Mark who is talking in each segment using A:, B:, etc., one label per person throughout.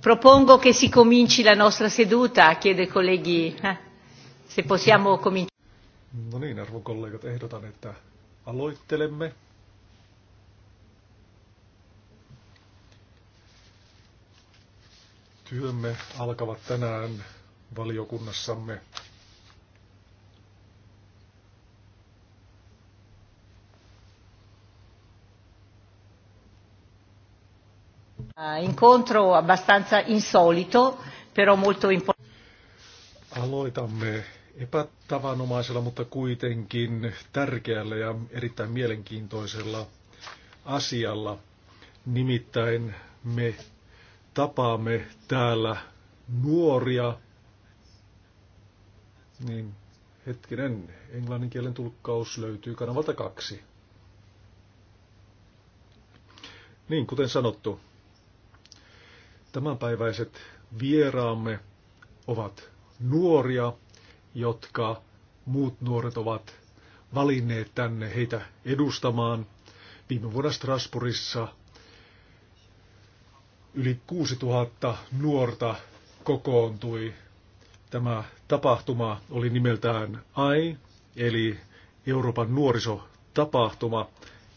A: Propongo che si cominci la nostra seduta, chiedo ai colleghi eh, se possiamo cominciare.
B: No niin, arvon kollegat, ehdotan, että aloittelemme. Työmme alkavat tänään valiokunnassamme
A: Eh, incontro abbastanza insolito, però molto importante.
B: Aloitamme epätavanomaisella, mutta kuitenkin tärkeällä ja erittäin mielenkiintoisella asialla. Nimittäin me tapaamme täällä nuoria, niin hetkinen, englannin kielen tulkkaus löytyy kanavalta kaksi. Niin, kuten sanottu, Tämänpäiväiset vieraamme ovat nuoria, jotka muut nuoret ovat valinneet tänne heitä edustamaan. Viime vuonna Strasbourgissa yli 6000 nuorta kokoontui. Tämä tapahtuma oli nimeltään AI, eli Euroopan nuorisotapahtuma,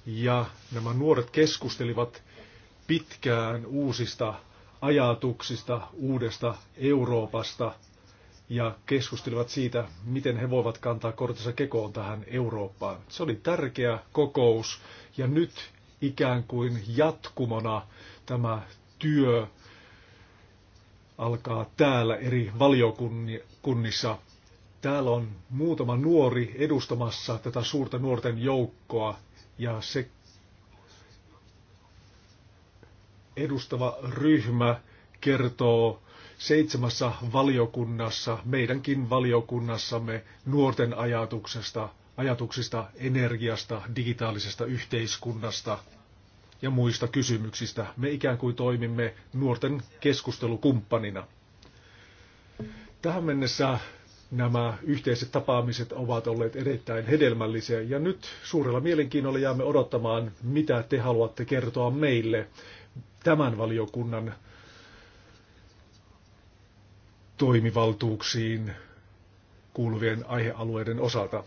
B: ja nämä nuoret keskustelivat pitkään uusista ajatuksista uudesta Euroopasta ja keskustelivat siitä, miten he voivat kantaa kortensa kekoon tähän Eurooppaan. Se oli tärkeä kokous ja nyt ikään kuin jatkumona tämä työ alkaa täällä eri valiokunnissa. Täällä on muutama nuori edustamassa tätä suurta nuorten joukkoa ja se edustava ryhmä kertoo seitsemässä valiokunnassa, meidänkin valiokunnassamme, nuorten ajatuksesta, ajatuksista, energiasta, digitaalisesta yhteiskunnasta ja muista kysymyksistä. Me ikään kuin toimimme nuorten keskustelukumppanina. Tähän mennessä nämä yhteiset tapaamiset ovat olleet erittäin hedelmällisiä ja nyt suurella mielenkiinnolla jäämme odottamaan, mitä te haluatte kertoa meille tämän valiokunnan toimivaltuuksiin kuuluvien aihealueiden osalta.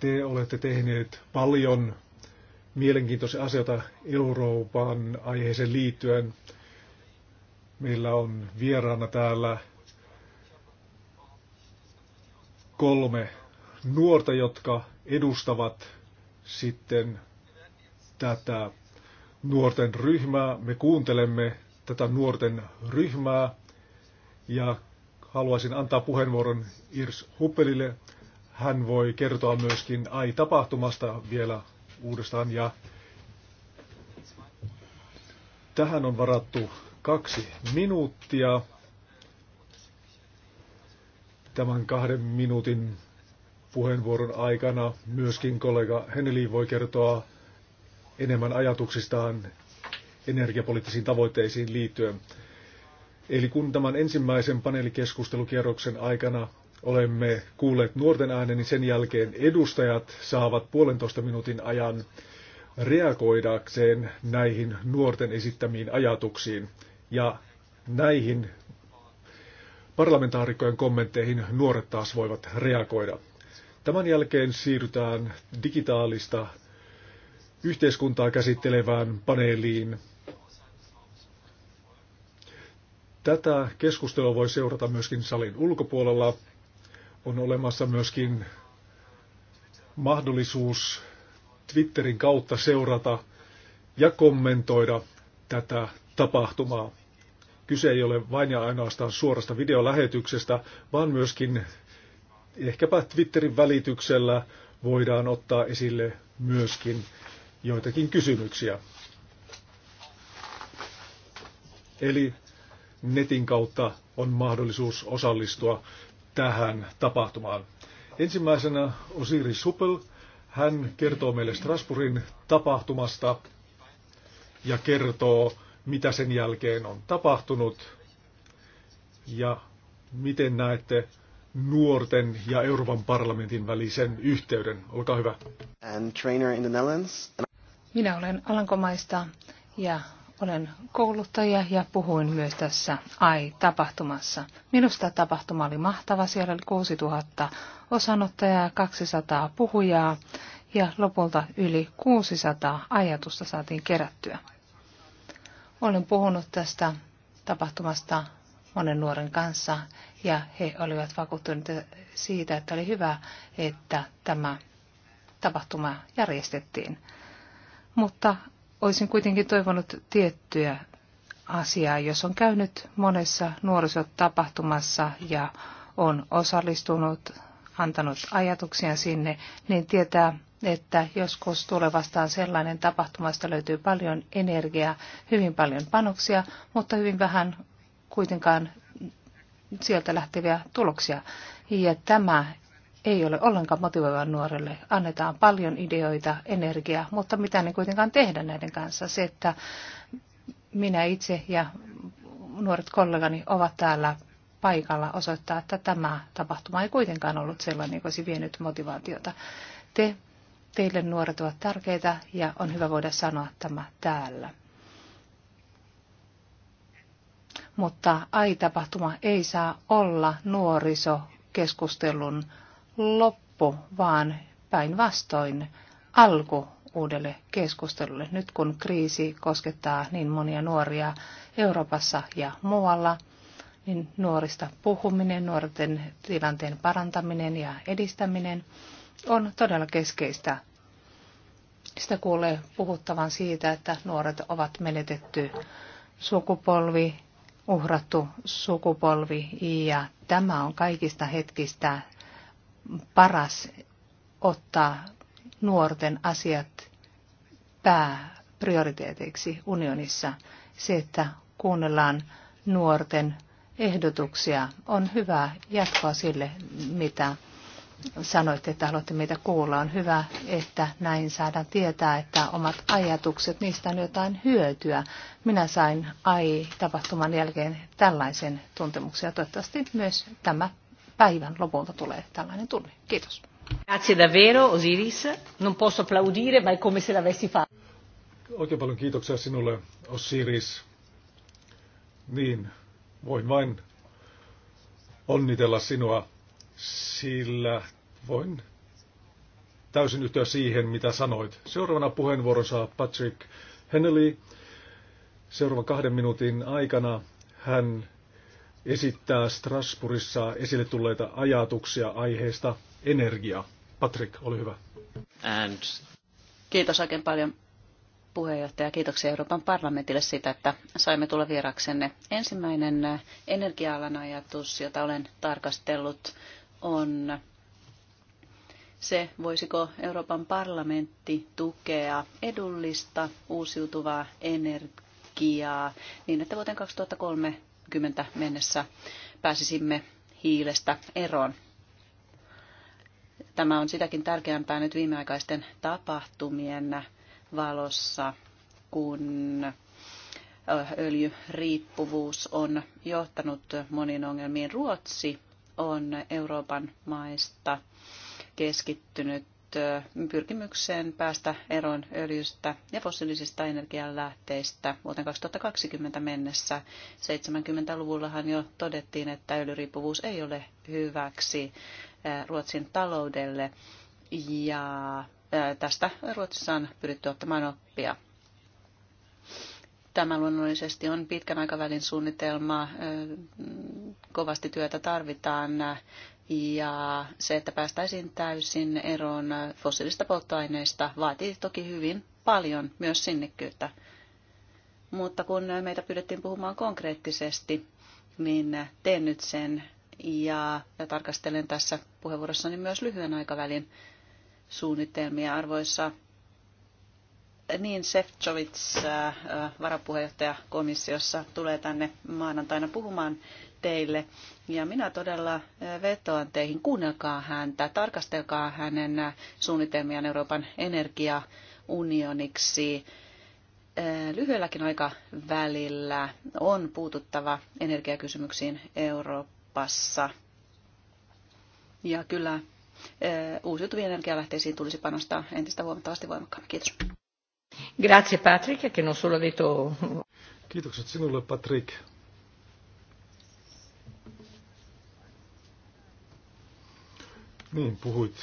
B: Te olette tehneet paljon mielenkiintoisia asioita Euroopan aiheeseen liittyen. Meillä on vieraana täällä kolme nuorta, jotka edustavat sitten tätä nuorten ryhmää. Me kuuntelemme tätä nuorten ryhmää ja haluaisin antaa puheenvuoron Irs Huppelille. Hän voi kertoa myöskin AI-tapahtumasta vielä uudestaan ja tähän on varattu kaksi minuuttia tämän kahden minuutin puheenvuoron aikana myöskin kollega Henneli voi kertoa enemmän ajatuksistaan energiapoliittisiin tavoitteisiin liittyen. Eli kun tämän ensimmäisen paneelikeskustelukierroksen aikana olemme kuulleet nuorten äänen, niin sen jälkeen edustajat saavat puolentoista minuutin ajan reagoidakseen näihin nuorten esittämiin ajatuksiin. Ja näihin parlamentaarikkojen kommentteihin nuoret taas voivat reagoida. Tämän jälkeen siirrytään digitaalista yhteiskuntaa käsittelevään paneeliin. Tätä keskustelua voi seurata myöskin salin ulkopuolella. On olemassa myöskin mahdollisuus Twitterin kautta seurata ja kommentoida tätä tapahtumaa. Kyse ei ole vain ja ainoastaan suorasta videolähetyksestä, vaan myöskin ehkäpä Twitterin välityksellä voidaan ottaa esille myöskin joitakin kysymyksiä. Eli netin kautta on mahdollisuus osallistua tähän tapahtumaan. Ensimmäisenä Osiri Supel, hän kertoo meille Strasbourgin tapahtumasta ja kertoo mitä sen jälkeen on tapahtunut ja miten näette nuorten ja Euroopan parlamentin välisen yhteyden. Olkaa hyvä.
C: Minä olen Alankomaista ja olen kouluttaja ja puhuin myös tässä AI-tapahtumassa. Minusta tapahtuma oli mahtava. Siellä oli 6000 osanottajaa, 200 puhujaa ja lopulta yli 600 ajatusta saatiin kerättyä. Olen puhunut tästä tapahtumasta monen nuoren kanssa ja he olivat vakuuttuneet siitä, että oli hyvä, että tämä tapahtuma järjestettiin. Mutta olisin kuitenkin toivonut tiettyä asiaa, jos on käynyt monessa nuorisotapahtumassa ja on osallistunut antanut ajatuksia sinne, niin tietää, että joskus tulee vastaan sellainen tapahtuma, josta löytyy paljon energiaa, hyvin paljon panoksia, mutta hyvin vähän kuitenkaan sieltä lähteviä tuloksia. Ja tämä ei ole ollenkaan motivoiva nuorelle. Annetaan paljon ideoita, energiaa, mutta mitä ne kuitenkaan tehdä näiden kanssa. Se, että minä itse ja nuoret kollegani ovat täällä paikalla osoittaa, että tämä tapahtuma ei kuitenkaan ollut sellainen, joka olisi vienyt motivaatiota. Te, teille nuoret ovat tärkeitä ja on hyvä voida sanoa tämä täällä. Mutta ai-tapahtuma ei saa olla nuorisokeskustelun loppu, vaan päinvastoin alku uudelle keskustelulle. Nyt kun kriisi koskettaa niin monia nuoria Euroopassa ja muualla, niin nuorista puhuminen, nuorten tilanteen parantaminen ja edistäminen on todella keskeistä. Sitä kuulee puhuttavan siitä, että nuoret ovat menetetty sukupolvi, uhrattu sukupolvi ja tämä on kaikista hetkistä paras ottaa nuorten asiat pääprioriteeteiksi unionissa. Se, että kuunnellaan nuorten ehdotuksia. On hyvä jatkoa sille, mitä sanoitte, että haluatte meitä kuulla. On hyvä, että näin saadaan tietää, että omat ajatukset, niistä on jotain hyötyä. Minä sain AI-tapahtuman jälkeen tällaisen tuntemuksen ja toivottavasti myös tämä päivän lopulta
A: tulee tällainen tunne. Kiitos. Grazie davvero Osiris, non posso applaudire ma è come se l'avessi fatto.
B: Oikein paljon kiitoksia sinulle Osiris. Niin, Voin vain onnitella sinua, sillä voin täysin yhtyä siihen, mitä sanoit. Seuraavana puheenvuoron saa Patrick Henley. Seuraavan kahden minuutin aikana hän esittää Strasbourgissa esille tulleita ajatuksia aiheesta energia. Patrick, ole hyvä.
C: And...
D: Kiitos oikein paljon puheenjohtaja. Kiitoksia Euroopan parlamentille siitä, että saimme tulla vieraksenne. Ensimmäinen energia-alan ajatus, jota olen tarkastellut, on se, voisiko Euroopan parlamentti tukea edullista uusiutuvaa energiaa niin, että vuoteen 2030 mennessä pääsisimme hiilestä eroon. Tämä on sitäkin tärkeämpää nyt viimeaikaisten tapahtumien valossa, kun öljyriippuvuus on johtanut moniin ongelmiin. Ruotsi on Euroopan maista keskittynyt pyrkimykseen päästä eroon öljystä ja fossiilisista energialähteistä. vuoteen 2020 mennessä. 70-luvullahan jo todettiin, että öljyriippuvuus ei ole hyväksi Ruotsin taloudelle ja Tästä Ruotsissa on pyritty ottamaan oppia. Tämä luonnollisesti on pitkän aikavälin suunnitelma. Kovasti työtä tarvitaan ja se, että päästäisiin täysin eroon fossiilista polttoaineista, vaatii toki hyvin paljon myös sinnikkyyttä. Mutta kun meitä pyydettiin puhumaan konkreettisesti, niin teen nyt sen ja tarkastelen tässä puheenvuorossani myös lyhyen aikavälin suunnitelmia arvoissa. Niin, Sefcovic, äh, äh, varapuheenjohtaja komissiossa, tulee tänne maanantaina puhumaan teille. Ja minä todella äh, vetoan teihin, kuunnelkaa häntä, tarkastelkaa hänen suunnitelmiaan Euroopan energiaunioniksi. Lyhyelläkin aikavälillä on puututtava energiakysymyksiin Euroopassa. Ja kyllä uusiutuviin energialähteisiin tulisi panostaa entistä huomattavasti voimakkaammin.
A: Kiitos. Grazie Patrick, che non solo detto... Kiitokset sinulle Patrick.
B: Niin, puhuit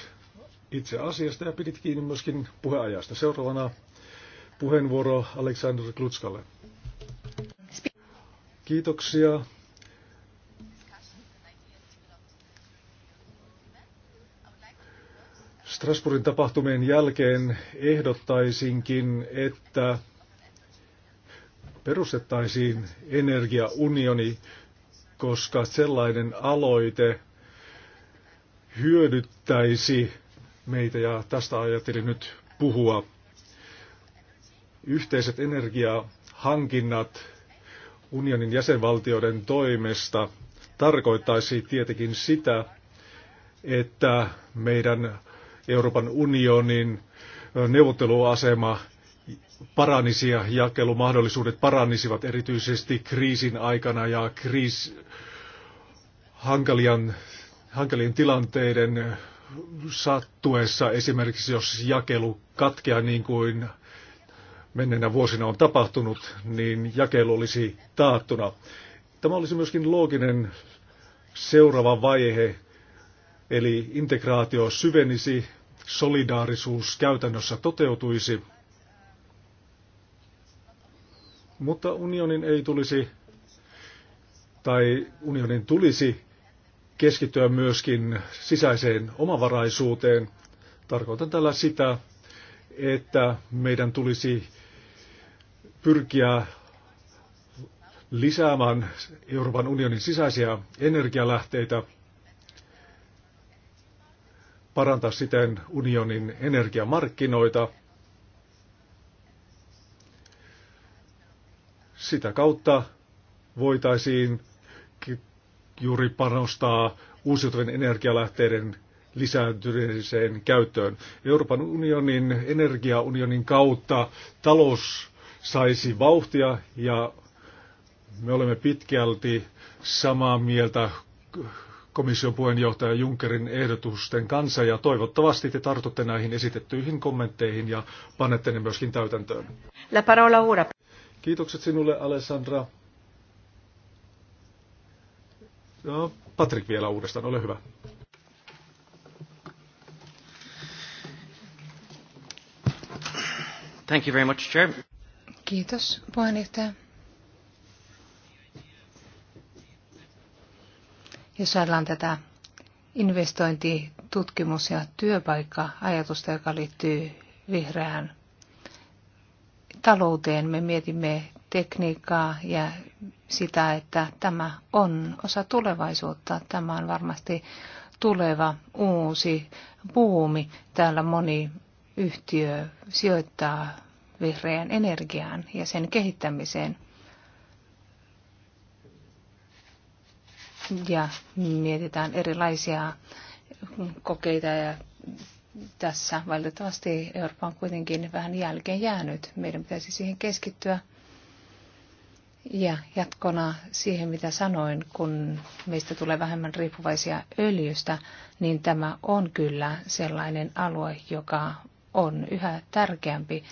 B: itse asiasta ja pidit kiinni myöskin puheajasta. Seuraavana puheenvuoro Aleksandr Klutskalle. Kiitoksia Strasbourgin tapahtumien jälkeen ehdottaisinkin, että perustettaisiin energiaunioni, koska sellainen aloite hyödyttäisi meitä ja tästä ajattelin nyt puhua. Yhteiset energiahankinnat unionin jäsenvaltioiden toimesta tarkoittaisi tietenkin sitä, että meidän Euroopan unionin neuvotteluasema paranisi ja jakelumahdollisuudet paranisivat erityisesti kriisin aikana ja kriis, hankalien, hankalien tilanteiden sattuessa, esimerkiksi jos jakelu katkeaa niin kuin menneenä vuosina on tapahtunut, niin jakelu olisi taattuna. Tämä olisi myöskin looginen seuraava vaihe, eli integraatio syvenisi solidaarisuus käytännössä toteutuisi, mutta unionin ei tulisi tai unionin tulisi keskittyä myöskin sisäiseen omavaraisuuteen. Tarkoitan tällä sitä, että meidän tulisi pyrkiä lisäämään Euroopan unionin sisäisiä energialähteitä parantaa siten unionin energiamarkkinoita. Sitä kautta voitaisiin juuri panostaa uusiutuvien energialähteiden lisääntyneeseen käyttöön. Euroopan unionin energiaunionin kautta talous saisi vauhtia ja me olemme pitkälti samaa mieltä komission puheenjohtaja Junckerin ehdotusten kanssa ja toivottavasti te tartutte näihin esitettyihin kommentteihin ja panette ne myöskin täytäntöön. La parola ora. Kiitokset sinulle Alessandra. No, Patrick vielä uudestaan, ole hyvä. Thank you very much, Chair.
C: Kiitos puheenjohtaja. Jos ajatellaan tätä investointi-, tutkimus- ja työpaikka-ajatusta, joka liittyy vihreään talouteen, me mietimme tekniikkaa ja sitä, että tämä on osa tulevaisuutta. Tämä on varmasti tuleva uusi puumi, Täällä moni yhtiö sijoittaa vihreään energiaan ja sen kehittämiseen – ja mietitään erilaisia kokeita ja tässä valitettavasti Eurooppa on kuitenkin vähän jälkeen jäänyt. Meidän pitäisi siihen keskittyä. Ja jatkona siihen, mitä sanoin, kun meistä tulee vähemmän riippuvaisia öljystä, niin tämä on kyllä sellainen alue, joka on yhä tärkeämpi.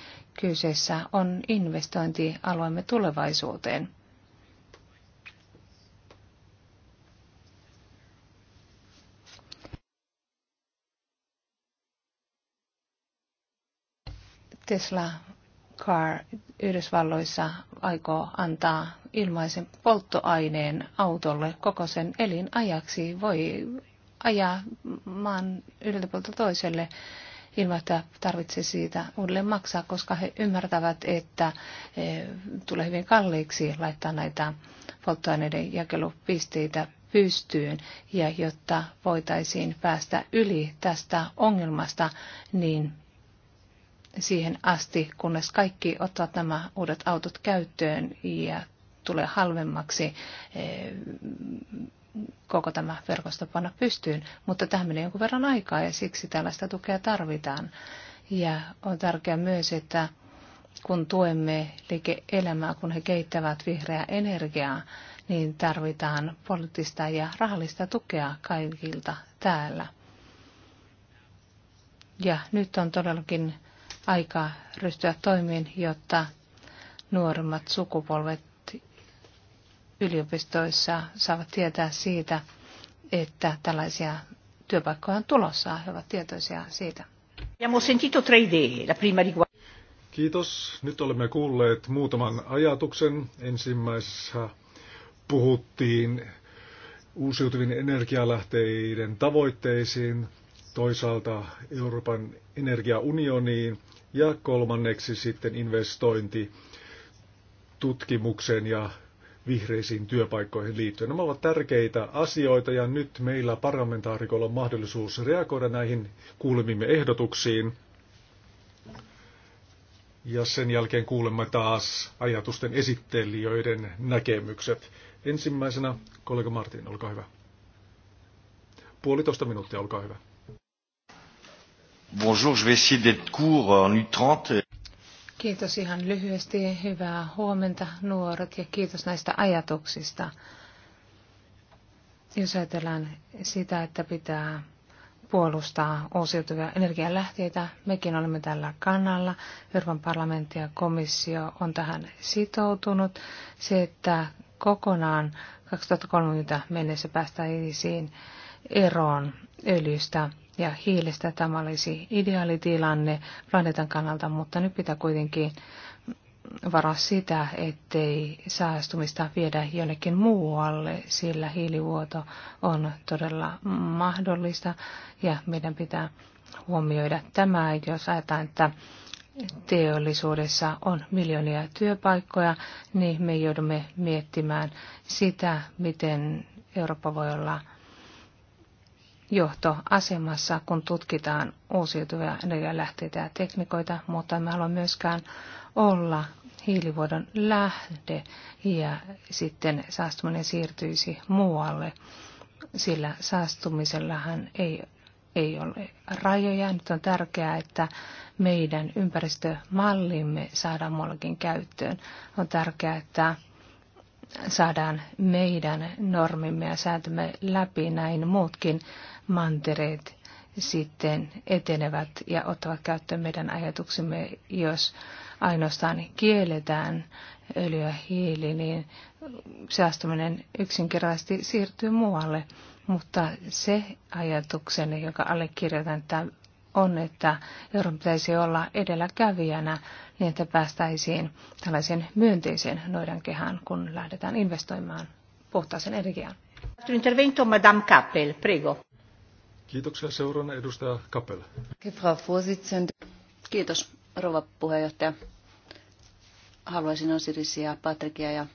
C: Kyseessä on investointi alueemme tulevaisuuteen. Tesla Car Yhdysvalloissa aikoo antaa ilmaisen polttoaineen autolle koko sen elinajaksi. Voi ajaa maan yhdeltä puolta toiselle ilman, että tarvitsee siitä uudelleen maksaa, koska he ymmärtävät, että e, tulee hyvin kalliiksi laittaa näitä polttoaineiden jakelupisteitä pystyyn. Ja jotta voitaisiin päästä yli tästä ongelmasta, niin siihen asti, kunnes kaikki ottavat nämä uudet autot käyttöön ja tulee halvemmaksi eh, koko tämä verkosto panna pystyyn, mutta tähän menee jonkun verran aikaa ja siksi tällaista tukea tarvitaan. Ja on tärkeää myös, että kun tuemme liike-elämää, kun he kehittävät vihreää energiaa, niin tarvitaan poliittista ja rahallista tukea kaikilta täällä. Ja nyt on todellakin aika ryhtyä toimiin, jotta nuoremmat sukupolvet yliopistoissa saavat tietää siitä, että tällaisia työpaikkoja on tulossa. He ovat tietoisia siitä.
B: Kiitos. Nyt olemme kuulleet muutaman ajatuksen. Ensimmäisessä puhuttiin uusiutuvien energialähteiden tavoitteisiin, toisaalta Euroopan energiaunioniin ja kolmanneksi sitten investointi tutkimukseen ja vihreisiin työpaikkoihin liittyen. Nämä ovat tärkeitä asioita ja nyt meillä parlamentaarikolla on mahdollisuus reagoida näihin kuulemimme ehdotuksiin. Ja sen jälkeen kuulemme taas ajatusten esittelijöiden näkemykset. Ensimmäisenä kollega Martin, olkaa hyvä. Puolitoista minuuttia, olkaa hyvä.
A: Bonjour, je vais essayer d'être court en U30.
C: Kiitos ihan lyhyesti. Hyvää huomenta nuoret ja kiitos näistä ajatuksista. Jos ajatellaan sitä, että pitää puolustaa uusiutuvia energialähteitä, mekin olemme tällä kannalla. Euroopan parlamentti ja komissio on tähän sitoutunut. Se, että kokonaan 2030 mennessä päästäisiin eroon öljystä ja hiilestä. Tämä olisi ideaalitilanne planeetan kannalta, mutta nyt pitää kuitenkin varaa sitä, ettei saastumista viedä jonnekin muualle, sillä hiilivuoto on todella mahdollista ja meidän pitää huomioida tämä, jos ajatellaan, että teollisuudessa on miljoonia työpaikkoja, niin me joudumme miettimään sitä, miten Eurooppa voi olla johtoasemassa, kun tutkitaan uusiutuvia energialähteitä ja tekniikoita, mutta me haluamme myöskään olla hiilivuodon lähde ja sitten saastuminen siirtyisi muualle, sillä saastumisellahan ei, ei ole rajoja. Nyt on tärkeää, että meidän ympäristömallimme saadaan muuallakin käyttöön. On tärkeää, että saadaan meidän normimme ja säätömme läpi, näin muutkin mantereet sitten etenevät ja ottavat käyttöön meidän ajatuksemme, jos ainoastaan kielletään öljy ja hiili, niin säästäminen yksinkertaisesti siirtyy muualle. Mutta se ajatukseni, joka allekirjoitan, että on, että euron pitäisi olla edelläkävijänä niin, että päästäisiin tällaisen myönteiseen noidankehään, kun lähdetään investoimaan puhtaaseen energiaan.
A: Intervento Madame Kappel, prego.
B: Kiitoksia Seuraavana edustaja Kapela.
D: Kiitos rouva puheenjohtaja. Haluaisin Osirisia, Patrikia ja äh,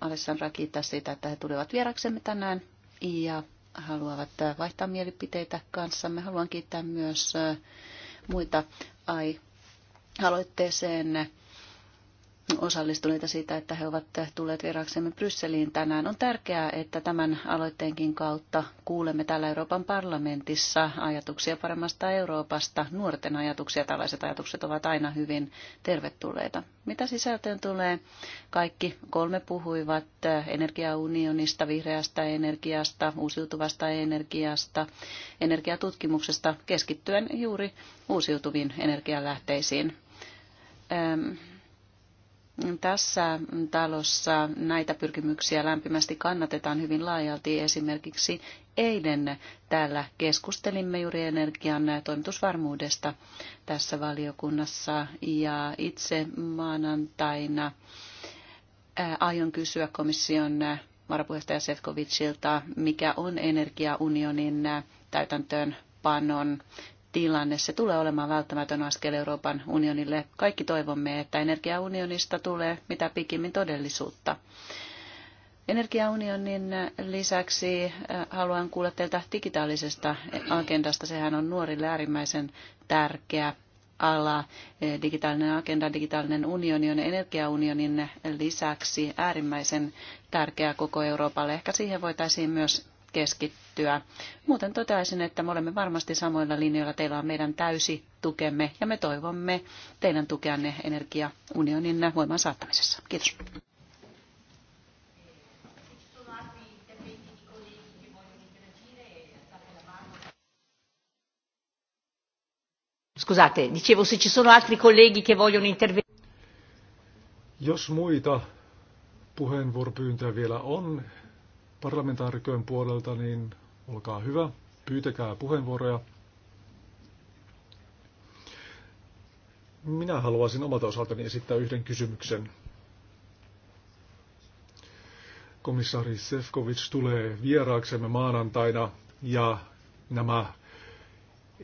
D: Alessandra kiittää siitä, että he tulivat vieraksemme tänään ja haluavat äh, vaihtaa mielipiteitä kanssamme. Haluan kiittää myös äh, muita ai aloitteeseen osallistuneita siitä, että he ovat tulleet viraksemme Brysseliin tänään. On tärkeää, että tämän aloitteenkin kautta kuulemme täällä Euroopan parlamentissa ajatuksia paremmasta Euroopasta. Nuorten ajatuksia, tällaiset ajatukset ovat aina hyvin tervetulleita. Mitä sisältöön tulee? Kaikki kolme puhuivat energiaunionista, vihreästä energiasta, uusiutuvasta energiasta, energiatutkimuksesta keskittyen juuri uusiutuviin energialähteisiin tässä talossa näitä pyrkimyksiä lämpimästi kannatetaan hyvin laajalti. Esimerkiksi eilen täällä keskustelimme juuri energian toimitusvarmuudesta tässä valiokunnassa ja itse maanantaina aion kysyä komission varapuheenjohtaja Sefcovicilta, mikä on energiaunionin täytäntöönpanon tilanne. Se tulee olemaan välttämätön askel Euroopan unionille. Kaikki toivomme, että energiaunionista tulee mitä pikimmin todellisuutta. Energiaunionin lisäksi äh, haluan kuulla teiltä digitaalisesta agendasta. Sehän on nuorille äärimmäisen tärkeä ala. Äh, digitaalinen agenda, digitaalinen unioni on energiaunionin lisäksi äärimmäisen tärkeä koko Euroopalle. Ehkä siihen voitaisiin myös keskittyä. Muuten toteaisin, että me olemme varmasti samoilla linjoilla. Teillä on meidän täysi tukemme ja me toivomme teidän tukeanne energiaunionin voimaan saattamisessa. Kiitos.
A: Scusate, dicevo se ci sono altri colleghi che vogliono
B: intervenire. Jos muita puheenvuoropyyntöjä vielä on, parlamentaarikojen puolelta, niin olkaa hyvä, pyytäkää puheenvuoroja. Minä haluaisin omalta osaltani esittää yhden kysymyksen. Komissaari Sefkovic tulee vieraaksemme maanantaina ja nämä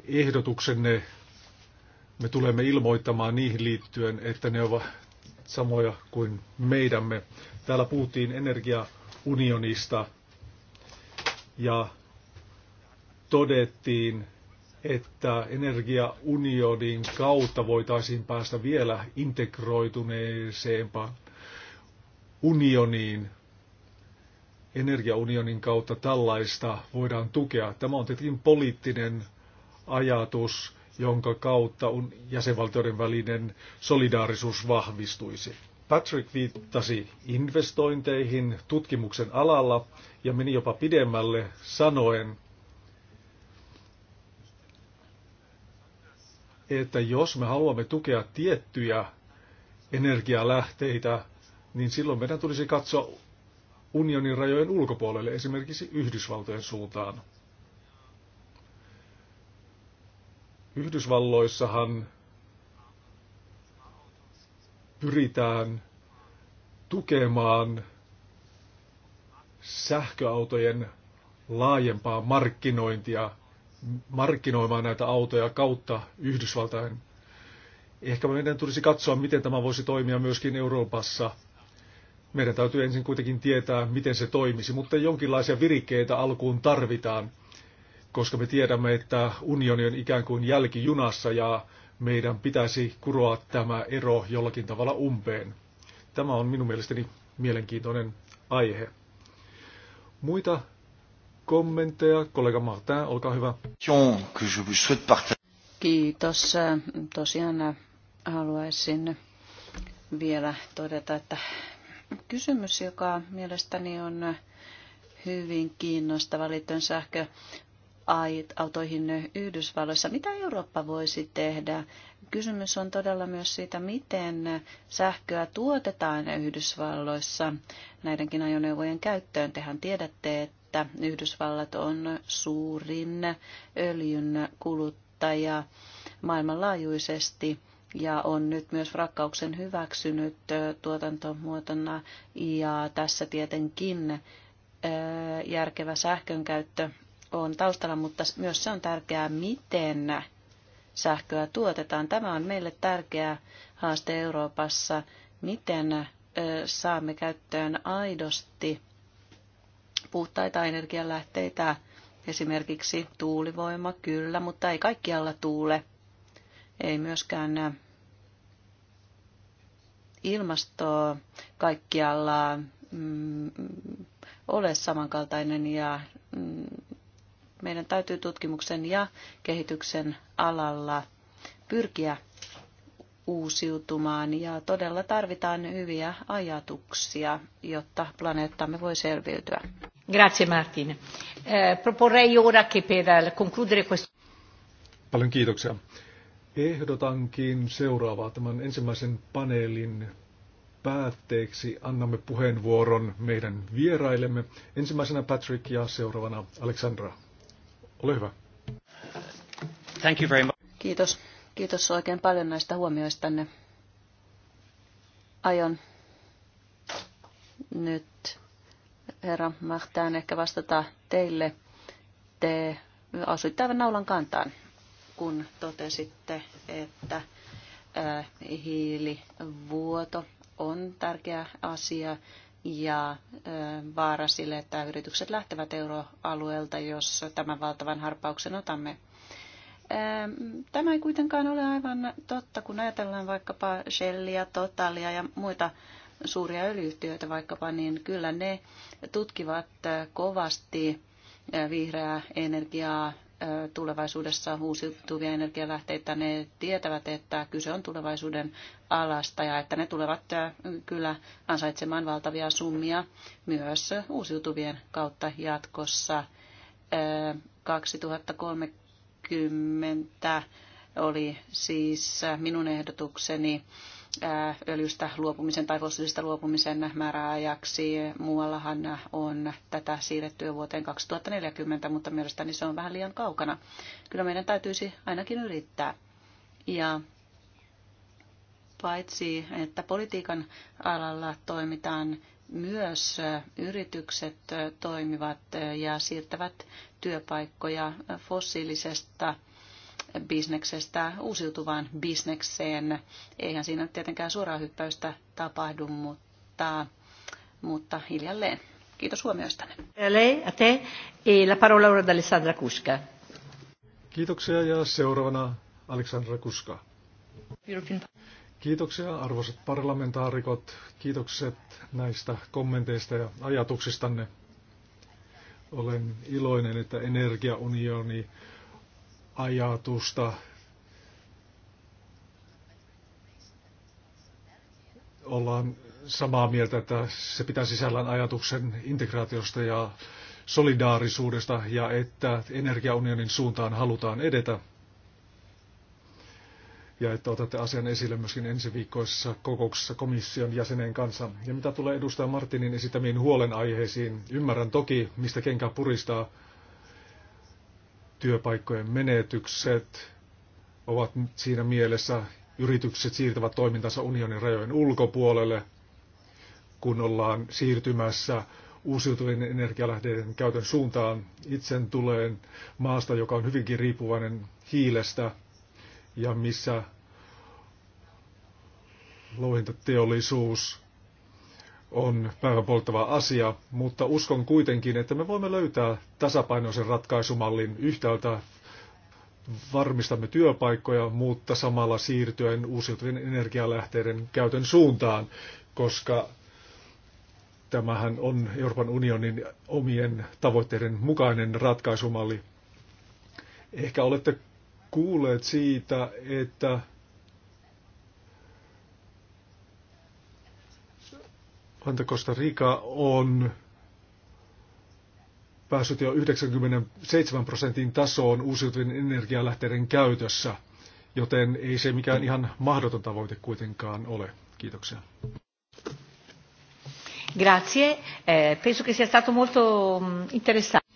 B: ehdotuksenne me tulemme ilmoittamaan niihin liittyen, että ne ovat samoja kuin meidämme. Täällä puhuttiin energia unionista ja todettiin, että energiaunionin kautta voitaisiin päästä vielä integroituneeseenpaan unioniin. Energiaunionin kautta tällaista voidaan tukea. Tämä on tietenkin poliittinen ajatus, jonka kautta jäsenvaltioiden välinen solidaarisuus vahvistuisi. Patrick viittasi investointeihin tutkimuksen alalla ja meni jopa pidemmälle sanoen, että jos me haluamme tukea tiettyjä energialähteitä, niin silloin meidän tulisi katsoa unionin rajojen ulkopuolelle, esimerkiksi Yhdysvaltojen suuntaan. Yhdysvalloissahan pyritään tukemaan sähköautojen laajempaa markkinointia, markkinoimaan näitä autoja kautta Yhdysvaltain. Ehkä meidän tulisi katsoa, miten tämä voisi toimia myöskin Euroopassa. Meidän täytyy ensin kuitenkin tietää, miten se toimisi, mutta jonkinlaisia virikkeitä alkuun tarvitaan, koska me tiedämme, että unioni on ikään kuin jälkijunassa ja meidän pitäisi kuroa tämä ero jollakin tavalla umpeen. Tämä on minun mielestäni mielenkiintoinen aihe. Muita kommentteja, kollega Martin, olkaa hyvä.
D: Kiitos. Tosiaan haluaisin vielä todeta, että kysymys, joka mielestäni on hyvin kiinnostava liittyen sähkö autoihin Yhdysvalloissa. Mitä Eurooppa voisi tehdä? Kysymys on todella myös siitä, miten sähköä tuotetaan Yhdysvalloissa näidenkin ajoneuvojen käyttöön. Tehän tiedätte, että Yhdysvallat on suurin öljyn kuluttaja maailmanlaajuisesti ja on nyt myös rakkauksen hyväksynyt tuotantomuotona ja tässä tietenkin järkevä sähkönkäyttö on taustalla, mutta myös se on tärkeää, miten sähköä tuotetaan. Tämä on meille tärkeä haaste Euroopassa, miten saamme käyttöön aidosti puhtaita energialähteitä, esimerkiksi tuulivoima, kyllä, mutta ei kaikkialla tuule. Ei myöskään ilmasto kaikkialla mm, ole samankaltainen ja mm, meidän täytyy tutkimuksen ja kehityksen alalla pyrkiä uusiutumaan ja todella tarvitaan hyviä ajatuksia, jotta planeettamme voi
A: selviytyä. Grazie Martin. Eh, proporrei ora che per eh, concludere
B: questo... Paljon kiitoksia. Ehdotankin seuraavaa tämän ensimmäisen paneelin päätteeksi annamme puheenvuoron meidän vieraillemme. Ensimmäisenä Patrick ja seuraavana Alexandra. Ole hyvä.
C: Thank you very much.
D: Kiitos. Kiitos oikein paljon näistä huomioistanne. Aion nyt, herra Mahtään, ehkä vastata teille. Te asuitte aivan naulan kantaan, kun totesitte, että äh, hiilivuoto on tärkeä asia ja vaara sille, että yritykset lähtevät euroalueelta, jos tämän valtavan harppauksen otamme. Tämä ei kuitenkaan ole aivan totta, kun ajatellaan vaikkapa Shellia, Totalia ja muita suuria öljyhtiöitä vaikkapa, niin kyllä ne tutkivat kovasti vihreää energiaa, tulevaisuudessa uusiutuvia energialähteitä, ne tietävät, että kyse on tulevaisuuden alasta ja että ne tulevat kyllä ansaitsemaan valtavia summia myös uusiutuvien kautta jatkossa. 2030 oli siis minun ehdotukseni öljystä luopumisen tai fossiilisista luopumisen määräajaksi. Muuallahan on tätä siirrettyä vuoteen 2040, mutta mielestäni se on vähän liian kaukana. Kyllä meidän täytyisi ainakin yrittää. Ja paitsi, että politiikan alalla toimitaan, myös yritykset toimivat ja siirtävät työpaikkoja fossiilisesta bisneksestä uusiutuvaan bisnekseen. Eihän siinä tietenkään suoraa hyppäystä tapahdu, mutta, mutta hiljalleen. Kiitos huomioistanne.
A: Lei, a te. E la parola ora Kuska.
B: Kiitoksia ja seuraavana Aleksandra Kuska. Kiitoksia arvoisat parlamentaarikot, kiitokset näistä kommenteista ja ajatuksistanne. Olen iloinen, että energiaunioni ajatusta. Ollaan samaa mieltä, että se pitää sisällään ajatuksen integraatiosta ja solidaarisuudesta ja että energiaunionin suuntaan halutaan edetä. Ja että otatte asian esille myöskin ensi viikkoisessa kokouksessa komission jäsenen kanssa. Ja mitä tulee edustaja Martinin esittämiin huolenaiheisiin, ymmärrän toki, mistä kenkä puristaa työpaikkojen menetykset ovat siinä mielessä, yritykset siirtävät toimintansa unionin rajojen ulkopuolelle, kun ollaan siirtymässä uusiutuvien energialähteiden käytön suuntaan. Itsen tuleen maasta, joka on hyvinkin riippuvainen hiilestä ja missä louhintateollisuus on polttava asia, mutta uskon kuitenkin, että me voimme löytää tasapainoisen ratkaisumallin yhtäältä varmistamme työpaikkoja, mutta samalla siirtyen uusiutuvien energialähteiden käytön suuntaan, koska tämähän on Euroopan unionin omien tavoitteiden mukainen ratkaisumalli. Ehkä olette kuulleet siitä, että Costa Rica on päässyt jo 97 prosentin tasoon uusiutuvien energialähteiden käytössä, joten ei se mikään ihan mahdoton tavoite kuitenkaan ole. Kiitoksia.
A: Grazie, eh, penso che sia stato molto mm, interessante.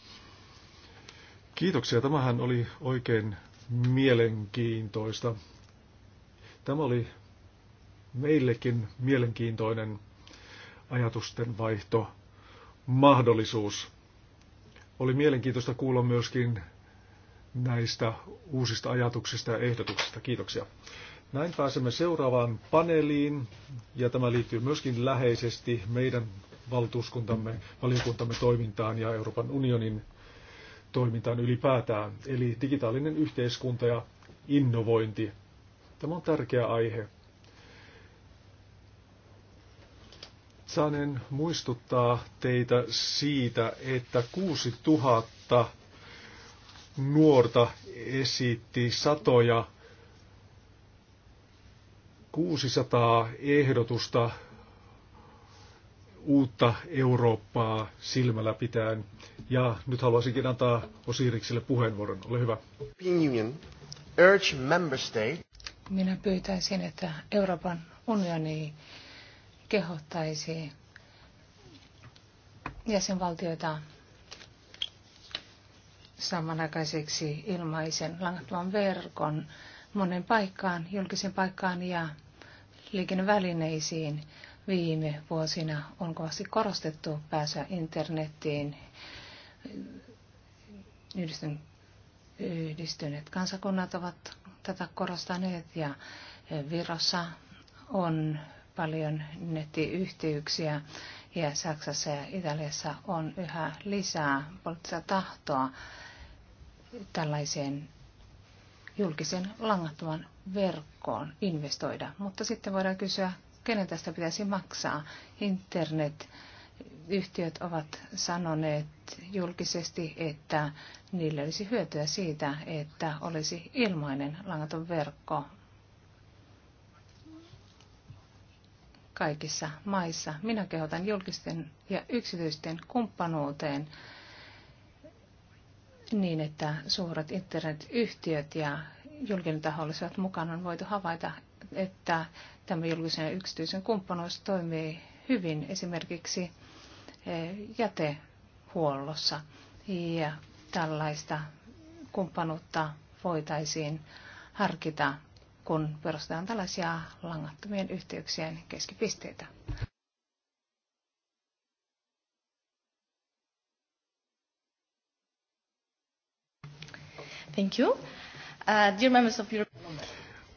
B: Kiitoksia, tämähän oli oikein mielenkiintoista. Tämä oli meillekin mielenkiintoinen ajatusten vaihto mahdollisuus. Oli mielenkiintoista kuulla myöskin näistä uusista ajatuksista ja ehdotuksista. Kiitoksia. Näin pääsemme seuraavaan paneeliin, ja tämä liittyy myöskin läheisesti meidän valtuuskuntamme, valiokuntamme toimintaan ja Euroopan unionin toimintaan ylipäätään, eli digitaalinen yhteiskunta ja innovointi. Tämä on tärkeä aihe. Saanen muistuttaa teitä siitä, että 6000 nuorta esitti satoja 600 ehdotusta uutta Eurooppaa silmällä pitäen. Ja nyt haluaisinkin antaa Osirikselle puheenvuoron. Ole hyvä.
C: Minä pyytäisin, että Euroopan unioni kehottaisi jäsenvaltioita samanaikaiseksi ilmaisen langattoman verkon monen paikkaan, julkisen paikkaan ja liikennevälineisiin. Viime vuosina on kovasti korostettu pääsyä internettiin yhdistyn, yhdistyneet kansakunnat ovat tätä korostaneet ja Virossa on paljon nettiyhteyksiä ja Saksassa ja Italiassa on yhä lisää poliittista tahtoa tällaiseen julkisen langattoman verkkoon investoida. Mutta sitten voidaan kysyä, kenen tästä pitäisi maksaa. Internet yhtiöt ovat sanoneet julkisesti, että niille olisi hyötyä siitä, että olisi ilmainen langaton verkko kaikissa maissa. Minä kehotan julkisten ja yksityisten kumppanuuteen niin, että suuret internetyhtiöt ja julkinen taho olisivat mukana. On voitu havaita, että tämä julkisen ja yksityisen kumppanuus toimii hyvin esimerkiksi eh, jätehuollossa. Ja tällaista kumppanuutta voitaisiin harkita kun perustetaan tällaisia langattomien yhteyksien keskipisteitä.
B: Thank you. Uh, dear members of your...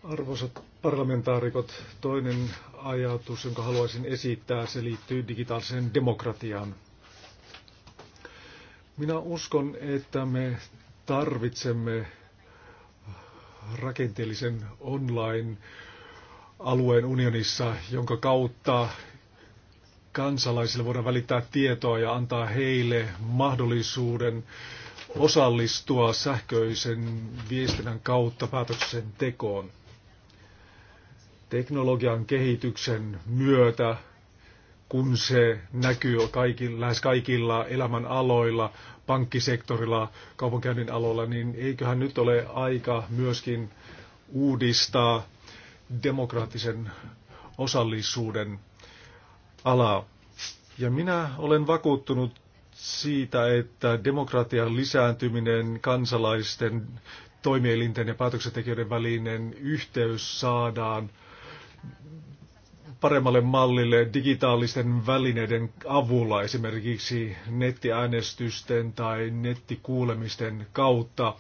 B: Arvoisat parlamentaarikot, toinen ajatus, jonka haluaisin esittää, se liittyy digitaaliseen demokratiaan. Minä uskon, että me tarvitsemme rakenteellisen online-alueen unionissa, jonka kautta kansalaisille voidaan välittää tietoa ja antaa heille mahdollisuuden osallistua sähköisen viestinnän kautta päätöksentekoon. Teknologian kehityksen myötä kun se näkyy kaikilla, lähes kaikilla elämän aloilla, pankkisektorilla, kaupankäynnin aloilla, niin eiköhän nyt ole aika myöskin uudistaa demokraattisen osallisuuden alaa. Ja minä olen vakuuttunut siitä, että demokratian lisääntyminen, kansalaisten, toimielinten ja päätöksentekijöiden välinen yhteys saadaan paremmalle mallille digitaalisten välineiden avulla, esimerkiksi nettiäänestysten tai nettikuulemisten kautta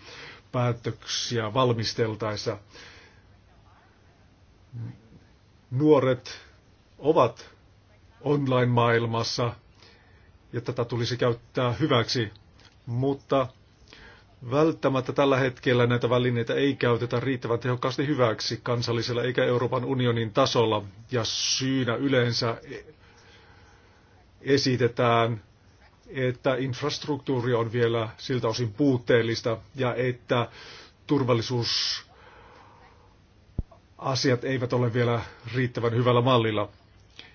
B: päätöksiä valmisteltaessa. Nuoret ovat online-maailmassa ja tätä tulisi käyttää hyväksi, mutta Välttämättä tällä hetkellä näitä välineitä ei käytetä riittävän tehokkaasti hyväksi kansallisella eikä Euroopan unionin tasolla, ja syynä yleensä e- esitetään, että infrastruktuuri on vielä siltä osin puutteellista ja että turvallisuusasiat eivät ole vielä riittävän hyvällä mallilla.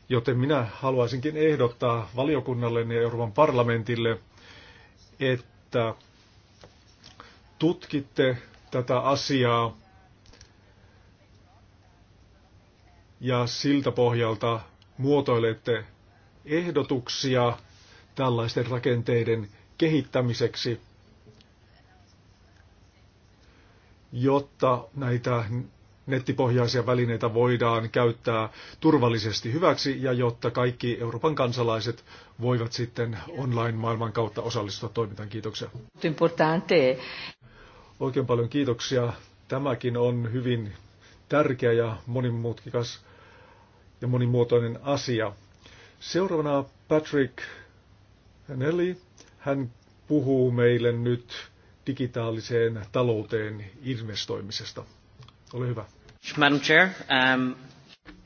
B: Joten minä haluaisinkin ehdottaa valiokunnalle ja Euroopan parlamentille, että tutkitte tätä asiaa ja siltä pohjalta muotoilette ehdotuksia tällaisten rakenteiden kehittämiseksi, jotta näitä nettipohjaisia välineitä voidaan käyttää turvallisesti hyväksi ja jotta kaikki Euroopan kansalaiset voivat sitten online-maailman kautta osallistua toimintaan. Kiitoksia. Oikein paljon kiitoksia. Tämäkin on hyvin tärkeä ja monimutkikas ja monimuotoinen asia. Seuraavana Patrick Nelly. Hän puhuu meille nyt digitaaliseen talouteen investoimisesta. Ole hyvä. Madam Chair, um...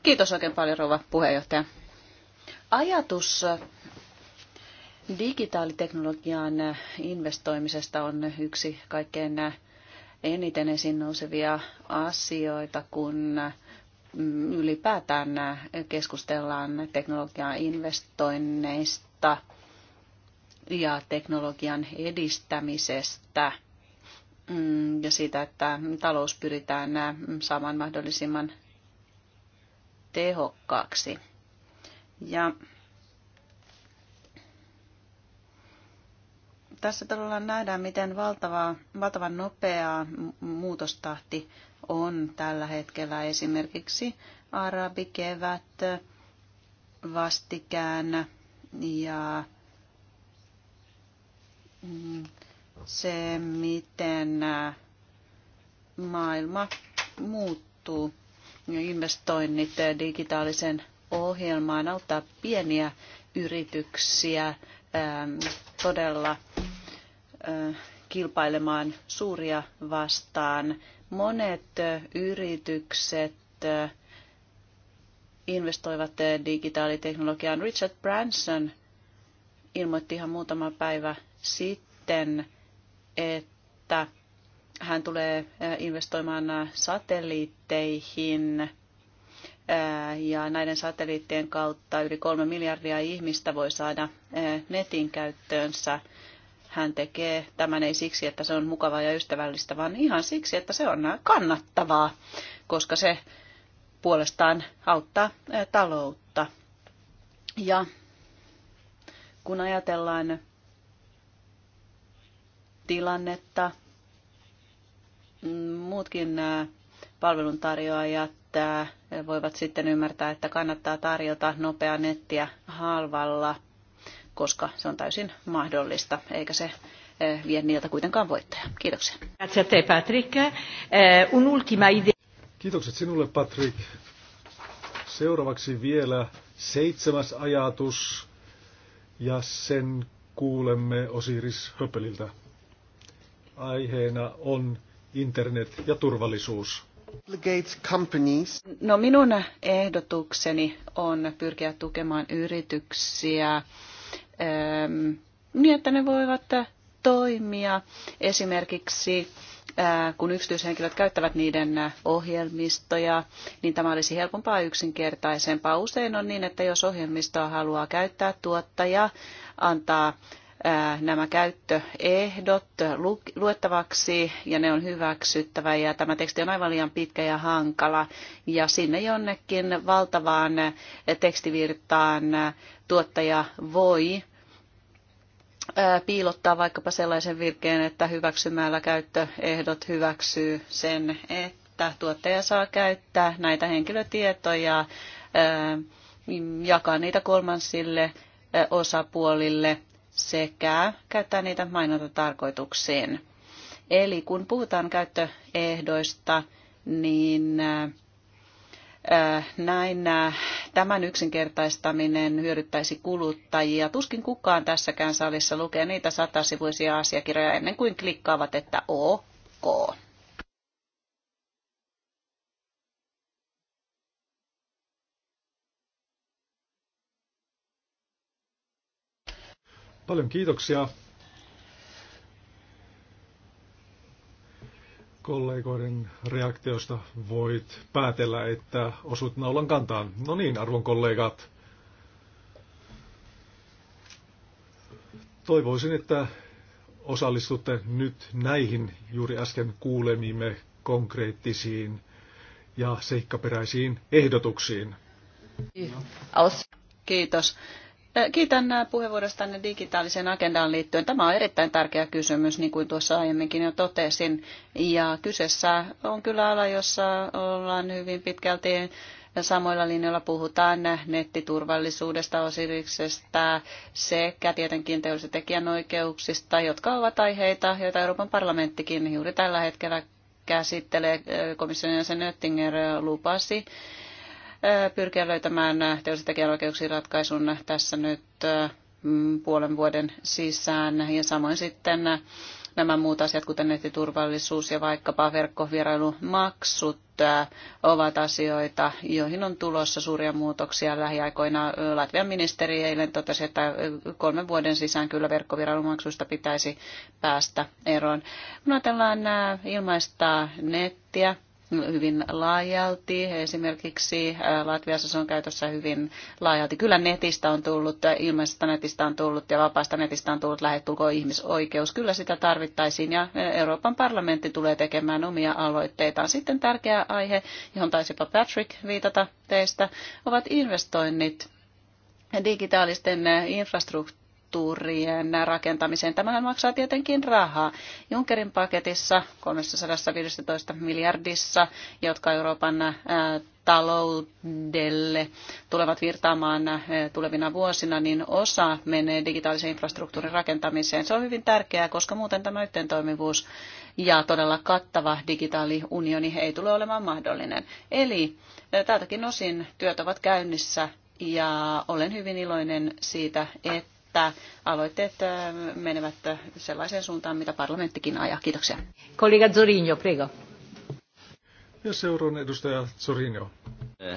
D: Kiitos oikein paljon, rouva puheenjohtaja. Ajatus Digitaaliteknologiaan investoimisesta on yksi kaikkein eniten esiin nousevia asioita, kun ylipäätään keskustellaan teknologiaan investoinneista ja teknologian edistämisestä ja siitä, että talous pyritään saamaan mahdollisimman tehokkaaksi. Ja Tässä todella nähdään, miten valtavaa, valtavan nopeaa muutostahti on tällä hetkellä esimerkiksi arabikevät vastikään ja mm, se, miten äh, maailma muuttuu. Investoinnit digitaalisen ohjelmaan auttaa pieniä yrityksiä ähm, todella kilpailemaan suuria vastaan. Monet yritykset investoivat digitaaliteknologiaan. Richard Branson ilmoitti ihan muutama päivä sitten, että hän tulee investoimaan satelliitteihin ja näiden satelliittien kautta yli kolme miljardia ihmistä voi saada netin käyttöönsä – hän tekee tämän ei siksi, että se on mukavaa ja ystävällistä, vaan ihan siksi, että se on kannattavaa, koska se puolestaan auttaa taloutta. Ja kun ajatellaan tilannetta, mm, muutkin palveluntarjoajat voivat sitten ymmärtää, että kannattaa tarjota nopeaa nettiä halvalla – koska se on täysin mahdollista, eikä se vie niiltä kuitenkaan voittaja. Kiitoksia.
B: Eh, Kiitokset sinulle, Patrick. Seuraavaksi vielä seitsemäs ajatus, ja sen kuulemme Osiris Höpeliltä. Aiheena on internet ja turvallisuus.
D: No minun ehdotukseni on pyrkiä tukemaan yrityksiä Ehm, niin, että ne voivat toimia esimerkiksi äh, kun yksityishenkilöt käyttävät niiden äh, ohjelmistoja, niin tämä olisi helpompaa ja yksinkertaisempaa. Usein on niin, että jos ohjelmistoa haluaa käyttää, tuottaja antaa äh, nämä käyttöehdot luettavaksi ja ne on hyväksyttävä ja tämä teksti on aivan liian pitkä ja hankala ja sinne jonnekin valtavaan tekstivirtaan tuottaja voi piilottaa vaikkapa sellaisen virkeen, että hyväksymällä käyttöehdot hyväksyy sen, että tuottaja saa käyttää näitä henkilötietoja, jakaa niitä kolmansille osapuolille sekä käyttää niitä mainontatarkoituksiin. Eli kun puhutaan käyttöehdoista, niin näin tämän yksinkertaistaminen hyödyttäisi kuluttajia. Tuskin kukaan tässäkään salissa lukee niitä satasivuisia asiakirjoja ennen kuin klikkaavat, että OK.
B: Paljon kiitoksia. kollegoiden reaktiosta voit päätellä, että osut naulan kantaan. No niin, arvon kollegat. Toivoisin, että osallistutte nyt näihin juuri äsken kuulemiimme konkreettisiin ja seikkaperäisiin ehdotuksiin.
D: Kiitos. Kiitän puheenvuorostanne digitaalisen agendaan liittyen. Tämä on erittäin tärkeä kysymys, niin kuin tuossa aiemminkin jo totesin. Ja kyseessä on kyllä ala, jossa ollaan hyvin pitkälti samoilla linjoilla puhutaan nettiturvallisuudesta, osiriksestä sekä tietenkin teolliset tekijänoikeuksista, jotka ovat aiheita, joita Euroopan parlamenttikin juuri tällä hetkellä käsittelee. Komission jäsen Oettinger lupasi pyrkiä löytämään teollisen tekijänoikeuksien ratkaisun tässä nyt mm, puolen vuoden sisään. Ja samoin sitten nämä muut asiat, kuten nettiturvallisuus ja vaikkapa verkkovierailumaksut, ovat asioita, joihin on tulossa suuria muutoksia lähiaikoina. Latvian ministeri eilen totesi, että kolmen vuoden sisään kyllä verkkovierailumaksuista pitäisi päästä eroon. Kun ajatellaan ilmaista nettiä, hyvin laajalti. Esimerkiksi äh, Latviassa se on käytössä hyvin laajalti. Kyllä netistä on tullut, äh, ilmaisesta netistä on tullut ja vapaasta netistä on tullut lähetulko ihmisoikeus. Kyllä sitä tarvittaisiin ja äh, Euroopan parlamentti tulee tekemään omia aloitteitaan. Sitten tärkeä aihe, johon taisipa Patrick viitata teistä, ovat investoinnit digitaalisten infrastruktuurien infrastruktuurien rakentamiseen. Tämähän maksaa tietenkin rahaa. Junckerin paketissa 315 miljardissa, jotka Euroopan taloudelle tulevat virtaamaan tulevina vuosina, niin osa menee digitaalisen infrastruktuurin rakentamiseen. Se on hyvin tärkeää, koska muuten tämä yhteentoimivuus ja todella kattava digitaaliunioni ei tule olemaan mahdollinen. Eli tältäkin osin työt ovat käynnissä ja olen hyvin iloinen siitä, että että aloitteet menevät sellaiseen suuntaan, mitä parlamenttikin ajaa.
A: Kiitoksia. Kollega Zorinjo, prego.
B: Ja seuraan edustaja Zorinjo. E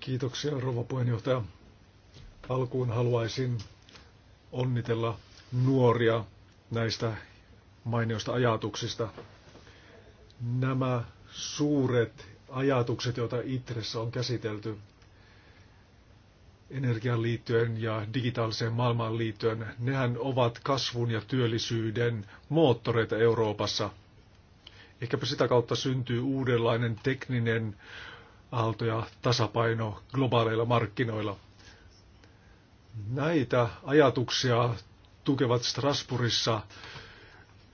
B: Kiitoksia, rouva puheenjohtaja. Alkuun haluaisin onnitella nuoria näistä mainioista ajatuksista. Nämä suuret ajatukset, joita Itressä on käsitelty, energiaan liittyen ja digitaaliseen maailmaan liittyen, nehän ovat kasvun ja työllisyyden moottoreita Euroopassa. Ehkäpä sitä kautta syntyy uudenlainen tekninen aalto ja tasapaino globaaleilla markkinoilla. Näitä ajatuksia tukevat Strasbourgissa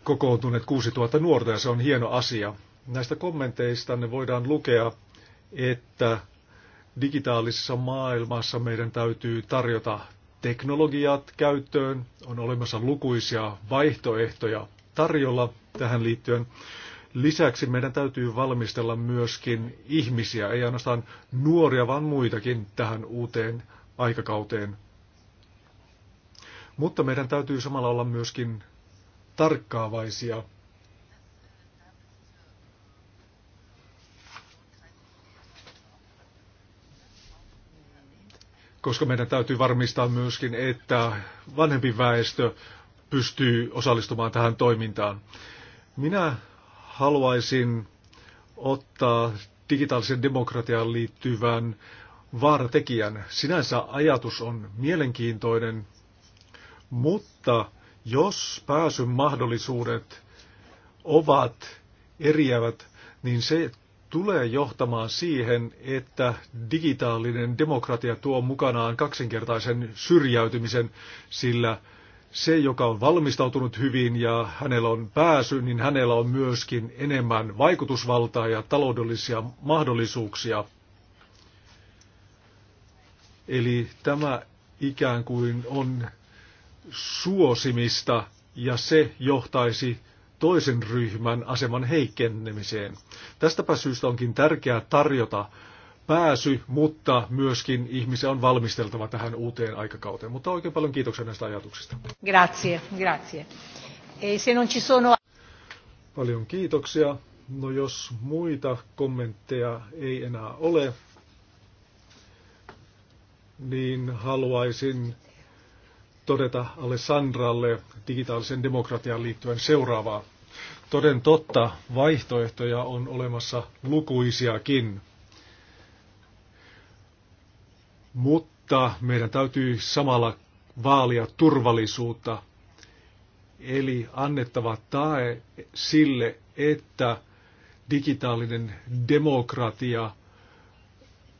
B: kokoontuneet 6000 nuorta ja se on hieno asia. Näistä kommenteista ne voidaan lukea, että digitaalisessa maailmassa meidän täytyy tarjota teknologiat käyttöön. On olemassa lukuisia vaihtoehtoja tarjolla tähän liittyen. Lisäksi meidän täytyy valmistella myöskin ihmisiä, ei ainoastaan nuoria, vaan muitakin tähän uuteen aikakauteen. Mutta meidän täytyy samalla olla myöskin tarkkaavaisia – koska meidän täytyy varmistaa myöskin, että vanhempi väestö pystyy osallistumaan tähän toimintaan. Minä haluaisin ottaa digitaalisen demokratiaan liittyvän vaaratekijän. Sinänsä ajatus on mielenkiintoinen, mutta jos pääsyn mahdollisuudet ovat eriävät, niin se tulee johtamaan siihen, että digitaalinen demokratia tuo mukanaan kaksinkertaisen syrjäytymisen, sillä se, joka on valmistautunut hyvin ja hänellä on pääsy, niin hänellä on myöskin enemmän vaikutusvaltaa ja taloudellisia mahdollisuuksia. Eli tämä ikään kuin on suosimista ja se johtaisi toisen ryhmän aseman heikennemiseen. Tästäpä syystä onkin tärkeää tarjota pääsy, mutta myöskin ihmisiä on valmisteltava tähän uuteen aikakauteen. Mutta oikein paljon kiitoksia näistä ajatuksista.
A: Grazie, grazie. E se non ci sono...
B: Paljon kiitoksia. No jos muita kommentteja ei enää ole, niin haluaisin todeta Alessandralle digitaalisen demokratian liittyen seuraavaa. Toden totta, vaihtoehtoja on olemassa lukuisiakin. Mutta meidän täytyy samalla vaalia turvallisuutta. Eli annettava tae sille, että digitaalinen demokratia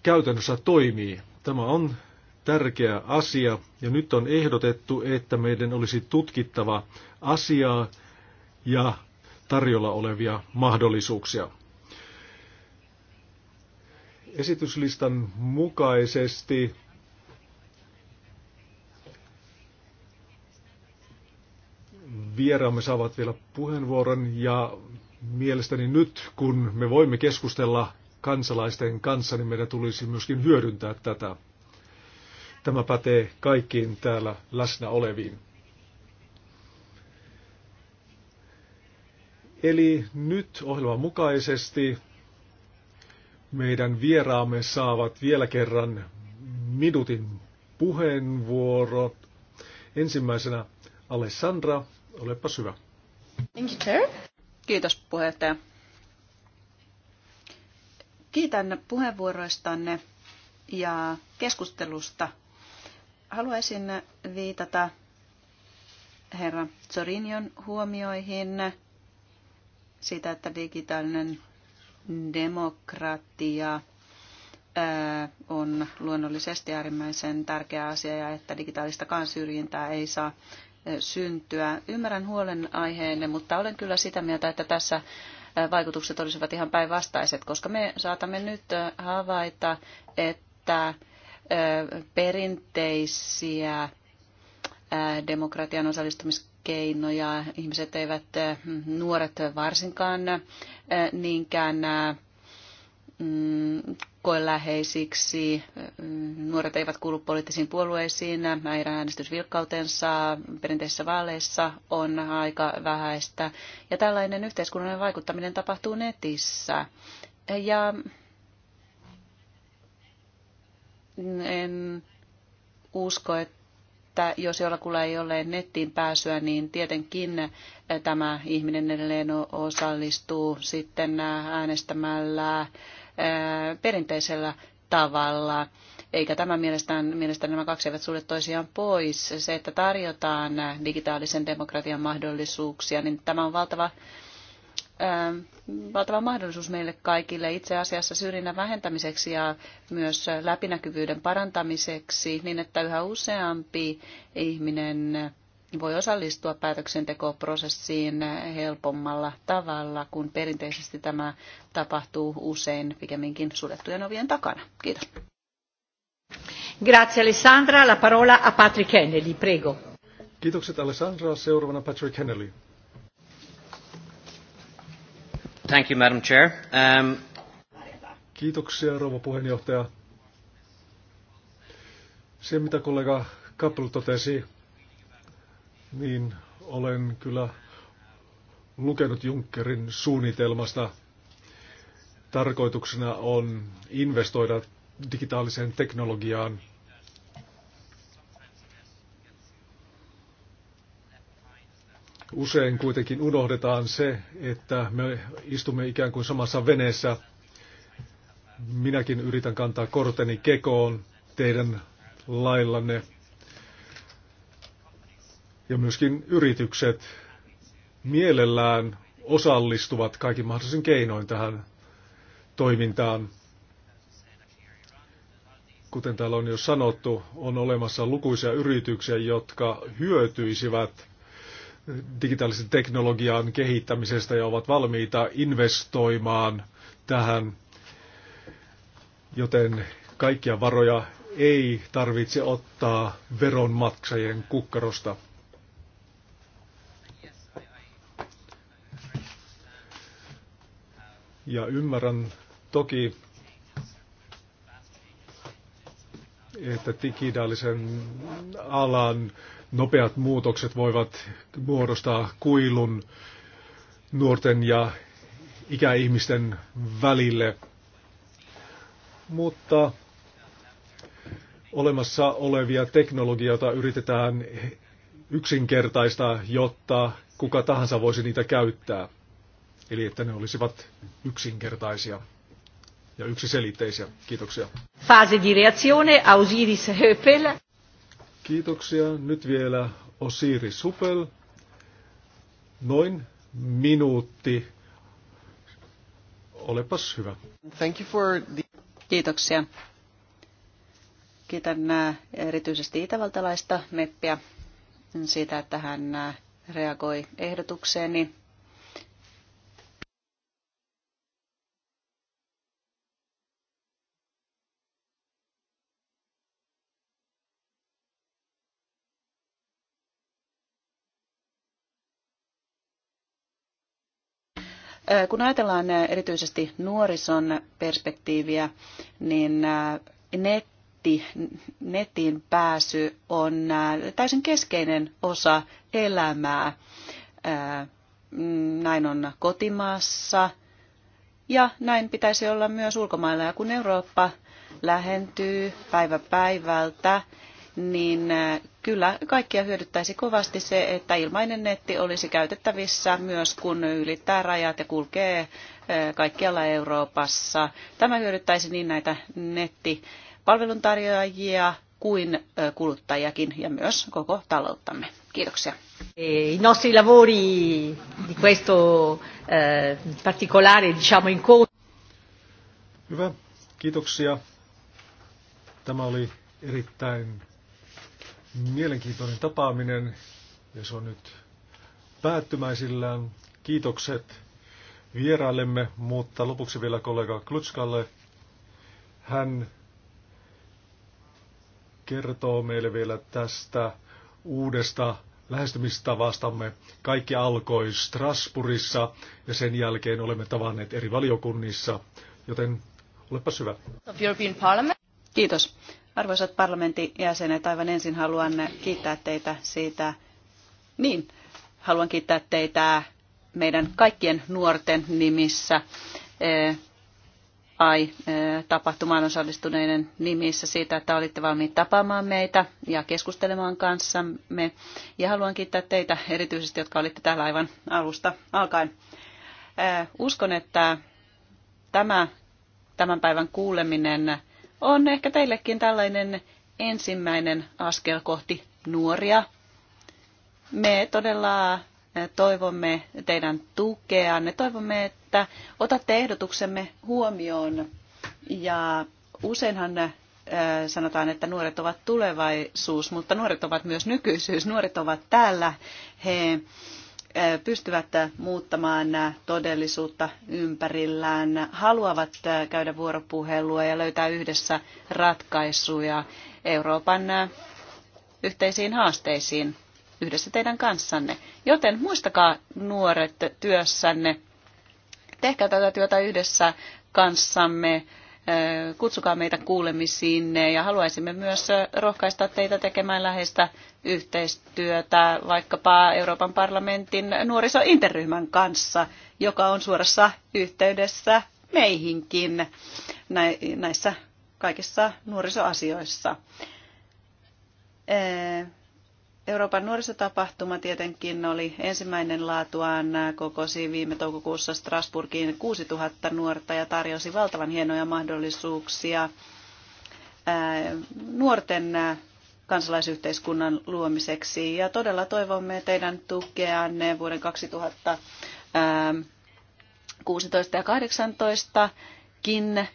B: käytännössä toimii. Tämä on tärkeä asia ja nyt on ehdotettu, että meidän olisi tutkittava asiaa ja tarjolla olevia mahdollisuuksia. Esityslistan mukaisesti vieraamme saavat vielä puheenvuoron ja mielestäni nyt, kun me voimme keskustella kansalaisten kanssa, niin meidän tulisi myöskin hyödyntää tätä. Tämä pätee kaikkiin täällä läsnä oleviin. Eli nyt ohjelman mukaisesti meidän vieraamme saavat vielä kerran minuutin puheenvuorot. Ensimmäisenä Alessandra, olepa hyvä.
D: Thank you, Kiitos puheenjohtaja. Kiitän puheenvuoroistanne ja keskustelusta. Haluaisin viitata herra Zorinion huomioihin sitä, että digitaalinen demokratia on luonnollisesti äärimmäisen tärkeä asia ja että digitaalista kansyrjintää ei saa syntyä. Ymmärrän aiheenne, mutta olen kyllä sitä mieltä, että tässä vaikutukset olisivat ihan päinvastaiset, koska me saatamme nyt havaita, että perinteisiä demokratian osallistumis keinoja. Ihmiset eivät, eh, nuoret varsinkaan eh, niinkään eh, mm, koe läheisiksi. Nuoret eivät kuulu poliittisiin puolueisiin. Heidän äänestysvilkkautensa perinteisissä vaaleissa on aika vähäistä. Ja tällainen yhteiskunnallinen vaikuttaminen tapahtuu netissä. Ja en usko, että että jos jollakulla ei ole nettiin pääsyä, niin tietenkin eh, tämä ihminen edelleen osallistuu sitten eh, äänestämällä eh, perinteisellä tavalla. Eikä tämä mielestään, mielestäni nämä kaksi eivät sulle toisiaan pois. Se, että tarjotaan digitaalisen demokratian mahdollisuuksia, niin tämä on valtava Ähm, valtava mahdollisuus meille kaikille itse asiassa syrjinnän vähentämiseksi ja myös läpinäkyvyyden parantamiseksi niin, että yhä useampi ihminen voi osallistua päätöksentekoprosessiin helpommalla tavalla, kun perinteisesti tämä tapahtuu usein pikemminkin
A: suljettujen ovien takana. Kiitos. Grazie Alessandra. La parola a Patrick Kennedy, prego.
B: Kiitokset Alessandra. Seuraavana Patrick Kennedy.
C: Thank you, Madam Chair. Um...
B: Kiitoksia, rouva puheenjohtaja. Se, mitä kollega Kappel totesi, niin olen kyllä lukenut Junckerin suunnitelmasta. Tarkoituksena on investoida digitaaliseen teknologiaan – Usein kuitenkin unohdetaan se, että me istumme ikään kuin samassa veneessä. Minäkin yritän kantaa korteni kekoon teidän laillanne. Ja myöskin yritykset mielellään osallistuvat kaikin mahdollisin keinoin tähän toimintaan. Kuten täällä on jo sanottu, on olemassa lukuisia yrityksiä, jotka hyötyisivät digitaalisen teknologian kehittämisestä ja ovat valmiita investoimaan tähän, joten kaikkia varoja ei tarvitse ottaa veronmaksajien kukkarosta. Ja ymmärrän toki, että digitaalisen alan Nopeat muutokset voivat muodostaa kuilun nuorten ja ikäihmisten välille, mutta olemassa olevia teknologioita yritetään yksinkertaista, jotta kuka tahansa voisi niitä käyttää. Eli että ne olisivat yksinkertaisia ja yksiselitteisiä. Kiitoksia.
A: Fase di reazione Ausiris Höpel.
B: Kiitoksia. Nyt vielä Osiri Supel. Noin minuutti. Olepas hyvä. Thank you for
D: the... Kiitoksia. Kiitän erityisesti itävaltalaista meppiä siitä, että hän reagoi ehdotukseeni Kun ajatellaan erityisesti nuorison perspektiiviä, niin netti, netin pääsy on täysin keskeinen osa elämää. Mm, näin on kotimaassa ja näin pitäisi olla myös ulkomailla. Ja kun Eurooppa lähentyy päivä päivältä, niin äh, kyllä kaikkia hyödyttäisi kovasti se, että ilmainen netti olisi käytettävissä myös kun ylittää rajat ja kulkee äh, kaikkialla Euroopassa. Tämä hyödyttäisi niin näitä nettipalveluntarjoajia kuin äh, kuluttajakin ja
A: myös koko talouttamme. Kiitoksia. Eh, I nostri lavori di questo eh, particolare diciamo incontro.
B: Hyvä, kiitoksia. Tämä oli erittäin mielenkiintoinen tapaaminen ja se on nyt päättymäisillään. Kiitokset vieraillemme, mutta lopuksi vielä kollega Klutskalle. Hän kertoo meille vielä tästä uudesta lähestymistavastamme. Kaikki alkoi Strasbourgissa ja sen jälkeen olemme tavanneet eri valiokunnissa, joten olepa hyvä.
D: Kiitos. Arvoisat parlamentin jäsenet, aivan ensin haluan kiittää teitä siitä, niin, haluan kiittää teitä meidän kaikkien nuorten nimissä, ai eh, tapahtumaan osallistuneiden nimissä siitä, että olitte valmiit tapaamaan meitä ja keskustelemaan kanssamme. Ja haluan kiittää teitä erityisesti, jotka olitte täällä aivan alusta alkaen. Eh, uskon, että tämä tämän päivän kuuleminen on ehkä teillekin tällainen ensimmäinen askel kohti nuoria. Me todella eh, toivomme teidän Me Toivomme, että otatte ehdotuksemme huomioon. Ja useinhan eh, sanotaan, että nuoret ovat tulevaisuus, mutta nuoret ovat myös nykyisyys. Nuoret ovat täällä. He pystyvät muuttamaan todellisuutta ympärillään, haluavat käydä vuoropuhelua ja löytää yhdessä ratkaisuja Euroopan yhteisiin haasteisiin yhdessä teidän kanssanne. Joten muistakaa nuoret työssänne, tehkää tätä työtä yhdessä kanssamme Kutsukaa meitä kuulemisiin ja haluaisimme myös rohkaista teitä tekemään läheistä yhteistyötä vaikkapa Euroopan parlamentin nuorisointeryhmän kanssa, joka on suorassa yhteydessä meihinkin näissä kaikissa nuorisoasioissa Euroopan nuorisotapahtuma tietenkin oli ensimmäinen laatuaan kokosi viime toukokuussa Strasburgiin 6000 nuorta ja tarjosi valtavan hienoja mahdollisuuksia nuorten kansalaisyhteiskunnan luomiseksi. Ja todella toivomme teidän tukeanne vuoden 2016 ja 2018 kin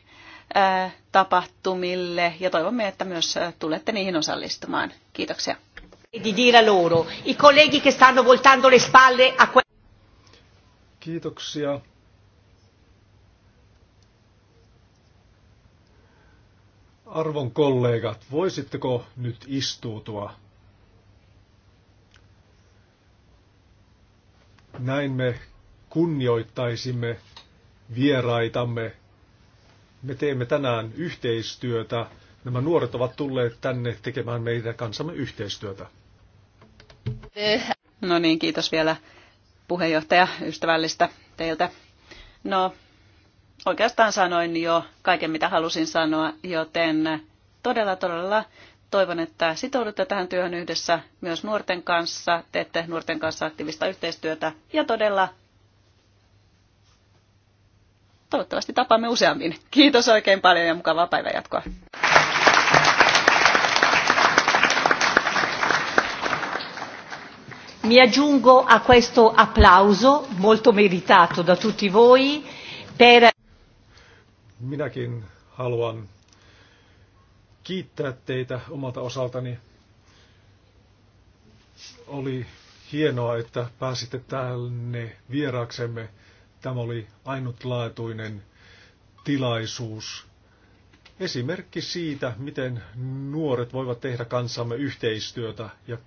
D: tapahtumille ja toivomme, että myös tulette niihin osallistumaan. Kiitoksia.
A: E di dire loro, i colleghi che stanno voltando le spalle a
B: Kiitoksia. Arvon kollegat, voisitteko nyt istuutua? Näin me kunnioittaisimme vieraitamme. Me teemme tänään yhteistyötä. Nämä nuoret ovat tulleet tänne tekemään meidän kanssamme yhteistyötä.
D: No niin, kiitos vielä puheenjohtaja ystävällistä teiltä. No, oikeastaan sanoin jo kaiken, mitä halusin sanoa, joten todella, todella toivon, että sitoudutte tähän työhön yhdessä myös nuorten kanssa, teette nuorten kanssa aktiivista yhteistyötä ja todella toivottavasti tapaamme useammin. Kiitos oikein paljon ja mukavaa päivänjatkoa.
A: Mi aggiungo a questo applauso molto meritato da tutti voi per
B: Minäkin haluan kiittää teitä omalta osaltani. Oli hienoa, että pääsitte tänne vieraksemme. Tämä oli ainutlaatuinen tilaisuus. Esimerkki siitä, miten nuoret voivat tehdä kanssamme yhteistyötä ja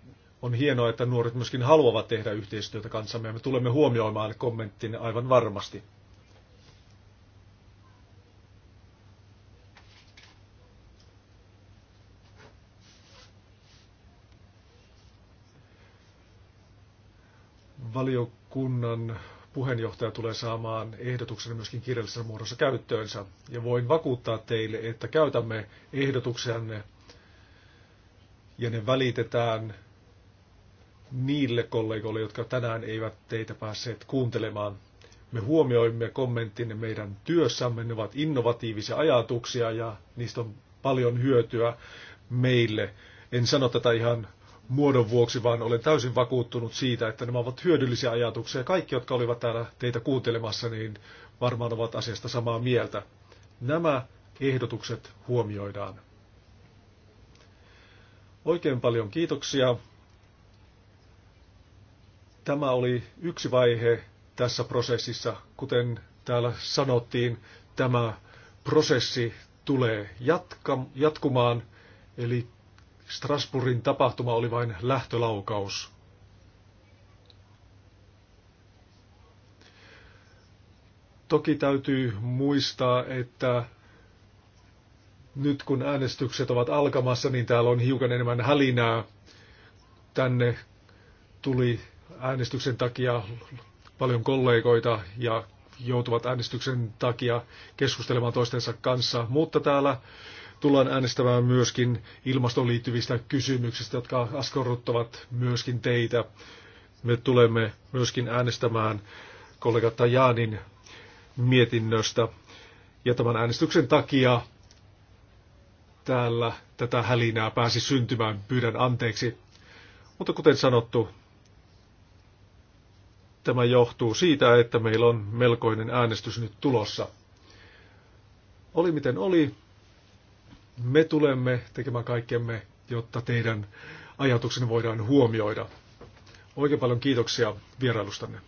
B: on hienoa, että nuoret myöskin haluavat tehdä yhteistyötä kanssamme ja me tulemme huomioimaan kommenttinne aivan varmasti. valiokunnan puheenjohtaja tulee saamaan ehdotuksen myöskin kirjallisessa muodossa käyttöönsä. Ja voin vakuuttaa teille, että käytämme ehdotuksenne ja ne välitetään niille kollegoille, jotka tänään eivät teitä päässeet kuuntelemaan. Me huomioimme kommenttinne meidän työssämme, ne ovat innovatiivisia ajatuksia ja niistä on paljon hyötyä meille. En sano tätä ihan muodon vuoksi, vaan olen täysin vakuuttunut siitä, että nämä ovat hyödyllisiä ajatuksia. Kaikki, jotka olivat täällä teitä kuuntelemassa, niin varmaan ovat asiasta samaa mieltä. Nämä ehdotukset huomioidaan. Oikein paljon kiitoksia Tämä oli yksi vaihe tässä prosessissa. Kuten täällä sanottiin, tämä prosessi tulee jatka, jatkumaan, eli Strasbourgin tapahtuma oli vain lähtölaukaus. Toki täytyy muistaa, että nyt kun äänestykset ovat alkamassa, niin täällä on hiukan enemmän hälinää. Tänne tuli äänestyksen takia paljon kollegoita ja joutuvat äänestyksen takia keskustelemaan toistensa kanssa, mutta täällä tullaan äänestämään myöskin ilmastoon liittyvistä kysymyksistä, jotka askorruttavat myöskin teitä. Me tulemme myöskin äänestämään kollega Tajanin mietinnöstä. Ja tämän äänestyksen takia täällä tätä hälinää pääsi syntymään, pyydän anteeksi. Mutta kuten sanottu, Tämä johtuu siitä, että meillä on melkoinen äänestys nyt tulossa. Oli miten oli, me tulemme tekemään kaikkemme, jotta teidän ajatuksenne voidaan huomioida. Oikein paljon kiitoksia vierailustanne.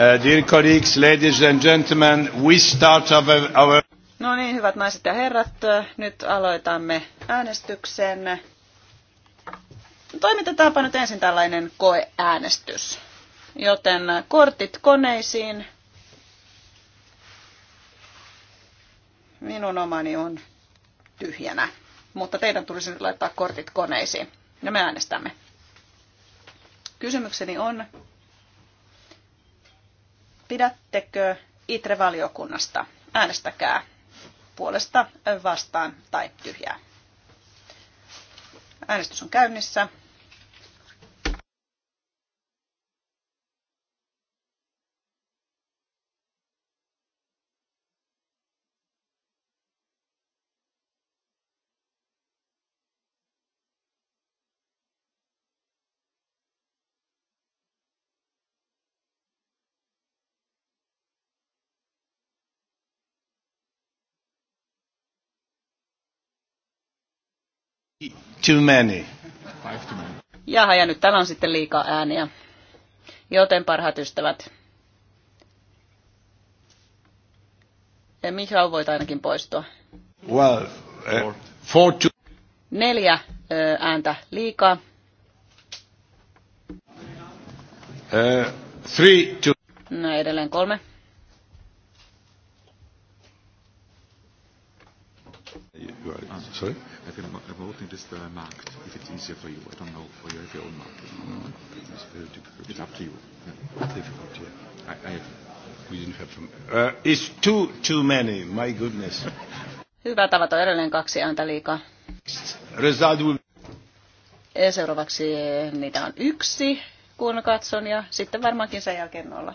A: Uh, dear colleagues, ladies and gentlemen, we start our...
D: our... No niin, hyvät naiset ja herrat, uh, nyt aloitamme äänestyksen. Toimitetaanpa nyt ensin tällainen koeäänestys. Joten kortit koneisiin. Minun omani on tyhjänä, mutta teidän tulisi nyt laittaa kortit koneisiin. Ja me äänestämme. Kysymykseni on, pidättekö ITRE-valiokunnasta? Äänestäkää puolesta, vastaan tai tyhjää. Äänestys on käynnissä. Too many. Jaha, ja nyt täällä on sitten liikaa ääniä. Joten parhaat ystävät. Ja Michal voit ainakin poistua.
B: Well, uh, four to...
D: Neljä ääntä liikaa.
B: Uh,
A: three to...
D: No edelleen kolme.
B: you are, ah, sorry? I've been, this uh, marked, if it's easier for you. I don't know, you have your own Mm. It's very difficult. It's up to you. Yeah. Difficult, yeah. I, I have, we didn't have from... Uh, it's too, too many,
A: my goodness.
D: Hyvä tavata edelleen kaksi ääntä liikaa.
A: Result will...
D: Ja seuraavaksi niitä on yksi, kun katson, ja sitten varmaankin sen jälkeen nolla.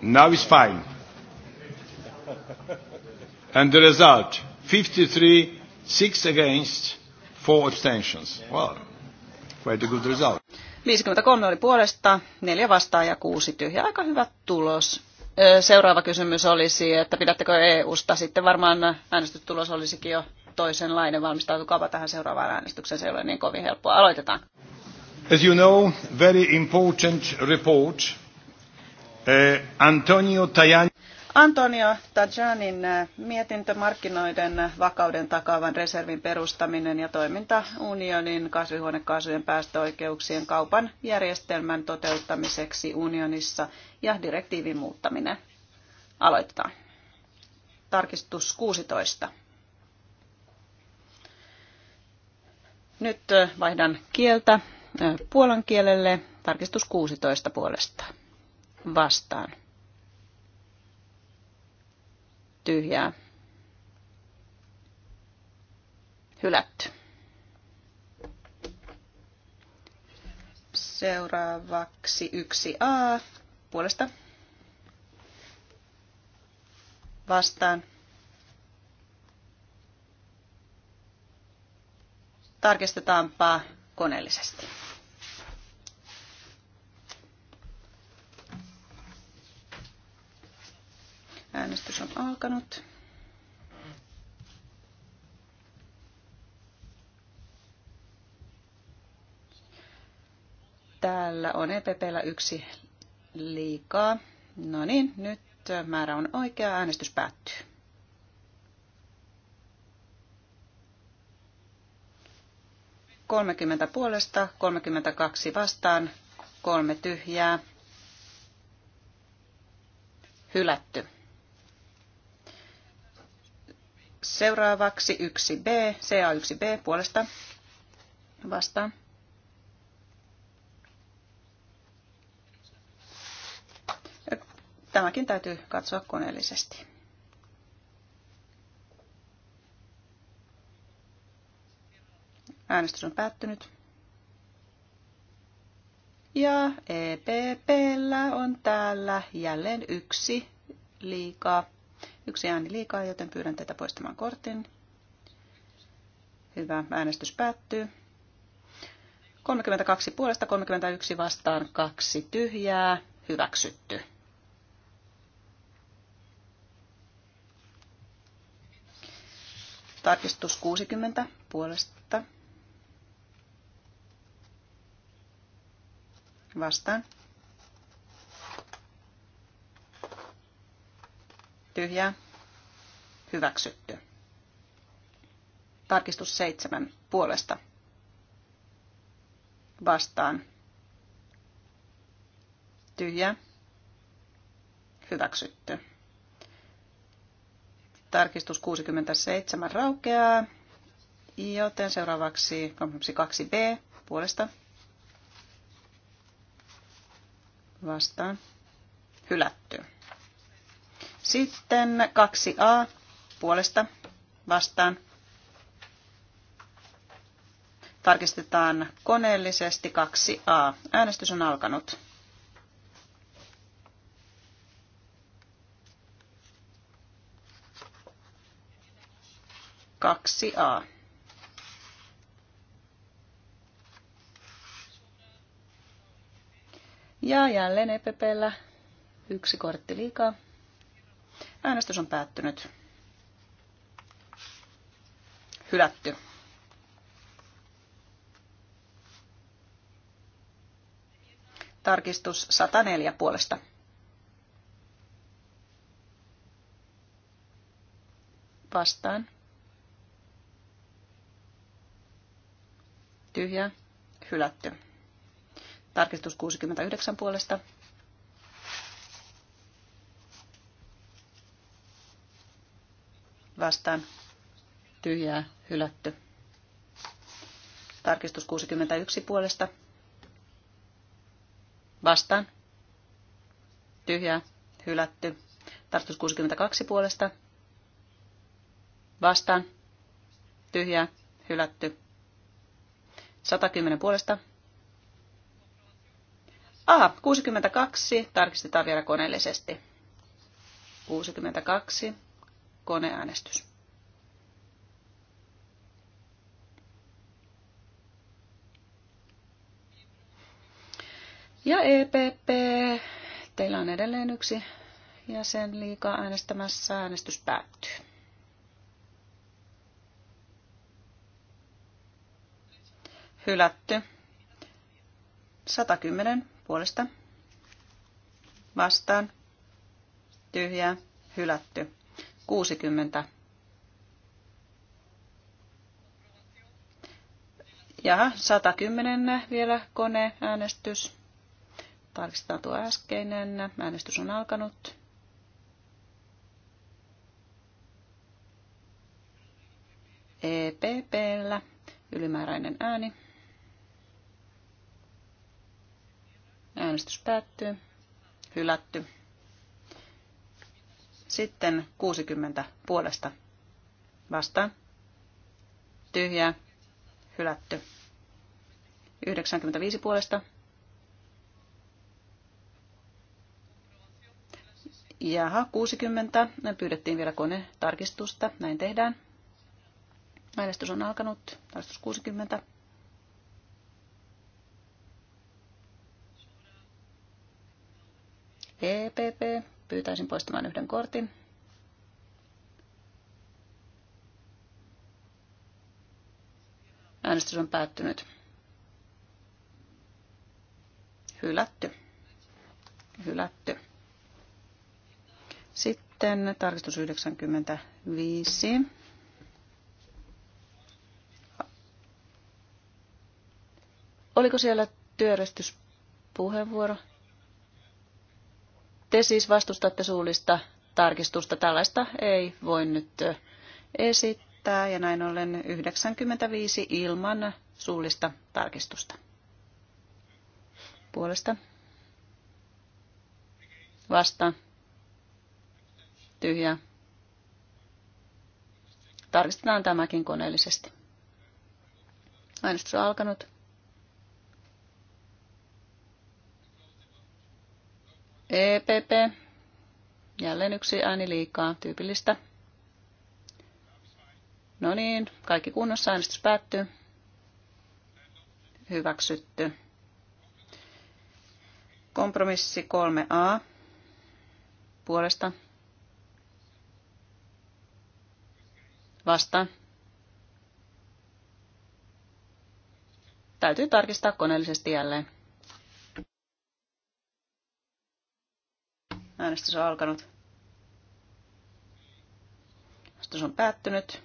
B: Now is fine.
A: And the result 53, 6 against, 4 abstentions. Well, quite a good result.
D: 53 oli puolesta, 4 vastaan ja 6 tyhjä. Aika hyvä tulos. Seuraava kysymys olisi, että pidättekö EU-sta? Sitten varmaan äänestystulos olisikin jo toisenlainen. Valmistautukaapa tähän seuraavaan äänestykseen, se ei ole niin kovin helppoa. Aloitetaan.
B: As you know, very important report. Uh, Antonio Tajani.
D: Antonio Tajanin äh, mietintö markkinoiden vakauden takaavan reservin perustaminen ja toiminta unionin kasvihuonekaasujen päästöoikeuksien kaupan järjestelmän toteuttamiseksi unionissa ja direktiivin muuttaminen. Aloitetaan. Tarkistus 16. Nyt äh, vaihdan kieltä äh, puolan kielelle. Tarkistus 16 puolesta. Vastaan tyhjää hylätty. Seuraavaksi 1a puolesta vastaan. Tarkistetaanpa koneellisesti. Äänestys on alkanut. Täällä on EPPllä yksi liikaa. No niin, nyt määrä on oikea. Äänestys päättyy. Kolmekymmentä puolesta, 32 vastaan, kolme tyhjää. Hylätty. Seuraavaksi 1B, CA1B puolesta vastaan. Tämäkin täytyy katsoa koneellisesti. Äänestys on päättynyt. Ja EPP on täällä jälleen yksi liikaa. Yksi ääni liikaa, joten pyydän teitä poistamaan kortin. Hyvä, äänestys päättyy. 32 puolesta, 31 vastaan, kaksi tyhjää, hyväksytty. Tarkistus 60 puolesta. Vastaan. tyhjää, hyväksytty. Tarkistus seitsemän puolesta vastaan, tyhjä hyväksytty. Tarkistus 67 raukeaa, joten seuraavaksi kompromissi 2b puolesta vastaan hylätty. Sitten 2a puolesta vastaan. Tarkistetaan koneellisesti 2a. Äänestys on alkanut. Kaksi A. Ja jälleen EPPllä yksi kortti liikaa. Äänestys on päättynyt. Hylätty. Tarkistus 104 puolesta. Vastaan. Tyhjä. Hylätty. Tarkistus 69 puolesta vastaan tyhjää hylätty. Tarkistus 61 puolesta vastaan tyhjää hylätty. Tarkistus 62 puolesta vastaan tyhjää hylätty. 110 puolesta Aha, 62, tarkistetaan vielä koneellisesti. 62, koneäänestys. Ja EPP, teillä on edelleen yksi jäsen liikaa äänestämässä. Äänestys päättyy. Hylätty. 110 puolesta. Vastaan. Tyhjä. Hylätty. 60. Ja 110 vielä koneäänestys. Tarkistetaan tuo äskeinen. Äänestys on alkanut. EPPllä ylimääräinen ääni. Äänestys päättyy. Hylätty. Sitten 60 puolesta vastaan. Tyhjää. Hylätty. 95 puolesta. Jaha, 60. Pyydettiin vielä tarkistusta Näin tehdään. Äänestys on alkanut. Tarkistus 60. EPP Pyytäisin poistamaan yhden kortin. Äänestys on päättynyt. Hylätty. Hylätty. Sitten tarkistus 95. Oliko siellä työjärjestyspuheenvuoro? Te siis vastustatte suullista tarkistusta. Tällaista ei voi nyt esittää ja näin ollen 95 ilman suullista tarkistusta. Puolesta. Vastaan. tyhjä. Tarkistetaan tämäkin koneellisesti. Äänestys on alkanut. EPP. Jälleen yksi ääni liikaa, tyypillistä. No niin, kaikki kunnossa, äänestys päättyy. Hyväksytty. Kompromissi 3a puolesta. Vastaan. Täytyy tarkistaa koneellisesti jälleen. Äänestys on alkanut. Äänestys on päättynyt.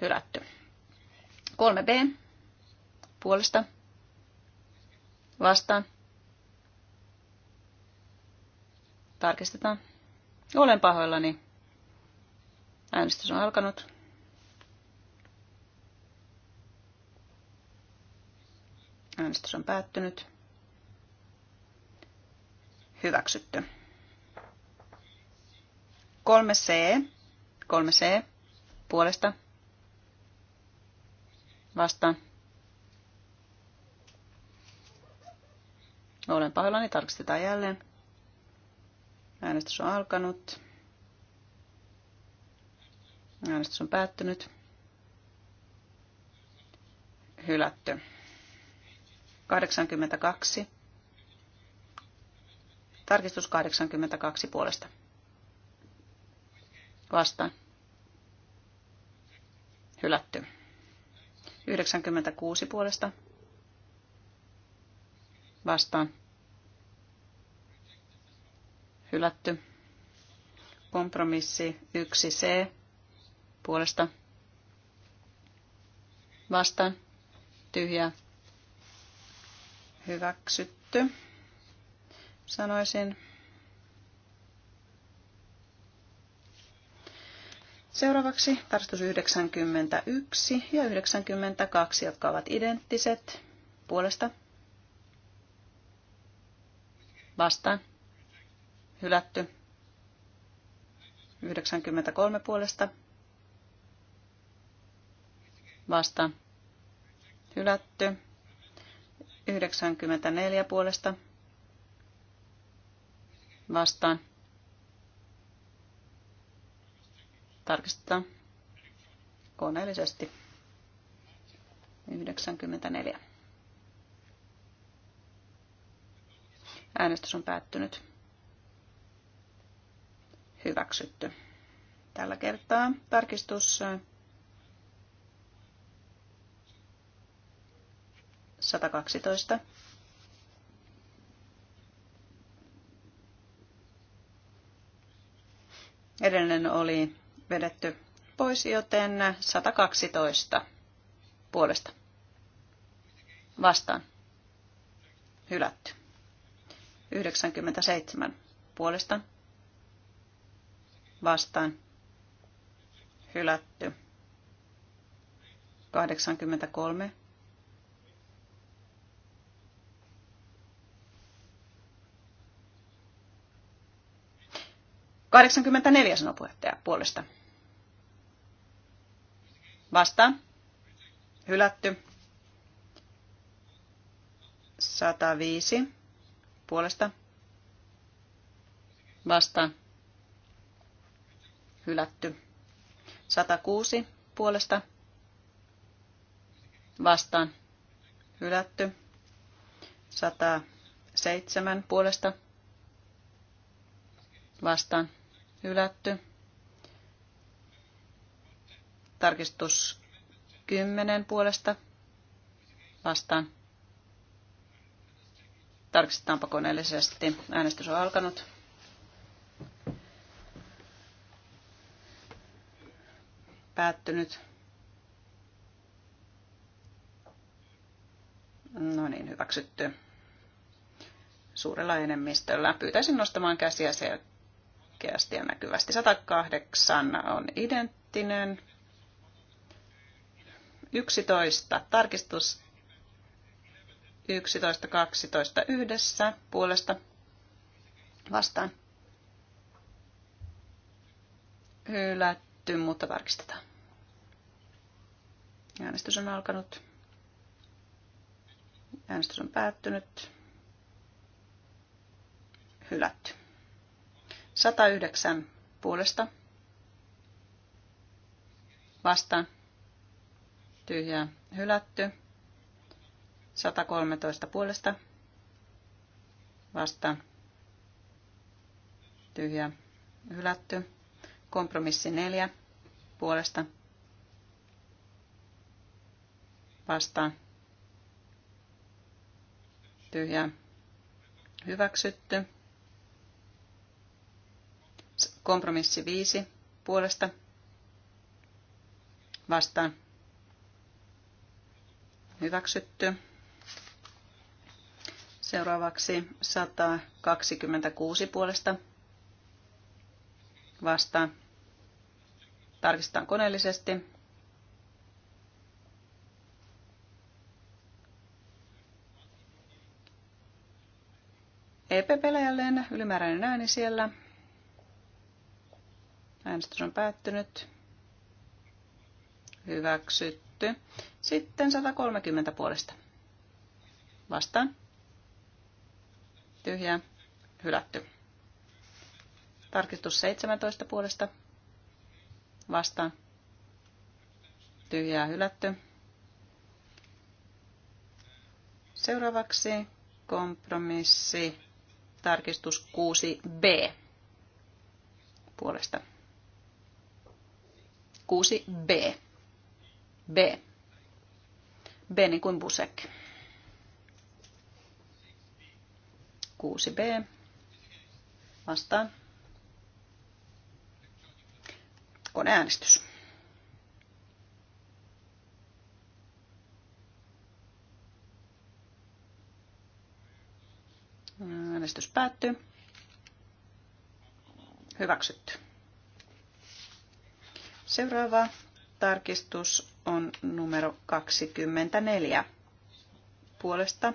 D: Hylätty. 3b. Puolesta. Vastaan. Tarkistetaan. Olen pahoillani.
B: Äänestys on alkanut.
D: Äänestys on päättynyt. Hyväksytty. 3C. 3C. Puolesta. Vastaan. Olen pahoillani, tarkistetaan jälleen. Äänestys on alkanut. Äänestys on päättynyt. Hylätty. 82 Tarkistus 82 puolesta. Vastaan. Hylätty. 96 puolesta. Vastaan. Hylätty. Kompromissi 1C puolesta. Vastaan. Tyhjä. Hyväksytty sanoisin. Seuraavaksi tarkistus 91 ja 92, jotka ovat identtiset puolesta. Vastaan. Hylätty. 93 puolesta. Vastaan. Hylätty. 94 puolesta vastaan. Tarkistetaan koneellisesti. 94. Äänestys on päättynyt. Hyväksytty. Tällä kertaa tarkistus 112 Edellinen oli vedetty pois, joten 112 puolesta. Vastaan. Hylätty. 97 puolesta. Vastaan. Hylätty. 83 84 sanoi puheenjohtaja puolesta. Vastaan. Hylätty. 105 puolesta. Vastaan. Hylätty. 106 puolesta. Vastaan. Hylätty. 107 puolesta. Vastaan Hylätty. Tarkistus 10 puolesta vastaan. Tarkistetaanpa koneellisesti. Äänestys on alkanut. Päättynyt. No niin, hyväksytty. Suurella enemmistöllä. Pyytäisin nostamaan käsiä sieltä selkeästi ja näkyvästi. 108 on identtinen. 11 tarkistus 11, 12 yhdessä puolesta vastaan. Hylätty, mutta tarkistetaan. Äänestys on alkanut. Äänestys on päättynyt. Hylätty. 109 puolesta. vasta Tyhjää hylätty. 113 puolesta. vasta Tyhjää hylätty. Kompromissi 4 puolesta. vasta Tyhjää hyväksytty. Kompromissi 5 puolesta vastaan. Hyväksytty. Seuraavaksi 126 puolesta vastaan. Tarkistetaan koneellisesti. EPPllä jälleen ylimääräinen ääni siellä. Äänestys on päättynyt. Hyväksytty. Sitten 130 puolesta. Vastaan. tyhjä Hylätty. Tarkistus 17 puolesta. Vastaan. Tyhjää hylätty. Seuraavaksi kompromissi tarkistus 6b puolesta 6 B. B. B niin kuin Busek. 6 B. Vastaan. Koneäänestys. Äänestys päättyy. Hyväksytty. Seuraava tarkistus on numero 24 puolesta.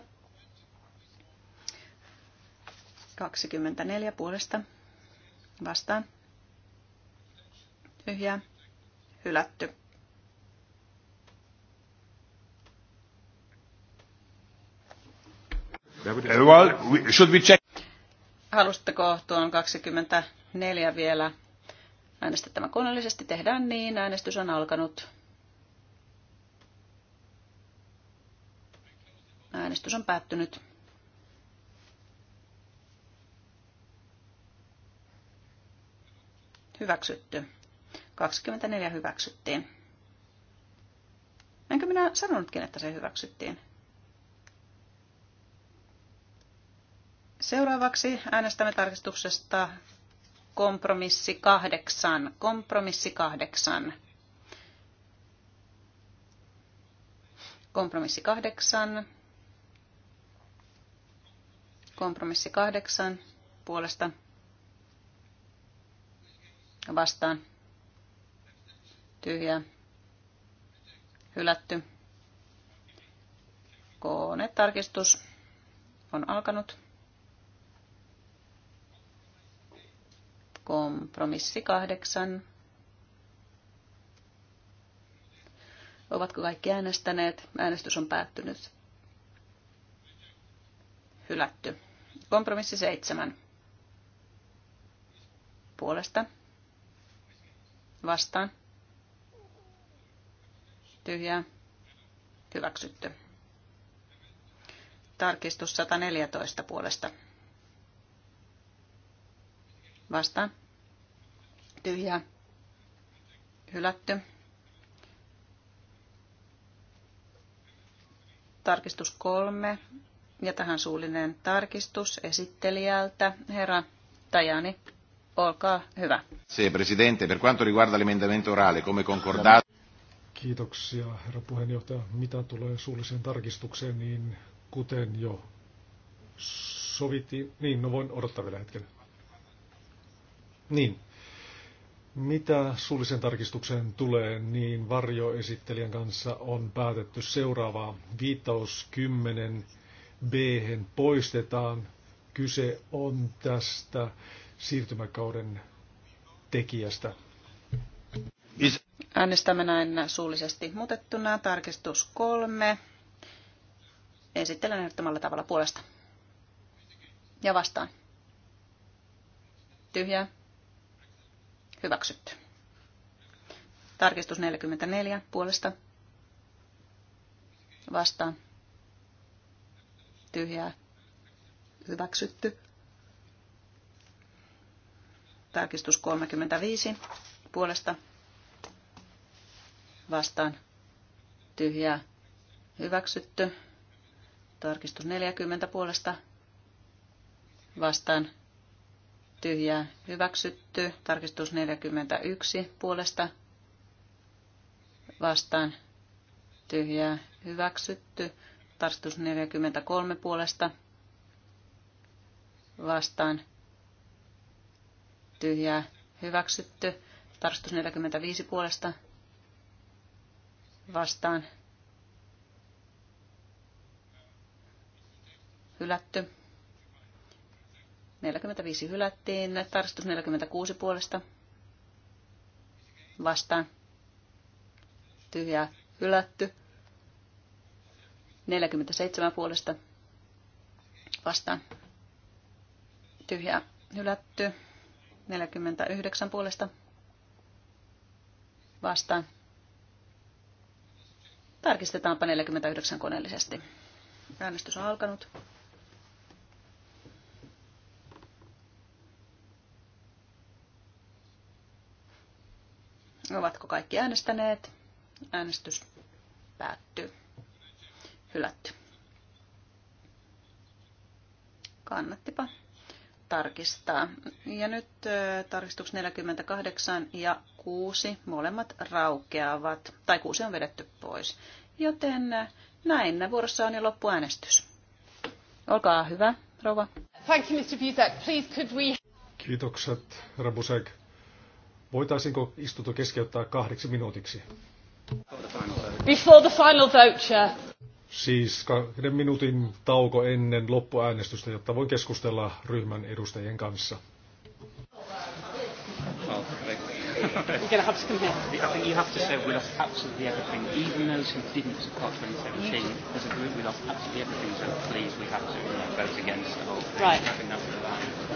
D: 24 puolesta vastaan. Tyhjä. Hylätty.
A: Well, should we check?
D: Halusitteko tuon 24 vielä Äänestettävä koneellisesti tehdään niin. Äänestys on alkanut. Äänestys on päättynyt. Hyväksytty. 24 hyväksyttiin. Enkö minä sanonutkin, että se hyväksyttiin? Seuraavaksi äänestämme tarkistuksesta kompromissi kahdeksan. Kompromissi kahdeksan. Kompromissi kahdeksan. Kompromissi kahdeksan puolesta vastaan. tyhjä, Hylätty. Kone tarkistus on alkanut. kompromissi kahdeksan. Ovatko kaikki äänestäneet? Äänestys on päättynyt. Hylätty. Kompromissi seitsemän. Puolesta. Vastaan. Tyhjää. Hyväksytty. Tarkistus 114 puolesta. Vastaan ja hylätty. Tarkistus kolme ja tähän suullinen tarkistus esittelijältä. Herra Tajani, olkaa hyvä.
A: Se presidente, per quanto riguarda l'emendamento orale, come concordato...
B: Kiitoksia, herra puheenjohtaja. Mitä tulee suulliseen tarkistukseen, niin kuten jo sovittiin, niin no voin odottaa vielä hetken. Niin, mitä suullisen tarkistuksen tulee, niin varjoesittelijän kanssa on päätetty seuraavaa. Viittaus 10 b poistetaan. Kyse on tästä siirtymäkauden tekijästä.
D: Äänestämme näin suullisesti muutettuna. Tarkistus kolme. Esittelen ehdottomalla tavalla puolesta. Ja vastaan. Tyhjää Hyväksytty. Tarkistus 44 puolesta. Vastaan. Tyhjää. Hyväksytty. Tarkistus 35 puolesta. Vastaan. Tyhjää. Hyväksytty. Tarkistus 40 puolesta. Vastaan tyhjää hyväksytty. Tarkistus 41 puolesta vastaan tyhjää hyväksytty. Tarkistus 43 puolesta vastaan tyhjää hyväksytty. Tarkistus 45 puolesta vastaan hylätty. 45 hylättiin. Tarkistus 46 puolesta. Vastaan. Tyhjää hylätty. 47 puolesta. Vastaan. Tyhjää hylätty. 49 puolesta. Vastaan. Tarkistetaanpa 49 koneellisesti. Äänestys on alkanut. Ovatko kaikki äänestäneet? Äänestys päättyy. Hylätty. Kannattipa tarkistaa. Ja nyt tarkistus 48 ja 6, molemmat raukeavat, tai 6 on vedetty pois. Joten näin, vuorossa on jo loppuäänestys. Olkaa hyvä, rouva. Thank
B: you, Mr. Please, could we... Kiitokset, Rabusek. Voitaisinko istunto keskeyttää kahdeksi minuutiksi? Before the final vote, Siis kahden minuutin tauko ennen loppuäänestystä, jotta voin keskustella ryhmän edustajien kanssa. You're
A: I
E: think you have to say we lost absolutely everything, even those who didn't 2017. As a group, we lost absolutely everything, so please, we have to vote against
A: Right.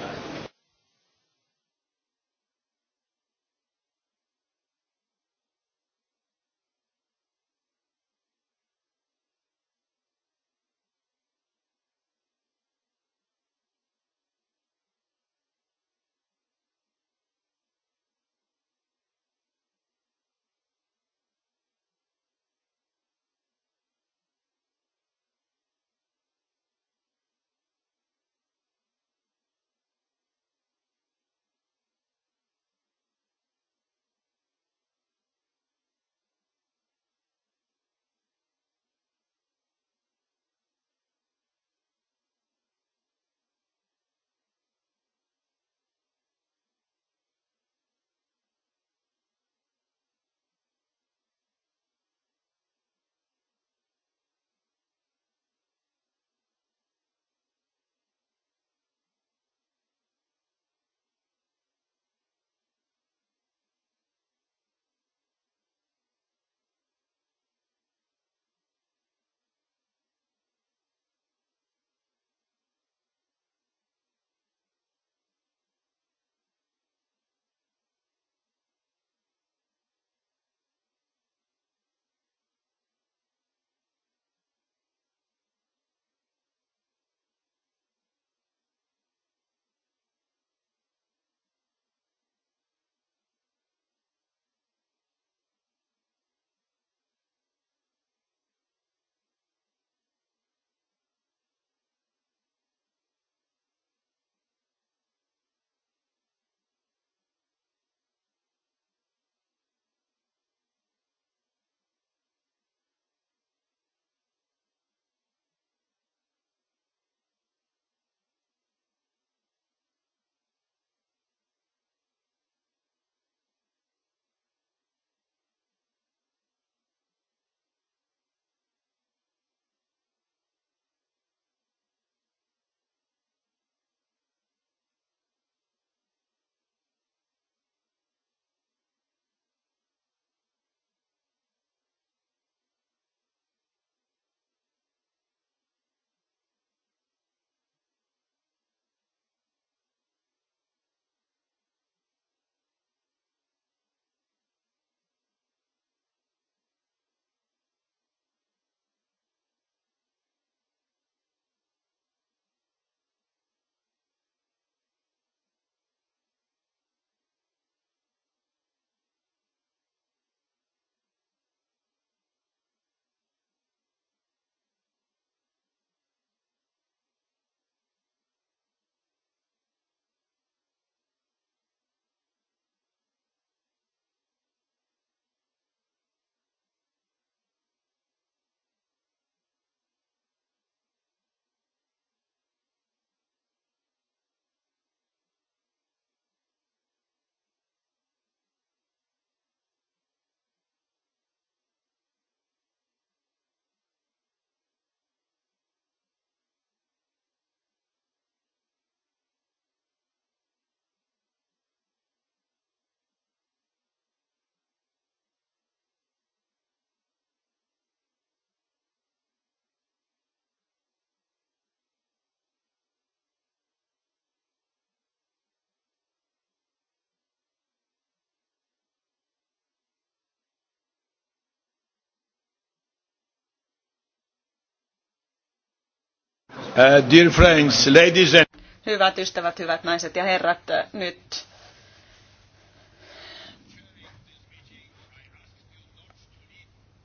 B: Uh, dear friends, ladies and...
D: Hyvät ystävät, hyvät naiset ja herrat, äh, nyt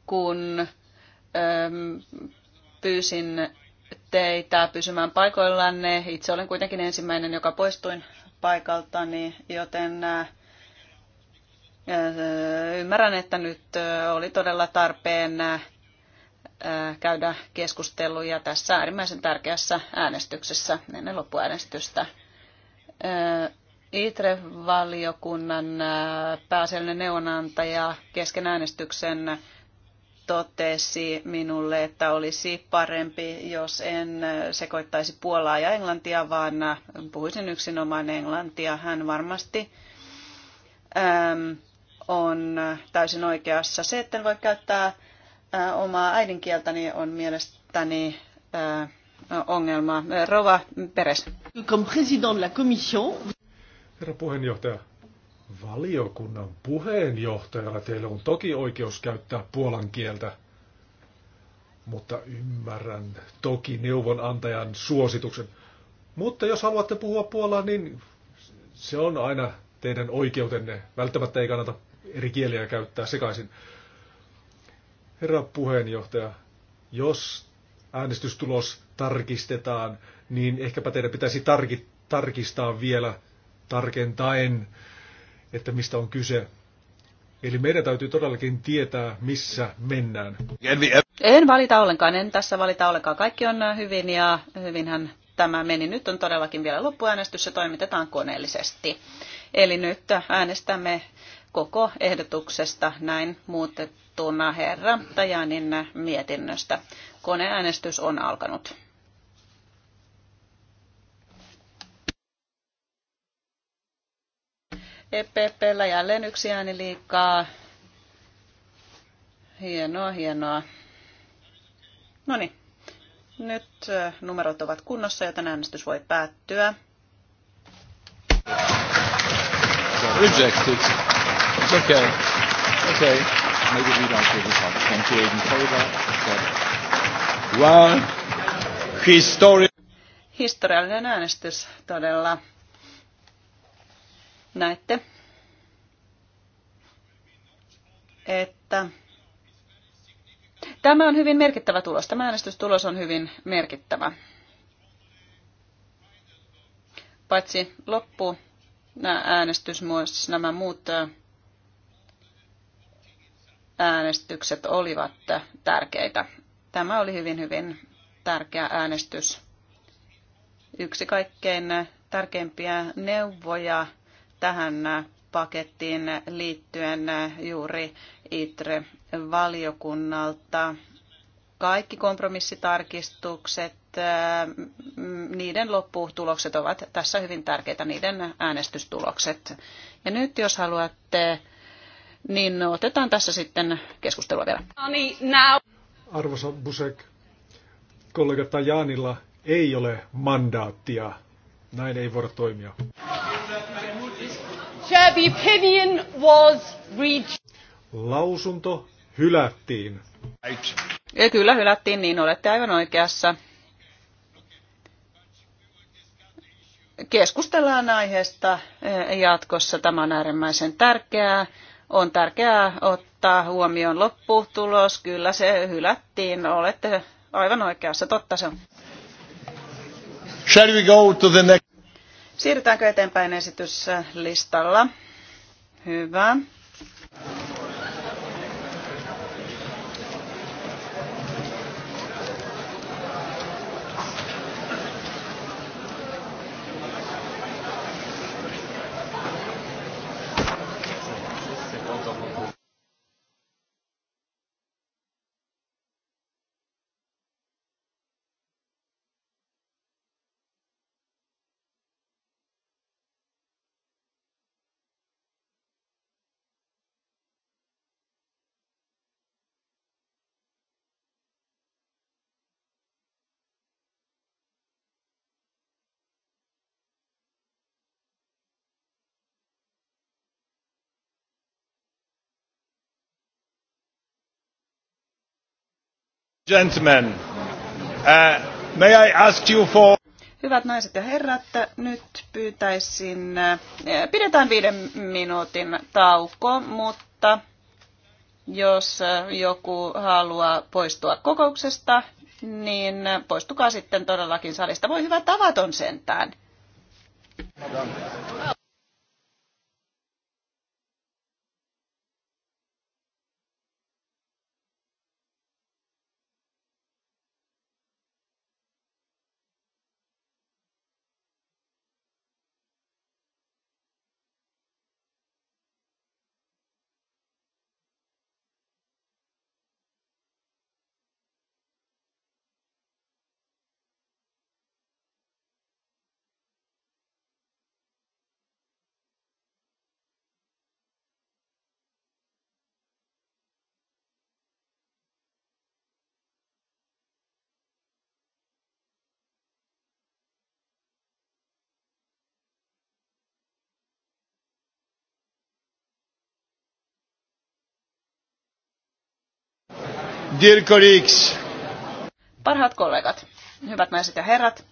D: kun ähm, pyysin teitä pysymään paikoillanne. Itse olen kuitenkin ensimmäinen, joka poistuin paikaltani, joten äh, äh, ymmärrän, että nyt oli todella tarpeen käydä keskusteluja tässä äärimmäisen tärkeässä äänestyksessä ennen loppuäänestystä. ITRE-valiokunnan pääasiallinen neuvonantaja kesken äänestyksen totesi minulle, että olisi parempi, jos en sekoittaisi Puolaa ja Englantia, vaan puhuisin yksinomaan Englantia. Hän varmasti äm, on täysin oikeassa. Se, etten voi käyttää omaa äidinkieltäni on mielestäni ongelma. Rova Peres.
B: Herra puheenjohtaja, valiokunnan puheenjohtajalla teillä on toki oikeus käyttää puolan kieltä, mutta ymmärrän toki neuvonantajan suosituksen. Mutta jos haluatte puhua puolaa, niin se on aina teidän oikeutenne. Välttämättä ei kannata eri kieliä käyttää sekaisin. Herra puheenjohtaja, jos äänestystulos tarkistetaan, niin ehkäpä teidän pitäisi tarki, tarkistaa vielä tarkentaen, että mistä on kyse. Eli meidän täytyy todellakin tietää, missä mennään.
D: En valita ollenkaan, en tässä valita ollenkaan. Kaikki on äh, hyvin ja hyvinhän tämä meni. Nyt on todellakin vielä loppuäänestys ja toimitetaan koneellisesti. Eli nyt äänestämme koko ehdotuksesta näin muutettu muutettuna herra Tajanin mietinnöstä. Koneäänestys on alkanut. EPPllä jälleen yksi ääni liikaa. Hienoa, hienoa. No niin, nyt numerot ovat kunnossa, joten äänestys voi päättyä.
A: Rejected. It's okay. Okay maybe we don't give it up. 28 in Well, history.
D: Historiallinen äänestys todella. Näette, että tämä on hyvin merkittävä tulos. Tämä äänestystulos on hyvin merkittävä. Paitsi loppu äänestys, myös nämä muut äh, äänestykset olivat tärkeitä. Tämä oli hyvin, hyvin tärkeä äänestys. Yksi kaikkein tärkeimpiä neuvoja tähän pakettiin liittyen juuri ITRE-valiokunnalta. Kaikki kompromissitarkistukset, niiden lopputulokset ovat tässä hyvin tärkeitä, niiden äänestystulokset. Ja nyt jos haluatte niin otetaan tässä sitten keskustelua vielä.
B: No niin, Arvoisa Busek, kollega Tajanilla ei ole mandaattia. Näin ei voida toimia. Lausunto hylättiin.
D: Ja kyllä hylättiin, niin olette aivan oikeassa. Keskustellaan aiheesta jatkossa. Tämä on äärimmäisen tärkeää on tärkeää ottaa huomioon lopputulos. Kyllä se hylättiin. Olette aivan oikeassa. Totta se on.
A: Shall we go to the next?
D: Siirrytäänkö eteenpäin esityslistalla? Hyvä.
A: Gentlemen, uh, may I ask you for...
D: Hyvät naiset ja herrat, nyt pyytäisin, eh, pidetään viiden minuutin tauko, mutta jos eh, joku haluaa poistua kokouksesta, niin poistukaa sitten todellakin salista. Voi hyvä tavaton sentään.
B: Dear colleagues.
D: Parhaat kollegat, hyvät naiset ja herrat.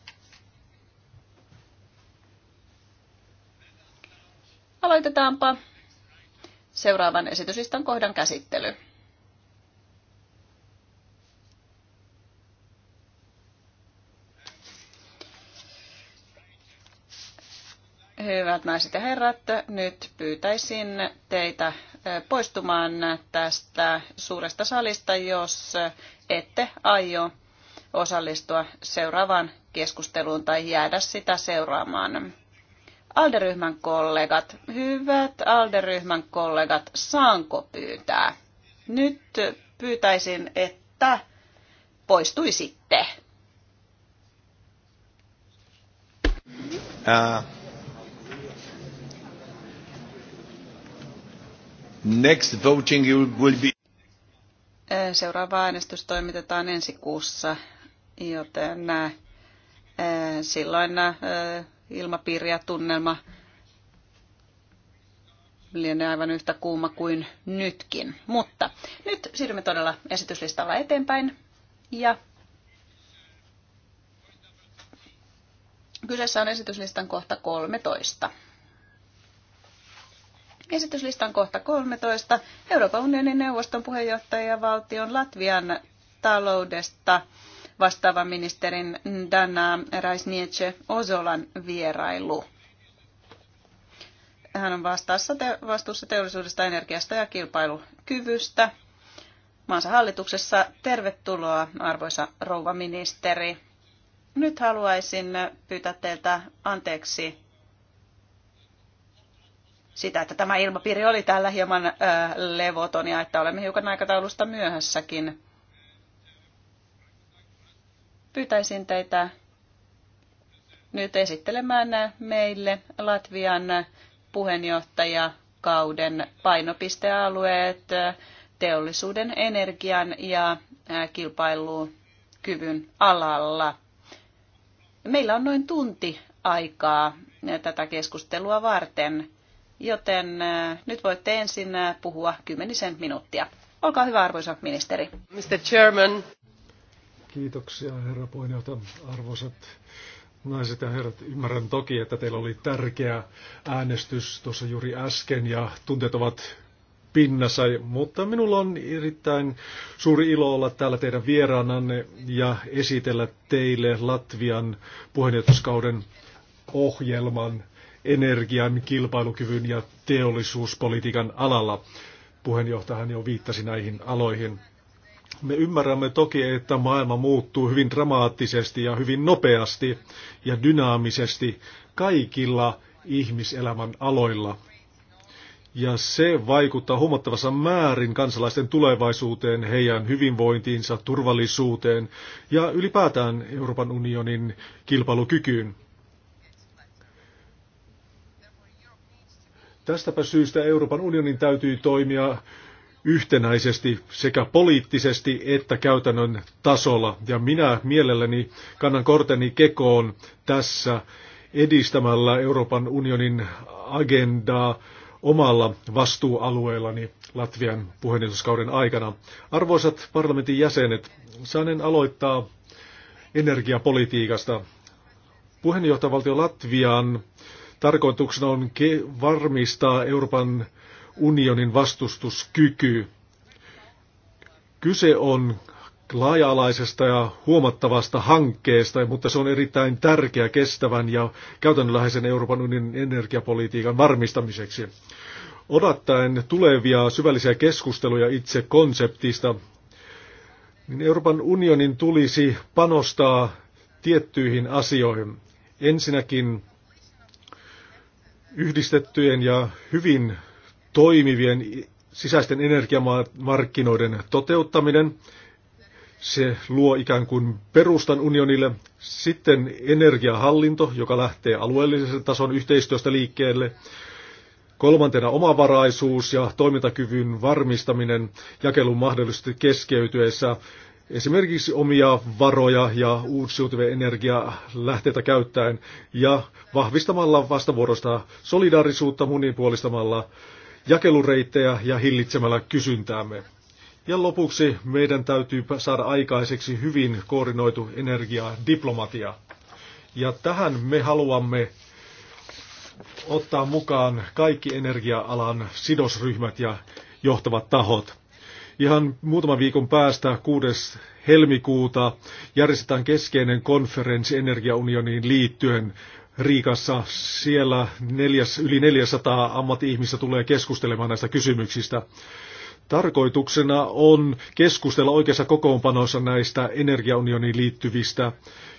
D: Aloitetaanpa seuraavan esityslistan kohdan käsittely. Hyvät naiset ja herrat, nyt pyytäisin teitä poistumaan tästä suuresta salista, jos ette aio osallistua seuraavaan keskusteluun tai jäädä sitä seuraamaan. Alderyhmän kollegat, hyvät Alderyhmän kollegat, saanko pyytää? Nyt pyytäisin, että
A: poistuisitte.
B: Uh.
A: Next voting will be...
D: Seuraava äänestys toimitetaan ensi kuussa, joten silloin ilmapiiri ja tunnelma lienee aivan yhtä kuuma kuin nytkin. Mutta nyt siirrymme todella esityslistalla eteenpäin. Ja kyseessä on esityslistan kohta 13. Esityslistan kohta 13. Euroopan unionin neuvoston puheenjohtajavaltion Latvian taloudesta vastaavan ministerin Dana Raisnietse Ozolan vierailu. Hän on vastaassa te- vastuussa teollisuudesta, energiasta ja kilpailukyvystä maansa hallituksessa. Tervetuloa, arvoisa rouva ministeri. Nyt haluaisin pyytää teiltä anteeksi sitä, että tämä ilmapiiri oli täällä hieman levoton ja että olemme hiukan aikataulusta myöhässäkin. Pyytäisin teitä nyt esittelemään meille Latvian puheenjohtajakauden painopistealueet teollisuuden, energian ja kilpailukyvyn alalla. Meillä on noin tunti aikaa tätä keskustelua varten joten äh, nyt voitte ensin äh, puhua kymmenisen minuuttia. Olkaa hyvä, arvoisa ministeri. Mr.
B: Chairman. Kiitoksia, herra puheenjohtaja. Arvoisat naiset ja herrat, ymmärrän toki, että teillä oli tärkeä äänestys tuossa juuri äsken ja tunteet ovat pinnassa, mutta minulla on erittäin suuri ilo olla täällä teidän vieraananne ja esitellä teille Latvian puheenjohtajuuskauden ohjelman – energian, kilpailukyvyn ja teollisuuspolitiikan alalla. Puheenjohtajahan jo viittasi näihin aloihin. Me ymmärrämme toki, että maailma muuttuu hyvin dramaattisesti ja hyvin nopeasti ja dynaamisesti kaikilla ihmiselämän aloilla. Ja se vaikuttaa huomattavassa määrin kansalaisten tulevaisuuteen, heidän hyvinvointiinsa, turvallisuuteen ja ylipäätään Euroopan unionin kilpailukykyyn. Tästäpä syystä Euroopan unionin täytyy toimia yhtenäisesti sekä poliittisesti että käytännön tasolla. Ja minä mielelläni kannan korteni kekoon tässä edistämällä Euroopan unionin agendaa omalla vastuualueellani Latvian puheenjohtajuuskauden aikana. Arvoisat parlamentin jäsenet, saanen aloittaa energiapolitiikasta. Puheenjohtajavaltio Latvian Tarkoituksena on varmistaa Euroopan unionin vastustuskyky. Kyse on laaja-alaisesta ja huomattavasta hankkeesta, mutta se on erittäin tärkeä kestävän ja käytännönläheisen Euroopan unionin energiapolitiikan varmistamiseksi. Odottaen tulevia syvällisiä keskusteluja itse konseptista, niin Euroopan unionin tulisi panostaa tiettyihin asioihin. Ensinnäkin Yhdistettyjen ja hyvin toimivien sisäisten energiamarkkinoiden toteuttaminen, se luo ikään kuin perustan unionille. Sitten energiahallinto, joka lähtee alueellisen tason yhteistyöstä liikkeelle. Kolmantena omavaraisuus ja toimintakyvyn varmistaminen jakelun mahdollisesti keskeytyessä esimerkiksi omia varoja ja uusiutuvia energialähteitä käyttäen ja vahvistamalla vastavuorosta solidaarisuutta monipuolistamalla jakelureittejä ja hillitsemällä kysyntäämme. Ja lopuksi meidän täytyy saada aikaiseksi hyvin koordinoitu energiadiplomatia. Ja tähän me haluamme ottaa mukaan kaikki energia-alan sidosryhmät ja johtavat tahot. Ihan muutaman viikon päästä 6. helmikuuta järjestetään keskeinen konferenssi energiaunioniin liittyen. Riikassa siellä neljäs, yli 400 ammatti-ihmistä tulee keskustelemaan näistä kysymyksistä. Tarkoituksena on keskustella oikeassa kokoonpanossa näistä energiaunioniin liittyvistä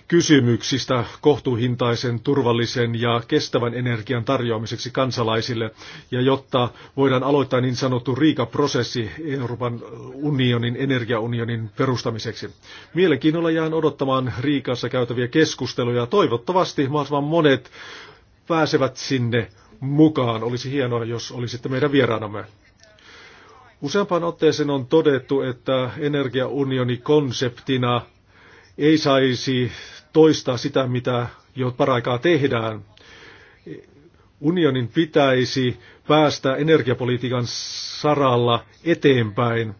B: kysymyksistä kohtuuhintaisen, turvallisen ja kestävän energian tarjoamiseksi kansalaisille, ja jotta voidaan aloittaa niin sanottu riikaprosessi Euroopan unionin, energiaunionin perustamiseksi. Mielenkiinnolla jään odottamaan Riikassa käytäviä keskusteluja. Toivottavasti mahdollisimman monet pääsevät sinne mukaan. Olisi hienoa, jos olisitte meidän vieraanamme. Useampaan otteeseen on todettu, että energiaunioni konseptina ei saisi toistaa sitä, mitä jo paraikaa tehdään. Unionin pitäisi päästä energiapolitiikan saralla eteenpäin.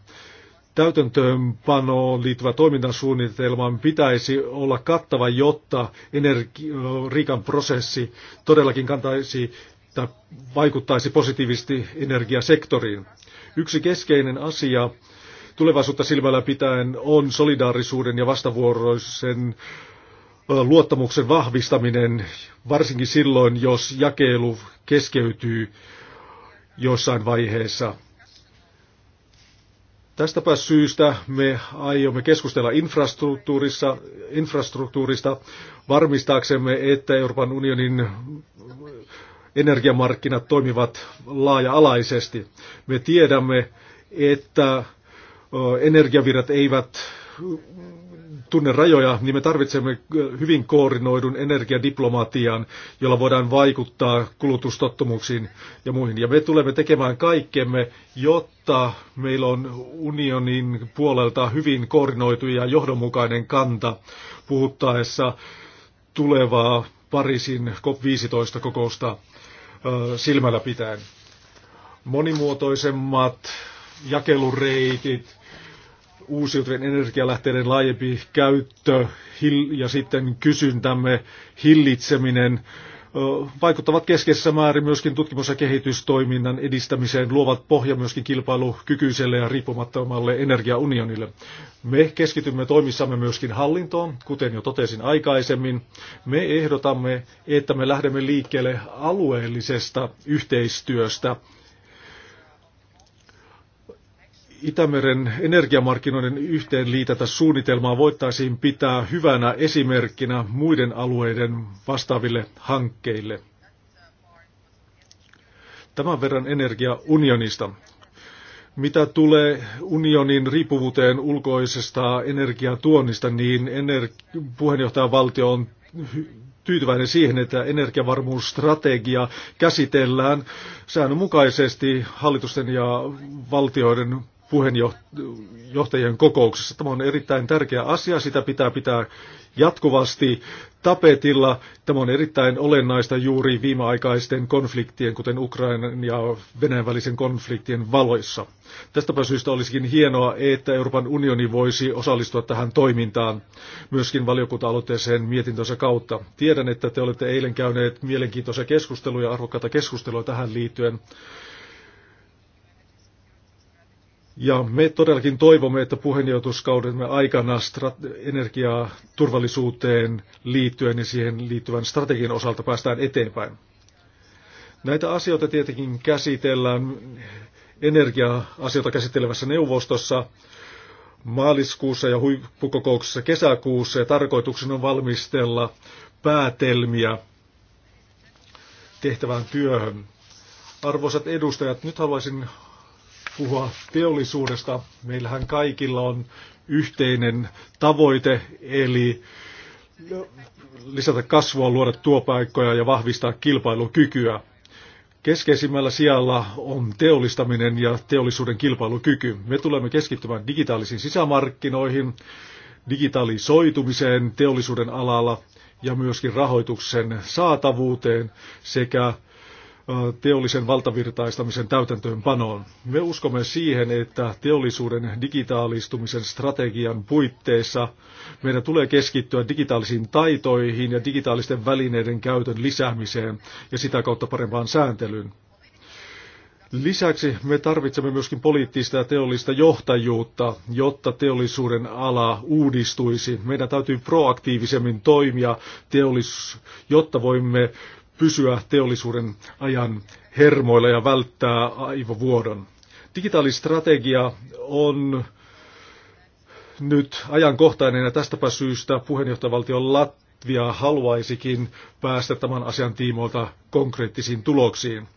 B: Täytäntöönpanoon liittyvä toimintasuunnitelma pitäisi olla kattava, jotta energi- riikan prosessi todellakin kantaisi tai vaikuttaisi positiivisesti energiasektoriin. Yksi keskeinen asia tulevaisuutta silmällä pitäen on solidaarisuuden ja vastavuoroisen luottamuksen vahvistaminen, varsinkin silloin, jos jakelu keskeytyy jossain vaiheessa. Tästäpä syystä me aiomme keskustella infrastruktuurista varmistaaksemme, että Euroopan unionin energiamarkkinat toimivat laaja-alaisesti. Me tiedämme, että energiavirrat eivät tunne rajoja, niin me tarvitsemme hyvin koordinoidun energiadiplomatian, jolla voidaan vaikuttaa kulutustottumuksiin ja muihin. Ja me tulemme tekemään kaikkemme, jotta meillä on unionin puolelta hyvin koordinoitu ja johdonmukainen kanta puhuttaessa tulevaa Pariisin COP15 kokousta silmällä pitäen. Monimuotoisemmat jakelureitit, uusiutuvien energialähteiden laajempi käyttö ja sitten kysyntämme hillitseminen vaikuttavat keskeisessä määrin myöskin tutkimus- ja kehitystoiminnan edistämiseen, luovat pohja myöskin kilpailukykyiselle ja riippumattomalle energiaunionille. Me keskitymme toimissamme myöskin hallintoon, kuten jo totesin aikaisemmin. Me ehdotamme, että me lähdemme liikkeelle alueellisesta yhteistyöstä Itämeren energiamarkkinoiden yhteenliitätä suunnitelmaa voittaisiin pitää hyvänä esimerkkinä muiden alueiden vastaaville hankkeille. Tämän verran energiaunionista. Mitä tulee unionin riippuvuuteen ulkoisesta energiatuonnista, niin energi- puheenjohtajavaltio on tyytyväinen siihen, että energiavarmuusstrategia käsitellään säännönmukaisesti hallitusten ja valtioiden puheenjohtajien kokouksessa. Tämä on erittäin tärkeä asia, sitä pitää pitää jatkuvasti tapetilla. Tämä on erittäin olennaista juuri viimeaikaisten konfliktien, kuten Ukrainan ja Venäjän välisen konfliktien valoissa. Tästäpä syystä olisikin hienoa, että Euroopan unioni voisi osallistua tähän toimintaan myöskin valiokunta-aloitteeseen mietintönsä kautta. Tiedän, että te olette eilen käyneet mielenkiintoisia keskusteluja, arvokkaita keskusteluja tähän liittyen. Ja me todellakin toivomme, että puheenjohtuskaudemme aikana strat- energiaa turvallisuuteen liittyen ja siihen liittyvän strategian osalta päästään eteenpäin. Näitä asioita tietenkin käsitellään energia-asioita käsittelevässä neuvostossa maaliskuussa ja huippukokouksessa kesäkuussa ja tarkoituksena on valmistella päätelmiä tehtävään työhön. Arvoisat edustajat, nyt haluaisin puhua teollisuudesta. Meillähän kaikilla on yhteinen tavoite, eli lisätä kasvua, luoda tuopaikkoja ja vahvistaa kilpailukykyä. Keskeisimmällä sijalla on teollistaminen ja teollisuuden kilpailukyky. Me tulemme keskittymään digitaalisiin sisämarkkinoihin, digitalisoitumiseen teollisuuden alalla ja myöskin rahoituksen saatavuuteen sekä Äh, teollisen valtavirtaistamisen täytäntöönpanoon. Me uskomme siihen, että teollisuuden digitaalistumisen strategian puitteissa meidän tulee keskittyä digitaalisiin taitoihin ja digitaalisten välineiden käytön lisäämiseen ja sitä kautta parempaan sääntelyyn. Lisäksi me tarvitsemme myöskin poliittista ja teollista johtajuutta, jotta teollisuuden ala uudistuisi. Meidän täytyy proaktiivisemmin toimia, teollis, jotta voimme pysyä teollisuuden ajan hermoilla ja välttää aivovuodon. Digitaalistrategia on nyt ajankohtainen ja tästäpä syystä puheenjohtajavaltion Latvia haluaisikin päästä tämän asian tiimoilta konkreettisiin tuloksiin.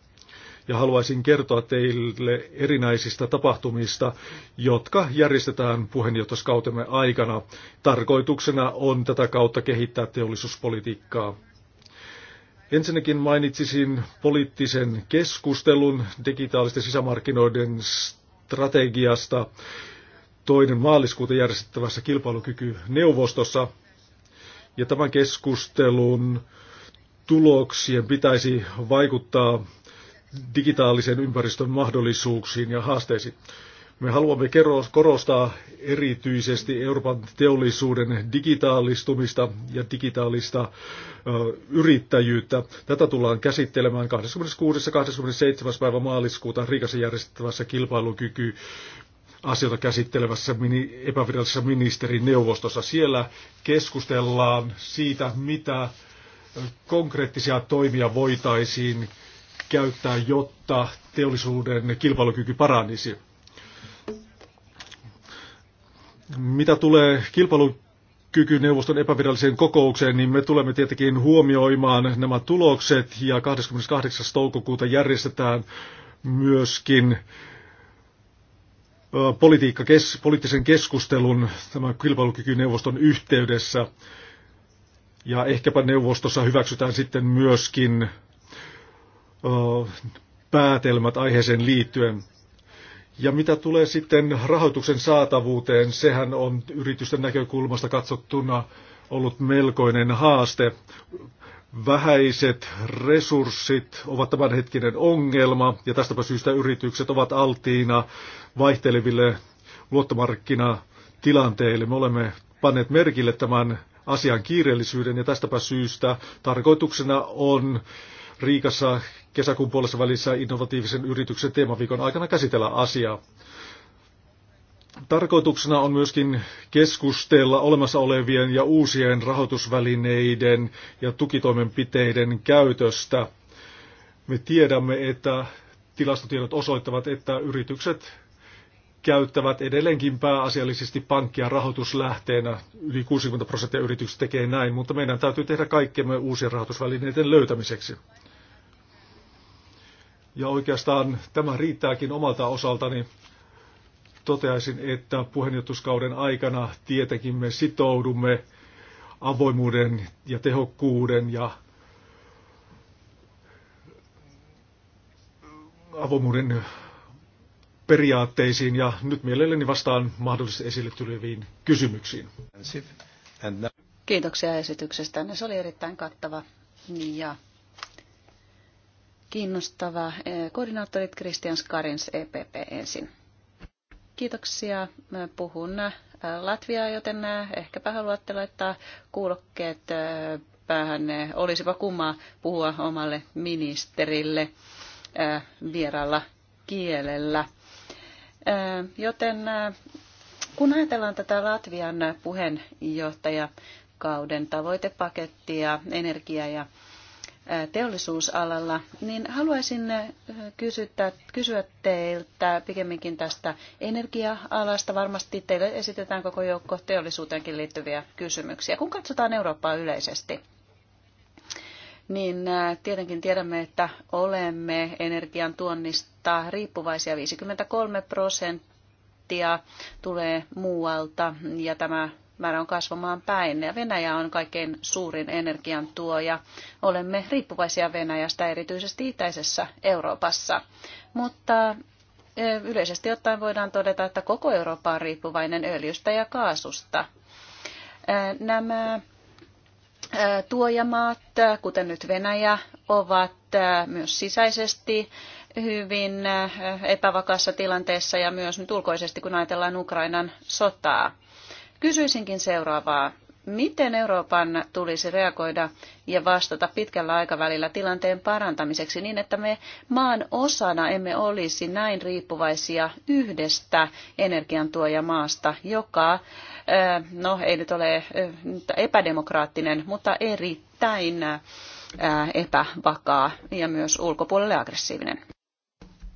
B: Ja haluaisin kertoa teille erinäisistä tapahtumista, jotka järjestetään puheenjohtajaskautemme aikana. Tarkoituksena on tätä kautta kehittää teollisuuspolitiikkaa Ensinnäkin mainitsisin poliittisen keskustelun digitaalisten sisämarkkinoiden strategiasta toinen maaliskuuta järjestettävässä kilpailukykyneuvostossa. Ja tämän keskustelun tuloksien pitäisi vaikuttaa digitaalisen ympäristön mahdollisuuksiin ja haasteisiin. Me haluamme korostaa erityisesti Euroopan teollisuuden digitaalistumista ja digitaalista ö, yrittäjyyttä. Tätä tullaan käsittelemään 26. ja 27. päivä maaliskuuta Riikassa järjestettävässä kilpailukyky asioita käsittelevässä mini, epävirallisessa ministerineuvostossa. Siellä keskustellaan siitä, mitä konkreettisia toimia voitaisiin käyttää, jotta teollisuuden kilpailukyky paranisi. Mitä tulee kilpailukykyneuvoston epäviralliseen kokoukseen, niin me tulemme tietenkin huomioimaan nämä tulokset ja 28. toukokuuta järjestetään myöskin politiikka, kes, poliittisen keskustelun tämän kilpailukykyneuvoston yhteydessä. Ja ehkäpä neuvostossa hyväksytään sitten myöskin ö, päätelmät aiheeseen liittyen. Ja mitä tulee sitten rahoituksen saatavuuteen, sehän on yritysten näkökulmasta katsottuna ollut melkoinen haaste. Vähäiset resurssit ovat tämänhetkinen ongelma ja tästäpä syystä yritykset ovat alttiina vaihteleville luottomarkkinatilanteille. Me olemme panneet merkille tämän asian kiireellisyyden ja tästäpä syystä tarkoituksena on Riikassa kesäkuun puolessa välissä innovatiivisen yrityksen teemaviikon aikana käsitellä asiaa. Tarkoituksena on myöskin keskustella olemassa olevien ja uusien rahoitusvälineiden ja tukitoimenpiteiden käytöstä. Me tiedämme, että tilastotiedot osoittavat, että yritykset käyttävät edelleenkin pääasiallisesti pankkia rahoituslähteenä. Yli 60 prosenttia yrityksistä tekee näin, mutta meidän täytyy tehdä kaikkemme uusien rahoitusvälineiden löytämiseksi. Ja oikeastaan tämä riittääkin omalta osaltani. Toteaisin, että puheenjohtuskauden aikana tietenkin me sitoudumme avoimuuden ja tehokkuuden ja avoimuuden periaatteisiin ja nyt mielelläni vastaan mahdollisesti esille tuleviin kysymyksiin.
D: Kiitoksia esityksestä. Se oli erittäin kattava ja kiinnostava. Eh, koordinaattorit Christian Skarins EPP ensin. Kiitoksia. Puhun eh, Latviaa, joten eh, ehkäpä haluatte laittaa kuulokkeet päähän. Olisipa kummaa puhua omalle ministerille vieralla kielellä. Joten kun ajatellaan tätä Latvian puheenjohtajakauden tavoitepakettia energia- ja teollisuusalalla, niin haluaisin äh, kysyttää, kysyä teiltä pikemminkin tästä energia-alasta. Varmasti teille esitetään koko joukko teollisuuteenkin liittyviä kysymyksiä. Kun katsotaan Eurooppaa yleisesti, niin äh, tietenkin tiedämme, että olemme energian tuonnista riippuvaisia 53 prosenttia prosenttia tulee muualta ja tämä määrä on kasvamaan päin. Ja Venäjä on kaikkein suurin energian tuoja. Olemme riippuvaisia Venäjästä erityisesti itäisessä Euroopassa. Mutta yleisesti ottaen voidaan todeta, että koko Eurooppa on riippuvainen öljystä ja kaasusta. Nämä tuojamaat, kuten nyt Venäjä, ovat myös sisäisesti hyvin epävakaassa tilanteessa ja myös nyt ulkoisesti, kun ajatellaan Ukrainan sotaa. Kysyisinkin seuraavaa. Miten Euroopan tulisi reagoida ja vastata pitkällä aikavälillä tilanteen parantamiseksi niin, että me maan osana emme olisi näin riippuvaisia yhdestä energiantuojamaasta, joka, no ei nyt ole epädemokraattinen, mutta erittäin epävakaa ja myös ulkopuolelle aggressiivinen.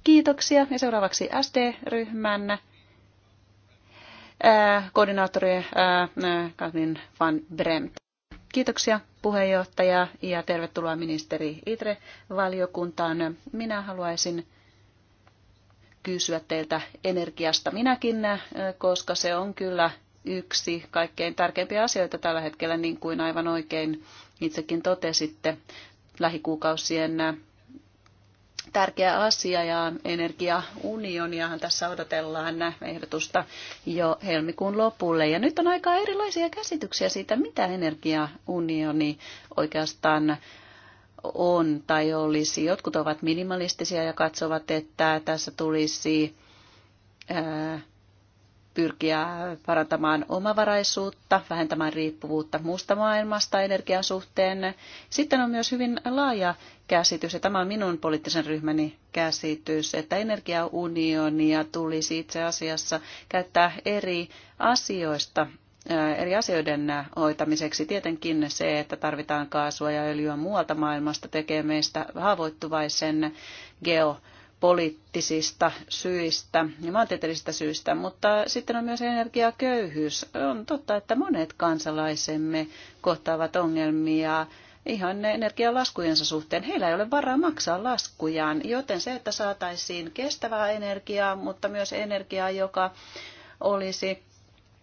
D: Kiitoksia ja seuraavaksi SD-ryhmän Äh, koordinaattori äh, äh, Katrin van Bremt. Kiitoksia puheenjohtaja ja tervetuloa ministeri Itre-valiokuntaan. Minä haluaisin kysyä teiltä energiasta minäkin, koska se on kyllä yksi kaikkein tärkeimpiä asioita tällä hetkellä, niin kuin aivan oikein itsekin totesitte. Lähikuukausien tärkeä asia ja energiaunioniahan tässä odotellaan ehdotusta jo helmikuun lopulle. Ja nyt on aika erilaisia käsityksiä siitä, mitä energiaunioni oikeastaan on tai olisi. Jotkut ovat minimalistisia ja katsovat, että tässä tulisi ää, pyrkiä parantamaan omavaraisuutta, vähentämään riippuvuutta muusta maailmasta energian suhteen. Sitten on myös hyvin laaja käsitys, ja tämä on minun poliittisen ryhmäni käsitys, että energiaunionia tulisi itse asiassa käyttää eri asioista eri asioiden hoitamiseksi. Tietenkin se, että tarvitaan kaasua ja öljyä muualta maailmasta, tekee meistä haavoittuvaisen geo- poliittisista syistä ja maantieteellisistä syistä, mutta sitten on myös energiaköyhyys. On totta, että monet kansalaisemme kohtaavat ongelmia ihan energialaskujensa suhteen. Heillä ei ole varaa maksaa laskujaan, joten se, että saataisiin kestävää energiaa, mutta myös energiaa, joka olisi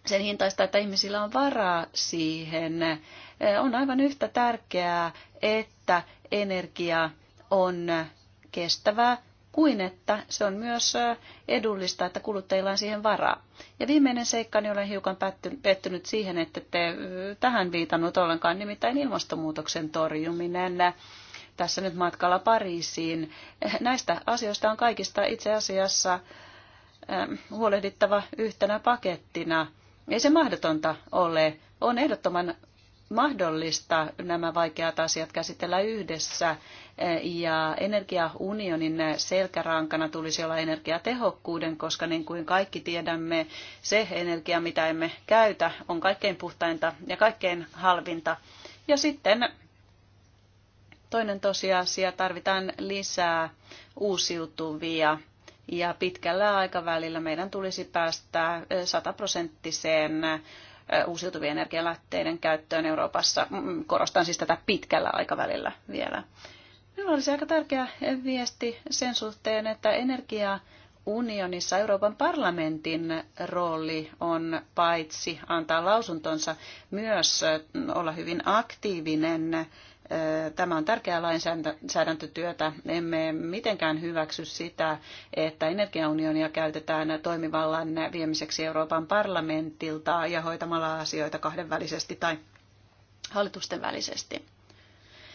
D: sen hintaista, että ihmisillä on varaa siihen, on aivan yhtä tärkeää, että energia on kestävää kuin että se on myös edullista, että kuluttajilla on siihen varaa. Ja viimeinen seikka, niin olen hiukan pettynyt siihen, että te tähän viitannut ollenkaan, nimittäin ilmastonmuutoksen torjuminen tässä nyt matkalla Pariisiin. Näistä asioista on kaikista itse asiassa huolehdittava yhtenä pakettina. Ei se mahdotonta ole. On ehdottoman mahdollista nämä vaikeat asiat käsitellä yhdessä. Ja energiaunionin selkärankana tulisi olla energiatehokkuuden, koska niin kuin kaikki tiedämme, se energia, mitä emme käytä, on kaikkein puhtainta ja kaikkein halvinta. Ja sitten toinen tosiasia, tarvitaan lisää uusiutuvia ja pitkällä aikavälillä meidän tulisi päästä sataprosenttiseen prosenttiseen uusiutuvien energialähteiden käyttöön Euroopassa. Mm, mm, korostan siis tätä pitkällä aikavälillä vielä. Minulla olisi aika tärkeä viesti sen suhteen, että energiaunionissa unionissa Euroopan parlamentin rooli on paitsi antaa lausuntonsa myös olla hyvin aktiivinen Tämä on tärkeää lainsäädäntötyötä. Emme mitenkään hyväksy sitä, että energiaunionia käytetään toimivallan viemiseksi Euroopan parlamentilta ja hoitamalla asioita kahdenvälisesti tai hallitusten välisesti.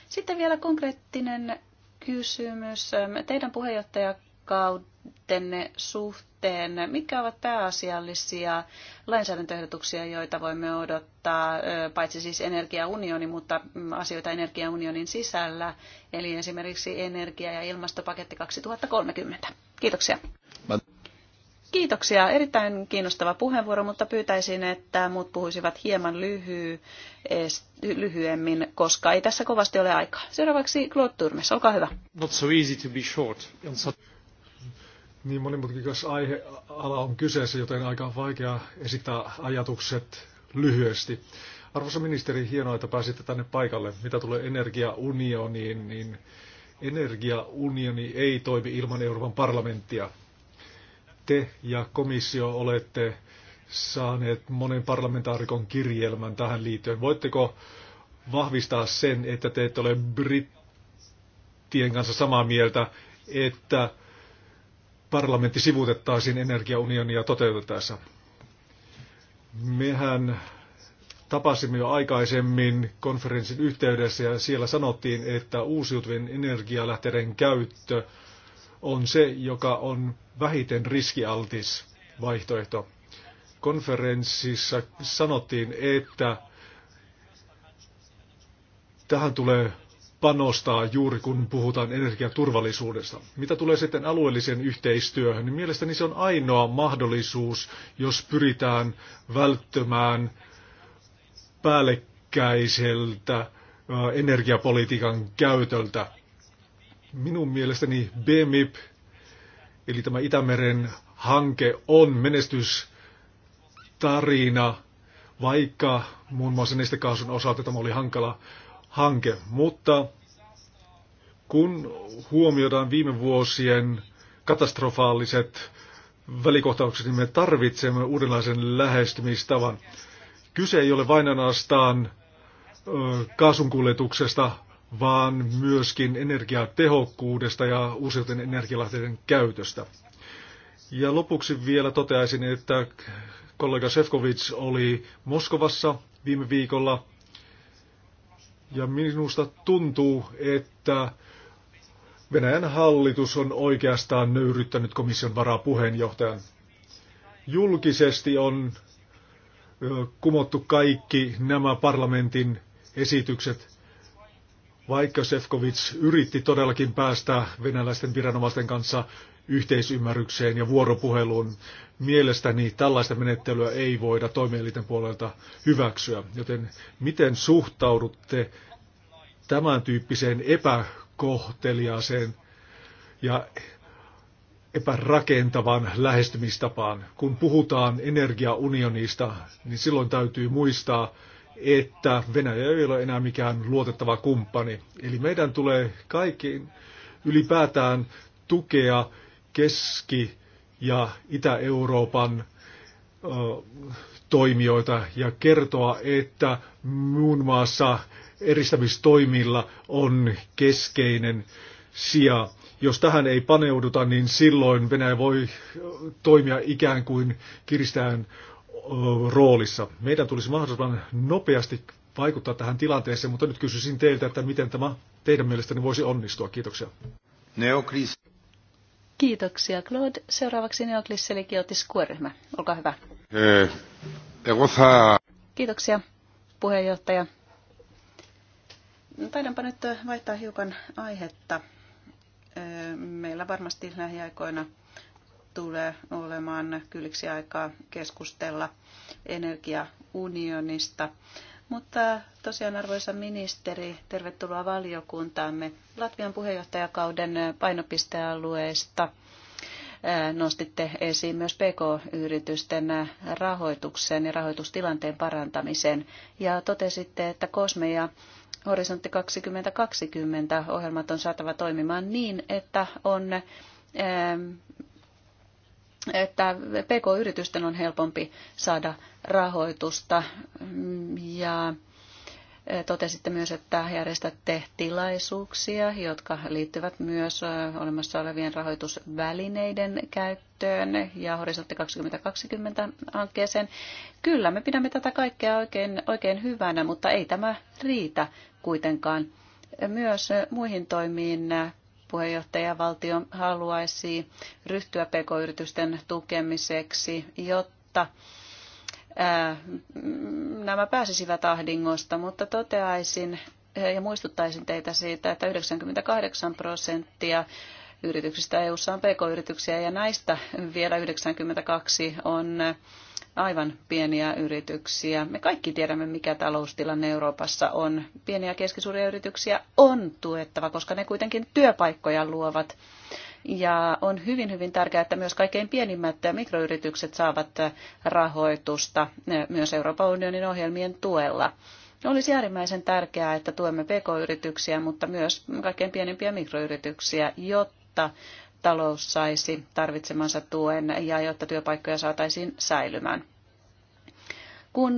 D: Sitten vielä konkreettinen kysymys. Teidän puheenjohtajakautta tavoitteenne suhteen? Mikä ovat pääasiallisia lainsäädäntöehdotuksia, joita voimme odottaa, paitsi siis energiaunioni, mutta mm, asioita energiaunionin sisällä, eli esimerkiksi energia- ja ilmastopaketti 2030? Kiitoksia. Kiitoksia. Erittäin kiinnostava puheenvuoro, mutta pyytäisin, että muut puhuisivat hieman lyhy, lyhyemmin, koska ei tässä kovasti ole aikaa. Seuraavaksi Claude Turmes, olkaa hyvä.
B: Not so easy to be short niin monimutkikas aiheala on kyseessä, joten aika vaikea esittää ajatukset lyhyesti. Arvoisa ministeri, hienoa, että pääsitte tänne paikalle. Mitä tulee energiaunioniin, niin energiaunioni ei toimi ilman Euroopan parlamenttia. Te ja komissio olette saaneet monen parlamentaarikon kirjelmän tähän liittyen. Voitteko vahvistaa sen, että te ette ole brittien kanssa samaa mieltä, että parlamentti sivutettaisiin energiaunionia toteutettaessa. Mehän tapasimme jo aikaisemmin konferenssin yhteydessä ja siellä sanottiin, että uusiutuvien energialähteiden käyttö on se, joka on vähiten riskialtis vaihtoehto. Konferenssissa sanottiin, että tähän tulee panostaa juuri kun puhutaan energiaturvallisuudesta. Mitä tulee sitten alueelliseen yhteistyöhön, niin mielestäni se on ainoa mahdollisuus, jos pyritään välttämään päällekkäiseltä energiapolitiikan käytöltä. Minun mielestäni BMIP, eli tämä Itämeren hanke, on menestystarina, vaikka muun muassa nestekaasun osalta tämä oli hankala hanke, mutta kun huomioidaan viime vuosien katastrofaaliset välikohtaukset, niin me tarvitsemme uudenlaisen lähestymistavan. Kyse ei ole vain ainoastaan kaasunkuljetuksesta, vaan myöskin energiatehokkuudesta ja uusiutuvien energialähteiden käytöstä. Ja lopuksi vielä toteaisin, että kollega Sefkovic oli Moskovassa viime viikolla ja minusta tuntuu, että Venäjän hallitus on oikeastaan nöyryttänyt komission varapuheenjohtajan. Julkisesti on kumottu kaikki nämä parlamentin esitykset, vaikka Sefcovic yritti todellakin päästä venäläisten viranomaisten kanssa yhteisymmärrykseen ja vuoropuheluun. Mielestäni tällaista menettelyä ei voida toimielinten puolelta hyväksyä, joten miten suhtaudutte tämän tyyppiseen epäkohteliaaseen ja epärakentavan lähestymistapaan. Kun puhutaan energiaunionista, niin silloin täytyy muistaa, että Venäjä ei ole enää mikään luotettava kumppani. Eli meidän tulee kaikkiin ylipäätään tukea Keski- ja Itä-Euroopan toimijoita ja kertoa, että muun maassa eristämistoimilla on keskeinen sija. Jos tähän ei paneuduta, niin silloin Venäjä voi toimia ikään kuin kiristään roolissa. Meidän tulisi mahdollisimman nopeasti vaikuttaa tähän tilanteeseen, mutta nyt kysyisin teiltä, että miten tämä teidän mielestänne voisi onnistua. Kiitoksia. Neokris.
D: Kiitoksia Claude. Seuraavaksi Neoklis Selikiotis Kuoryhmä. Olkaa hyvä. Eh, Kiitoksia puheenjohtaja. Taidanpa nyt vaihtaa hiukan aihetta. Eh, meillä varmasti lähiaikoina tulee olemaan kylliksi aikaa keskustella energiaunionista. Mutta tosiaan arvoisa ministeri, tervetuloa valiokuntaamme Latvian puheenjohtajakauden painopistealueesta. Nostitte esiin myös PK-yritysten rahoituksen ja rahoitustilanteen parantamisen ja totesitte, että Kosme ja Horisontti 2020 ohjelmat on saatava toimimaan niin, että on että PK-yritysten on helpompi saada rahoitusta ja e, Totesitte myös, että järjestätte tilaisuuksia, jotka liittyvät myös e, olemassa olevien rahoitusvälineiden käyttöön ja Horisontti 2020 hankkeeseen. Kyllä, me pidämme tätä kaikkea oikein, oikein hyvänä, mutta ei tämä riitä kuitenkaan. Myös muihin toimiin puheenjohtajavaltio haluaisi ryhtyä pk-yritysten tukemiseksi, jotta nämä pääsisivät ahdingosta, mutta toteaisin ja muistuttaisin teitä siitä, että 98 prosenttia yrityksistä EU:ssa on pk-yrityksiä ja näistä vielä 92 on aivan pieniä yrityksiä. Me kaikki tiedämme, mikä taloustilanne Euroopassa on. Pieniä ja keskisuuria yrityksiä on tuettava, koska ne kuitenkin työpaikkoja luovat. Ja on hyvin, hyvin tärkeää, että myös kaikkein pienimmät mikroyritykset saavat rahoitusta myös Euroopan unionin ohjelmien tuella. Olisi äärimmäisen tärkeää, että tuemme pk-yrityksiä, mutta myös kaikkein pienimpiä mikroyrityksiä, jotta talous saisi tarvitsemansa tuen ja jotta työpaikkoja saataisiin säilymään. Kun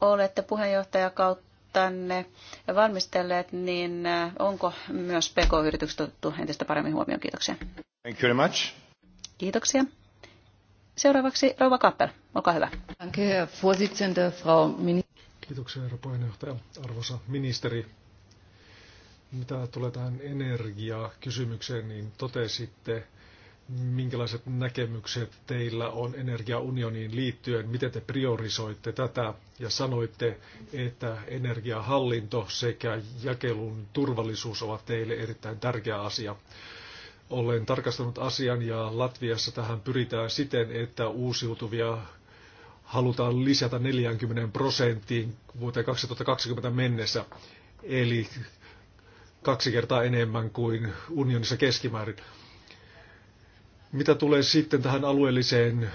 D: olette puheenjohtajakauttanne valmistelleet, niin onko myös PK-yritykset otettu entistä paremmin huomioon? Kiitoksia.
A: Thank you very much.
D: Kiitoksia. Seuraavaksi Rouva Kappel, olkaa hyvä.
B: Danke, Frau Kiitoksia, herra puheenjohtaja. Arvoisa ministeri, mitä tulee tähän energiakysymykseen, niin totesitte, minkälaiset näkemykset teillä on energiaunioniin liittyen, miten te priorisoitte tätä ja sanoitte, että energiahallinto sekä jakelun turvallisuus ovat teille erittäin tärkeä asia. Olen tarkastanut asian ja Latviassa tähän pyritään siten, että uusiutuvia halutaan lisätä 40 prosenttiin vuoteen 2020 mennessä. Eli kaksi kertaa enemmän kuin unionissa keskimäärin. Mitä tulee sitten tähän alueelliseen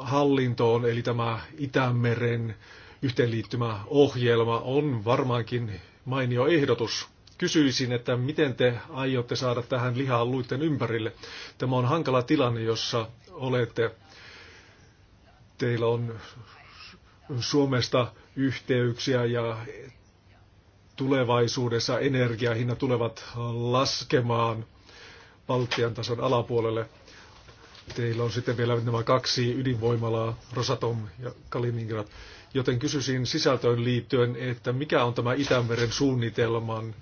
B: hallintoon, eli tämä Itämeren yhteenliittymäohjelma ohjelma on varmaankin mainio ehdotus. Kysyisin, että miten te aiotte saada tähän lihaa luiden ympärille. Tämä on hankala tilanne, jossa olette. Teillä on Suomesta yhteyksiä ja tulevaisuudessa energiahinnat tulevat laskemaan Baltian tason alapuolelle. Teillä on sitten vielä nämä kaksi ydinvoimalaa, Rosatom ja Kaliningrad. Joten kysyisin sisältöön liittyen, että mikä on tämä Itämeren suunnitelman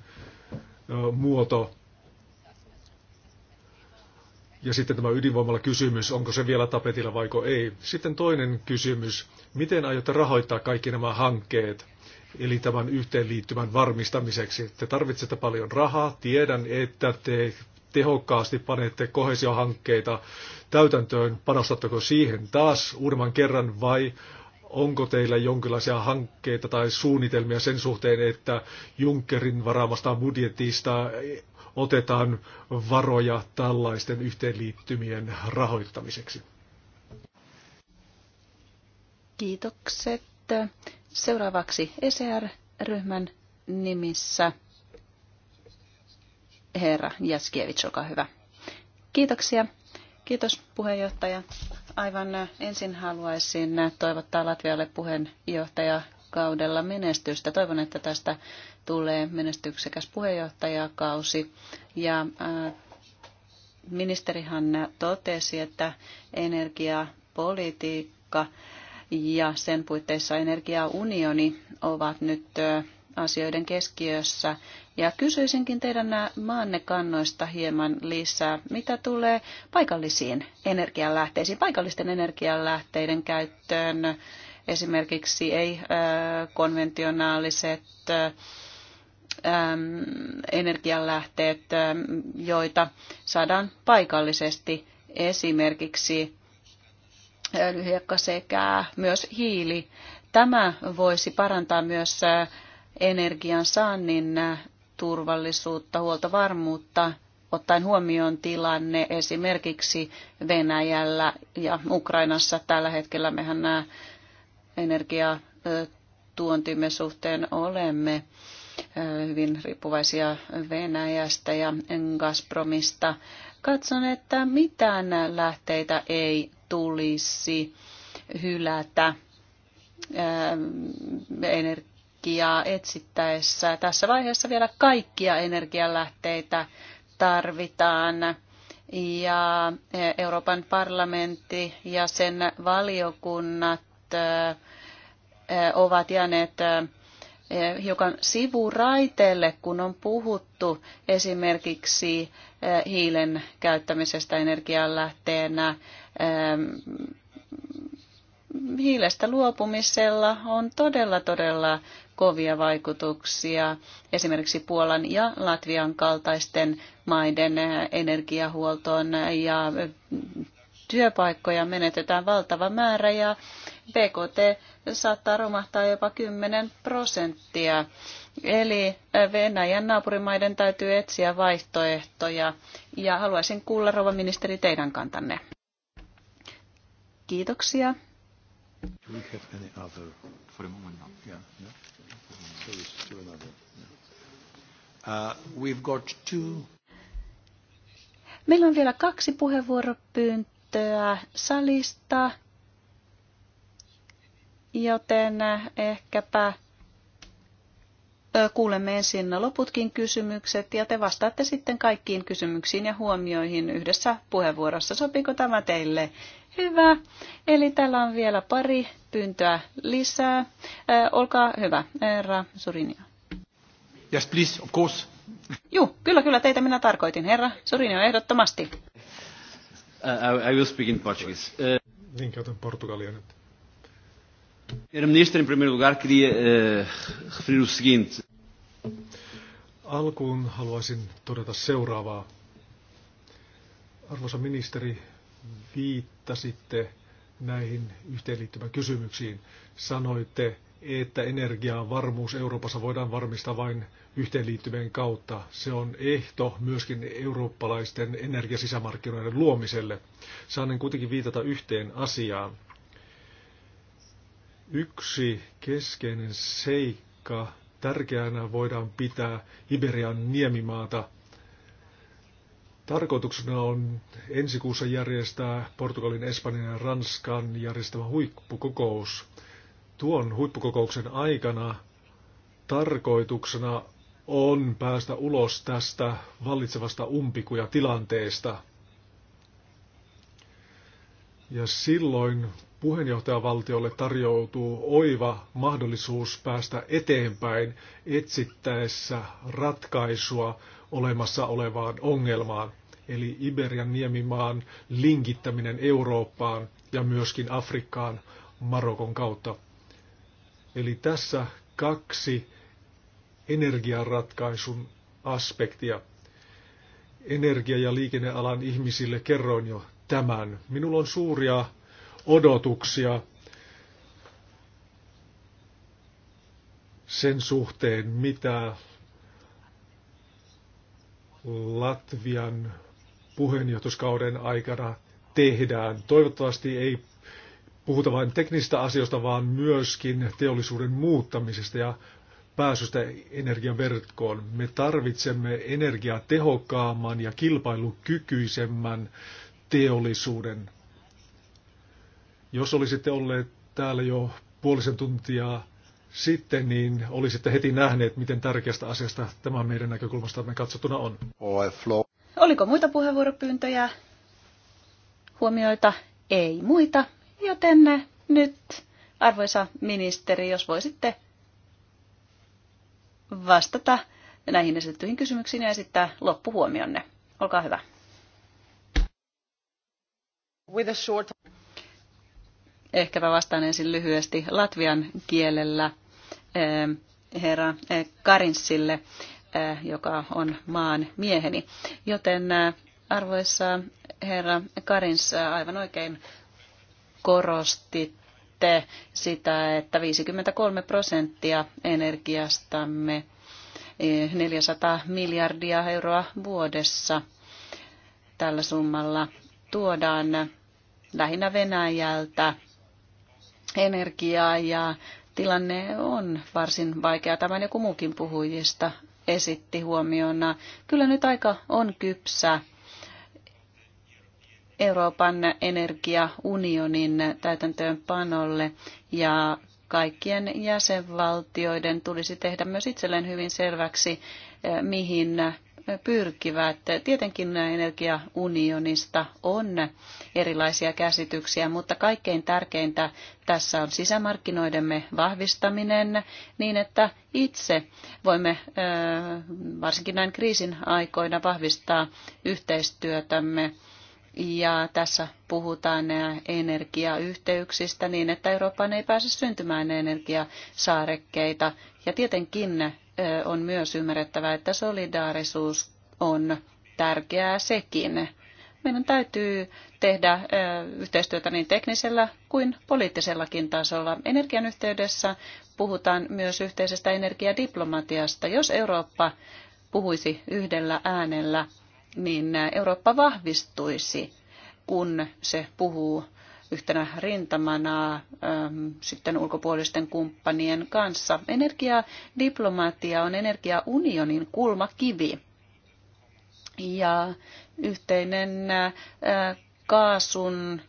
B: muoto ja sitten tämä ydinvoimalla kysymys, onko se vielä tapetilla vaiko ei. Sitten toinen kysymys, miten aiotte rahoittaa kaikki nämä hankkeet? eli tämän yhteenliittymän varmistamiseksi. Te tarvitsette paljon rahaa, tiedän, että te tehokkaasti panette kohesiohankkeita täytäntöön. Panostatteko siihen taas uudemman kerran vai onko teillä jonkinlaisia hankkeita tai suunnitelmia sen suhteen, että Junckerin varaamasta budjetista otetaan varoja tällaisten yhteenliittymien rahoittamiseksi?
A: Kiitokset.
D: Seuraavaksi ECR-ryhmän nimissä herra Jaskiewicz, olkaa hyvä. Kiitoksia. Kiitos puheenjohtaja. Aivan ensin haluaisin toivottaa Latvialle puheenjohtajakaudella menestystä. Toivon, että tästä tulee menestyksekäs puheenjohtajakausi. Ja ministerihan totesi, että energiapolitiikka ja sen puitteissa energiaunioni ovat nyt asioiden keskiössä. Ja kysyisinkin teidän maanne kannoista hieman lisää, mitä tulee paikallisiin energianlähteisiin, paikallisten energianlähteiden käyttöön, esimerkiksi ei-konventionaaliset energianlähteet, joita saadaan paikallisesti esimerkiksi lyhiekka sekä myös hiili. Tämä voisi parantaa myös energian saannin turvallisuutta, huoltovarmuutta, ottaen huomioon tilanne esimerkiksi Venäjällä ja Ukrainassa. Tällä hetkellä mehän nämä energiatuontimme suhteen olemme hyvin riippuvaisia Venäjästä ja Gazpromista. Katson, että mitään lähteitä ei tulisi hylätä ähm, energiaa etsittäessä. Tässä vaiheessa vielä kaikkia energialähteitä tarvitaan. Ja äh, Euroopan parlamentti ja sen valiokunnat äh, ovat jääneet äh, hiukan sivuraiteelle, kun on puhuttu esimerkiksi hiilen käyttämisestä energianlähteenä hiilestä luopumisella on todella, todella kovia vaikutuksia esimerkiksi Puolan ja Latvian kaltaisten maiden eh, energiahuoltoon eh, ja eh, työpaikkoja menetetään valtava määrä ja BKT saattaa romahtaa jopa 10 prosenttia. Eli Venäjän naapurimaiden täytyy etsiä vaihtoehtoja ja haluaisin kuulla, rouva ministeri, teidän kantanne. Kiitoksia.
A: No. Uh,
D: Meillä on vielä kaksi puheenvuoropyyntöä salista, joten ehkäpä kuulemme ensin loputkin kysymykset ja te vastaatte sitten kaikkiin kysymyksiin ja huomioihin yhdessä puheenvuorossa. Sopiiko tämä teille? Hyvä. Eli täällä on vielä pari pyyntöä lisää. Olkaa hyvä, herra Surinio.
B: Yes, please, of course.
D: Juu, kyllä, kyllä, teitä minä tarkoitin, herra Surinio, ehdottomasti.
B: Uh, I, I will speak in Portuguese. Uh... Niin, käytän portugalia nyt.
C: Herra
A: ministeri, en primeiro lugar, queria eh, referir o seguinte.
B: Alkuun haluaisin todeta seuraavaa. Arvoisa ministeri, viittasitte näihin yhteenliittymän kysymyksiin. Sanoitte, että energian varmuus Euroopassa voidaan varmistaa vain yhteenliittymien kautta. Se on ehto myöskin eurooppalaisten energiasisämarkkinoiden luomiselle. Saan kuitenkin viitata yhteen asiaan. Yksi keskeinen seikka tärkeänä voidaan pitää Iberian niemimaata. Tarkoituksena on ensi kuussa järjestää Portugalin, Espanjan ja Ranskan järjestämä huippukokous. Tuon huippukokouksen aikana tarkoituksena on päästä ulos tästä vallitsevasta umpikuja tilanteesta. Ja silloin puheenjohtajavaltiolle tarjoutuu oiva mahdollisuus päästä eteenpäin etsittäessä ratkaisua olemassa olevaan ongelmaan, eli Iberian niemimaan linkittäminen Eurooppaan ja myöskin Afrikkaan Marokon kautta. Eli tässä kaksi energiaratkaisun aspektia. Energia- ja liikennealan ihmisille kerroin jo tämän. Minulla on suuria odotuksia sen suhteen, mitä Latvian puheenjohtoskauden aikana tehdään. Toivottavasti ei puhuta vain teknisistä asioista, vaan myöskin teollisuuden muuttamisesta ja pääsystä energiaverkkoon. Me tarvitsemme energiatehokkaamman ja kilpailukykyisemmän teollisuuden. Jos olisitte olleet täällä jo puolisen tuntia sitten, niin olisitte heti nähneet, miten tärkeästä asiasta tämä meidän näkökulmasta me katsottuna on.
D: Oliko muita puheenvuoropyyntöjä? Huomioita? Ei muita. Joten nyt, arvoisa ministeri, jos voisitte vastata näihin esitettyihin kysymyksiin ja esittää loppuhuomionne. Olkaa hyvä. With a short... Ehkäpä vastaan ensin lyhyesti latvian kielellä eh, herra eh, Karinssille, eh, joka on maan mieheni. Joten arvoissa herra Karins, aivan oikein korostitte sitä, että 53 prosenttia energiastamme 400 miljardia euroa vuodessa tällä summalla tuodaan lähinnä Venäjältä energiaa ja tilanne on varsin vaikea. Tämän joku muukin puhujista esitti huomiona. Kyllä nyt aika on kypsä Euroopan energiaunionin täytäntöönpanolle ja kaikkien jäsenvaltioiden tulisi tehdä myös itselleen hyvin selväksi, eh, mihin pyrkivät. Tietenkin energiaunionista on erilaisia käsityksiä, mutta kaikkein tärkeintä tässä on sisämarkkinoidemme vahvistaminen niin, että itse voimme varsinkin näin kriisin aikoina vahvistaa yhteistyötämme. Ja tässä puhutaan energiayhteyksistä niin, että Eurooppaan ei pääse syntymään energiasaarekkeita. Ja tietenkin on myös ymmärrettävä, että solidaarisuus on tärkeää sekin. Meidän täytyy tehdä yhteistyötä niin teknisellä kuin poliittisellakin tasolla. Energian yhteydessä puhutaan myös yhteisestä energiadiplomatiasta. Jos Eurooppa puhuisi yhdellä äänellä, niin Eurooppa vahvistuisi, kun se puhuu yhtenä rintamana ähm, sitten ulkopuolisten kumppanien kanssa. Energiadiplomaatia on energiaunionin kulmakivi ja yhteinen äh, kaasun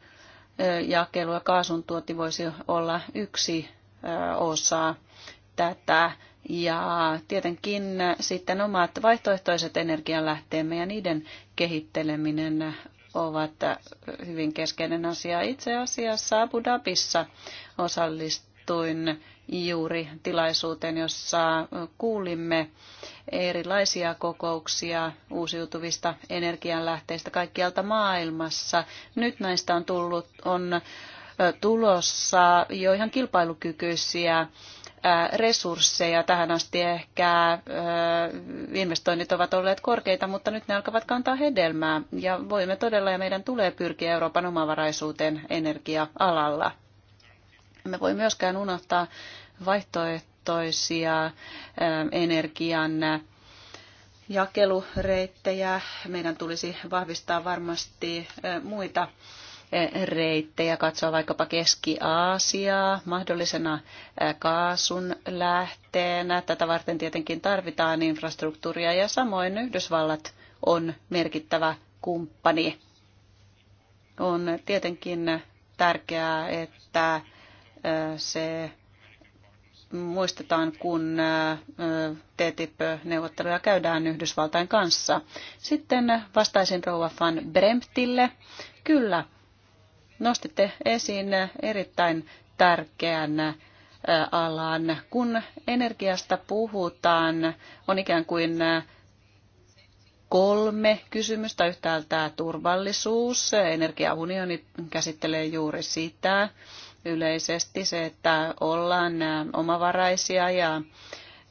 D: äh, jakelu ja kaasun tuoti voisi olla yksi äh, osa tätä. Ja tietenkin sitten omat vaihtoehtoiset energianlähteemme ja niiden kehitteleminen ovat hyvin keskeinen asia. Itse asiassa Abu Dhabissa osallistuin juuri tilaisuuteen, jossa kuulimme erilaisia kokouksia uusiutuvista energianlähteistä kaikkialta maailmassa. Nyt näistä on tullut on tulossa jo ihan kilpailukykyisiä Äh, resursseja. Tähän asti ehkä äh, investoinnit ovat olleet korkeita, mutta nyt ne alkavat kantaa hedelmää. Ja voimme todella ja meidän tulee pyrkiä Euroopan omavaraisuuteen energia-alalla. Me voi myöskään unohtaa vaihtoehtoisia äh, energian jakelureittejä. Meidän tulisi vahvistaa varmasti muita reittejä, katsoa vaikkapa Keski-Aasiaa mahdollisena kaasun lähteenä. Tätä varten tietenkin tarvitaan infrastruktuuria ja samoin Yhdysvallat on merkittävä kumppani. On tietenkin tärkeää, että se muistetaan, kun TTIP-neuvotteluja käydään Yhdysvaltain kanssa. Sitten vastaisin rouva Van Bremtille. Kyllä, nostitte esiin erittäin tärkeän alan. Kun energiasta puhutaan, on ikään kuin kolme kysymystä. Yhtäältä turvallisuus, energiaunioni käsittelee juuri sitä yleisesti, se, että ollaan omavaraisia ja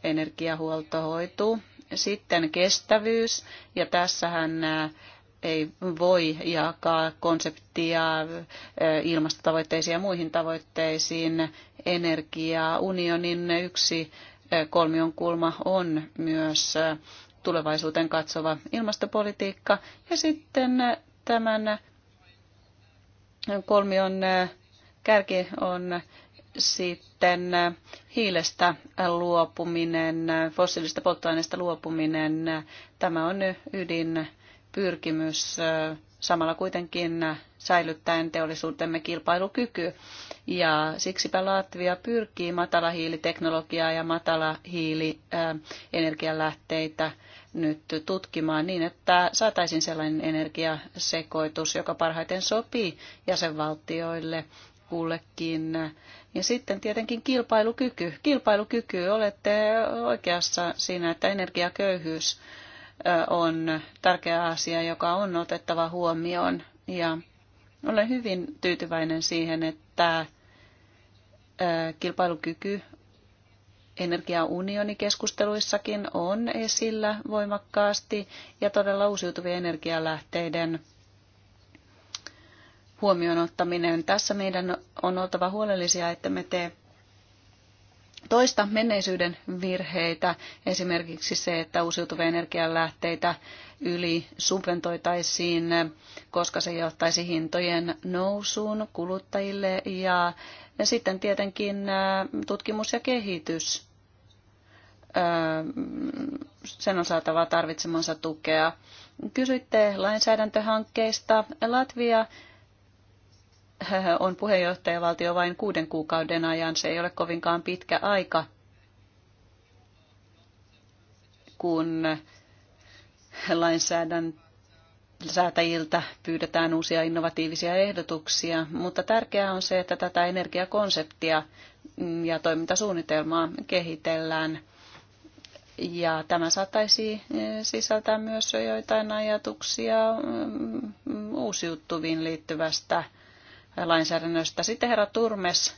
D: energiahuolto hoituu. Sitten kestävyys, ja tässähän ei voi jakaa konseptia ilmastotavoitteisiin ja muihin tavoitteisiin. Energiaa unionin yksi kolmion kulma on myös tulevaisuuteen katsova ilmastopolitiikka. Ja sitten tämän kolmion kärki on sitten hiilestä luopuminen, fossiilista polttoaineista luopuminen. Tämä on ydin pyrkimys samalla kuitenkin säilyttäen teollisuutemme kilpailukyky. Ja siksipä Latvia pyrkii matalahiiliteknologiaa ja matalahiilienergialähteitä nyt tutkimaan niin, että saataisiin sellainen energiasekoitus, joka parhaiten sopii jäsenvaltioille kullekin. Ja sitten tietenkin kilpailukyky. Kilpailukyky, olette oikeassa siinä, että energiaköyhyys on tärkeä asia, joka on otettava huomioon. Ja olen hyvin tyytyväinen siihen, että kilpailukyky energiaunionikeskusteluissakin on esillä voimakkaasti ja todella uusiutuvien energialähteiden huomioon ottaminen. Tässä meidän on oltava huolellisia, että me tee toista menneisyyden virheitä, esimerkiksi se, että uusiutuvia energianlähteitä yli subventoitaisiin, koska se johtaisi hintojen nousuun kuluttajille ja, ja sitten tietenkin tutkimus ja kehitys. Sen on saatava tarvitsemansa tukea. Kysyitte lainsäädäntöhankkeista. Latvia on puheenjohtajavaltio vain kuuden kuukauden ajan. Se ei ole kovinkaan pitkä aika, kun lainsäätäjiltä pyydetään uusia innovatiivisia ehdotuksia, mutta tärkeää on se, että tätä energiakonseptia ja toimintasuunnitelmaa kehitellään. Ja tämä saattaisi sisältää myös joitain ajatuksia mm, uusiutuviin liittyvästä lainsäädännöstä. Sitten herra Turmes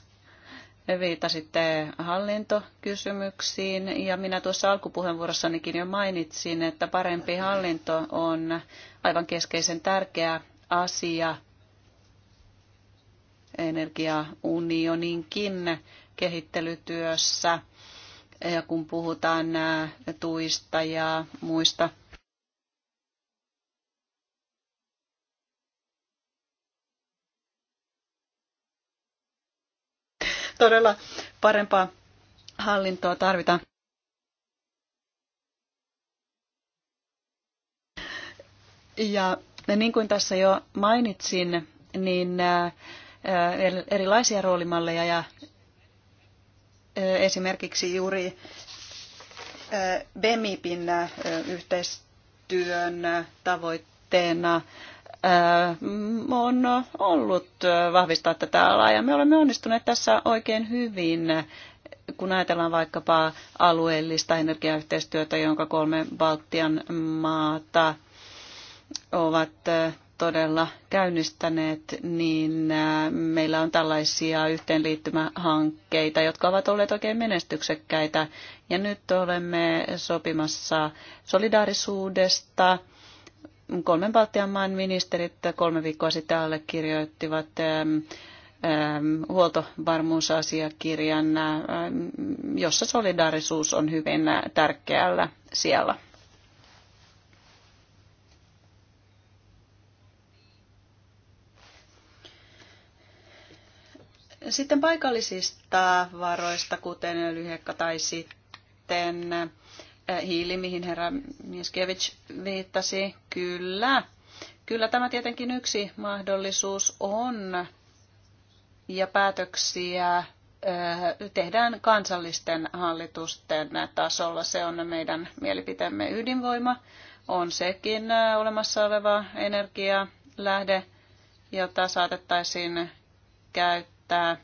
D: viitasitte hallintokysymyksiin ja minä tuossa alkupuheenvuorossanikin jo mainitsin, että parempi hallinto on aivan keskeisen tärkeä asia energiaunioninkin kehittelytyössä, ja kun puhutaan tuista ja muista todella parempaa hallintoa tarvitaan. Ja niin kuin tässä jo mainitsin, niin äh, erilaisia roolimalleja ja äh, esimerkiksi juuri äh, BEMIPin yhteistyön tavoitteena Äh, on ollut äh, vahvistaa tätä alaa ja me olemme onnistuneet tässä oikein hyvin kun ajatellaan vaikkapa alueellista energiayhteistyötä, jonka kolme Baltian maata ovat äh, todella käynnistäneet, niin meillä on tällaisia yhteenliittymähankkeita, jotka ovat olleet oikein menestyksekkäitä. Ja nyt olemme sopimassa solidaarisuudesta kolmen Baltian maan ministerit kolme viikkoa sitten allekirjoittivat ähm, ähm, huoltovarmuusasiakirjan, ähm, jossa solidaarisuus on hyvin tärkeällä siellä. Sitten paikallisista varoista, kuten öljyhekka tai sitten Äh, hiili, mihin herra Mieskevich viittasi, kyllä. Kyllä tämä tietenkin yksi mahdollisuus on ja päätöksiä äh, tehdään kansallisten hallitusten tasolla. Se on meidän mielipiteemme ydinvoima. On sekin äh, olemassa oleva energialähde, jota saatettaisiin käyttää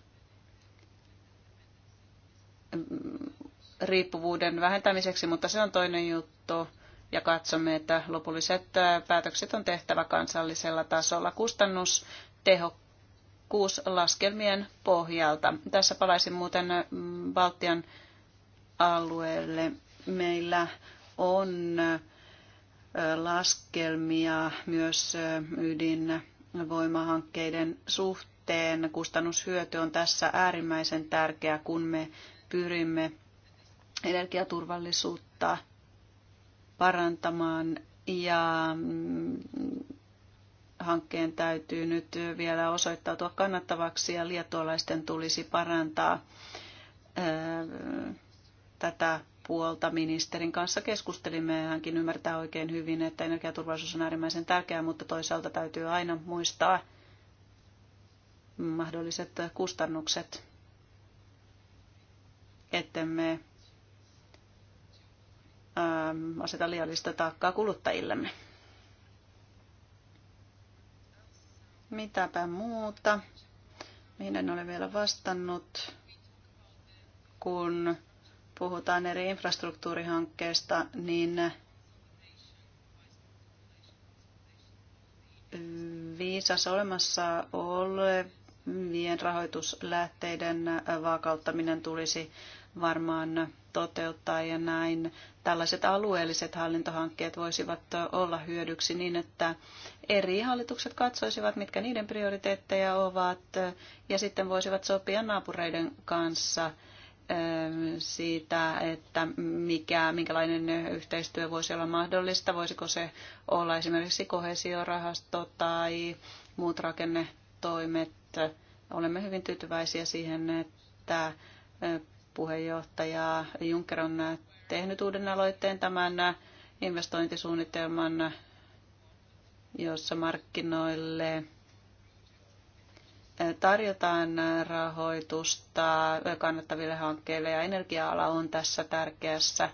D: riippuvuuden vähentämiseksi, mutta se on toinen juttu. Ja katsomme, että lopulliset päätökset on tehtävä kansallisella tasolla kustannustehokkuuslaskelmien pohjalta. Tässä palaisin muuten Baltian alueelle. Meillä on laskelmia myös ydinvoimahankkeiden suhteen. Kustannushyöty on tässä äärimmäisen tärkeä, kun me pyrimme energiaturvallisuutta parantamaan ja mm, hankkeen täytyy nyt vielä osoittautua kannattavaksi ja liettualaisten tulisi parantaa tätä puolta ministerin kanssa keskustelimme ja hänkin ymmärtää oikein hyvin, että energiaturvallisuus on äärimmäisen tärkeää, mutta toisaalta täytyy aina muistaa mahdolliset kustannukset, ettemme Ähm, aseta liiallista taakkaa kuluttajillemme. Mitäpä muuta, mihin en ole vielä vastannut, kun puhutaan eri infrastruktuurihankkeista, niin 5. olemassa olevien rahoituslähteiden vaakauttaminen tulisi varmaan toteuttaa ja näin tällaiset alueelliset hallintohankkeet voisivat olla hyödyksi niin, että eri hallitukset katsoisivat, mitkä niiden prioriteetteja ovat ja sitten voisivat sopia naapureiden kanssa ähm, siitä, että mikä, minkälainen yhteistyö voisi olla mahdollista. Voisiko se olla esimerkiksi kohesiorahasto tai muut rakennetoimet. Olemme hyvin tyytyväisiä siihen, että äh, puheenjohtaja Juncker on tehnyt uuden aloitteen tämän investointisuunnitelman, jossa markkinoille tarjotaan rahoitusta kannattaville hankkeille ja energia-ala on tässä tärkeässä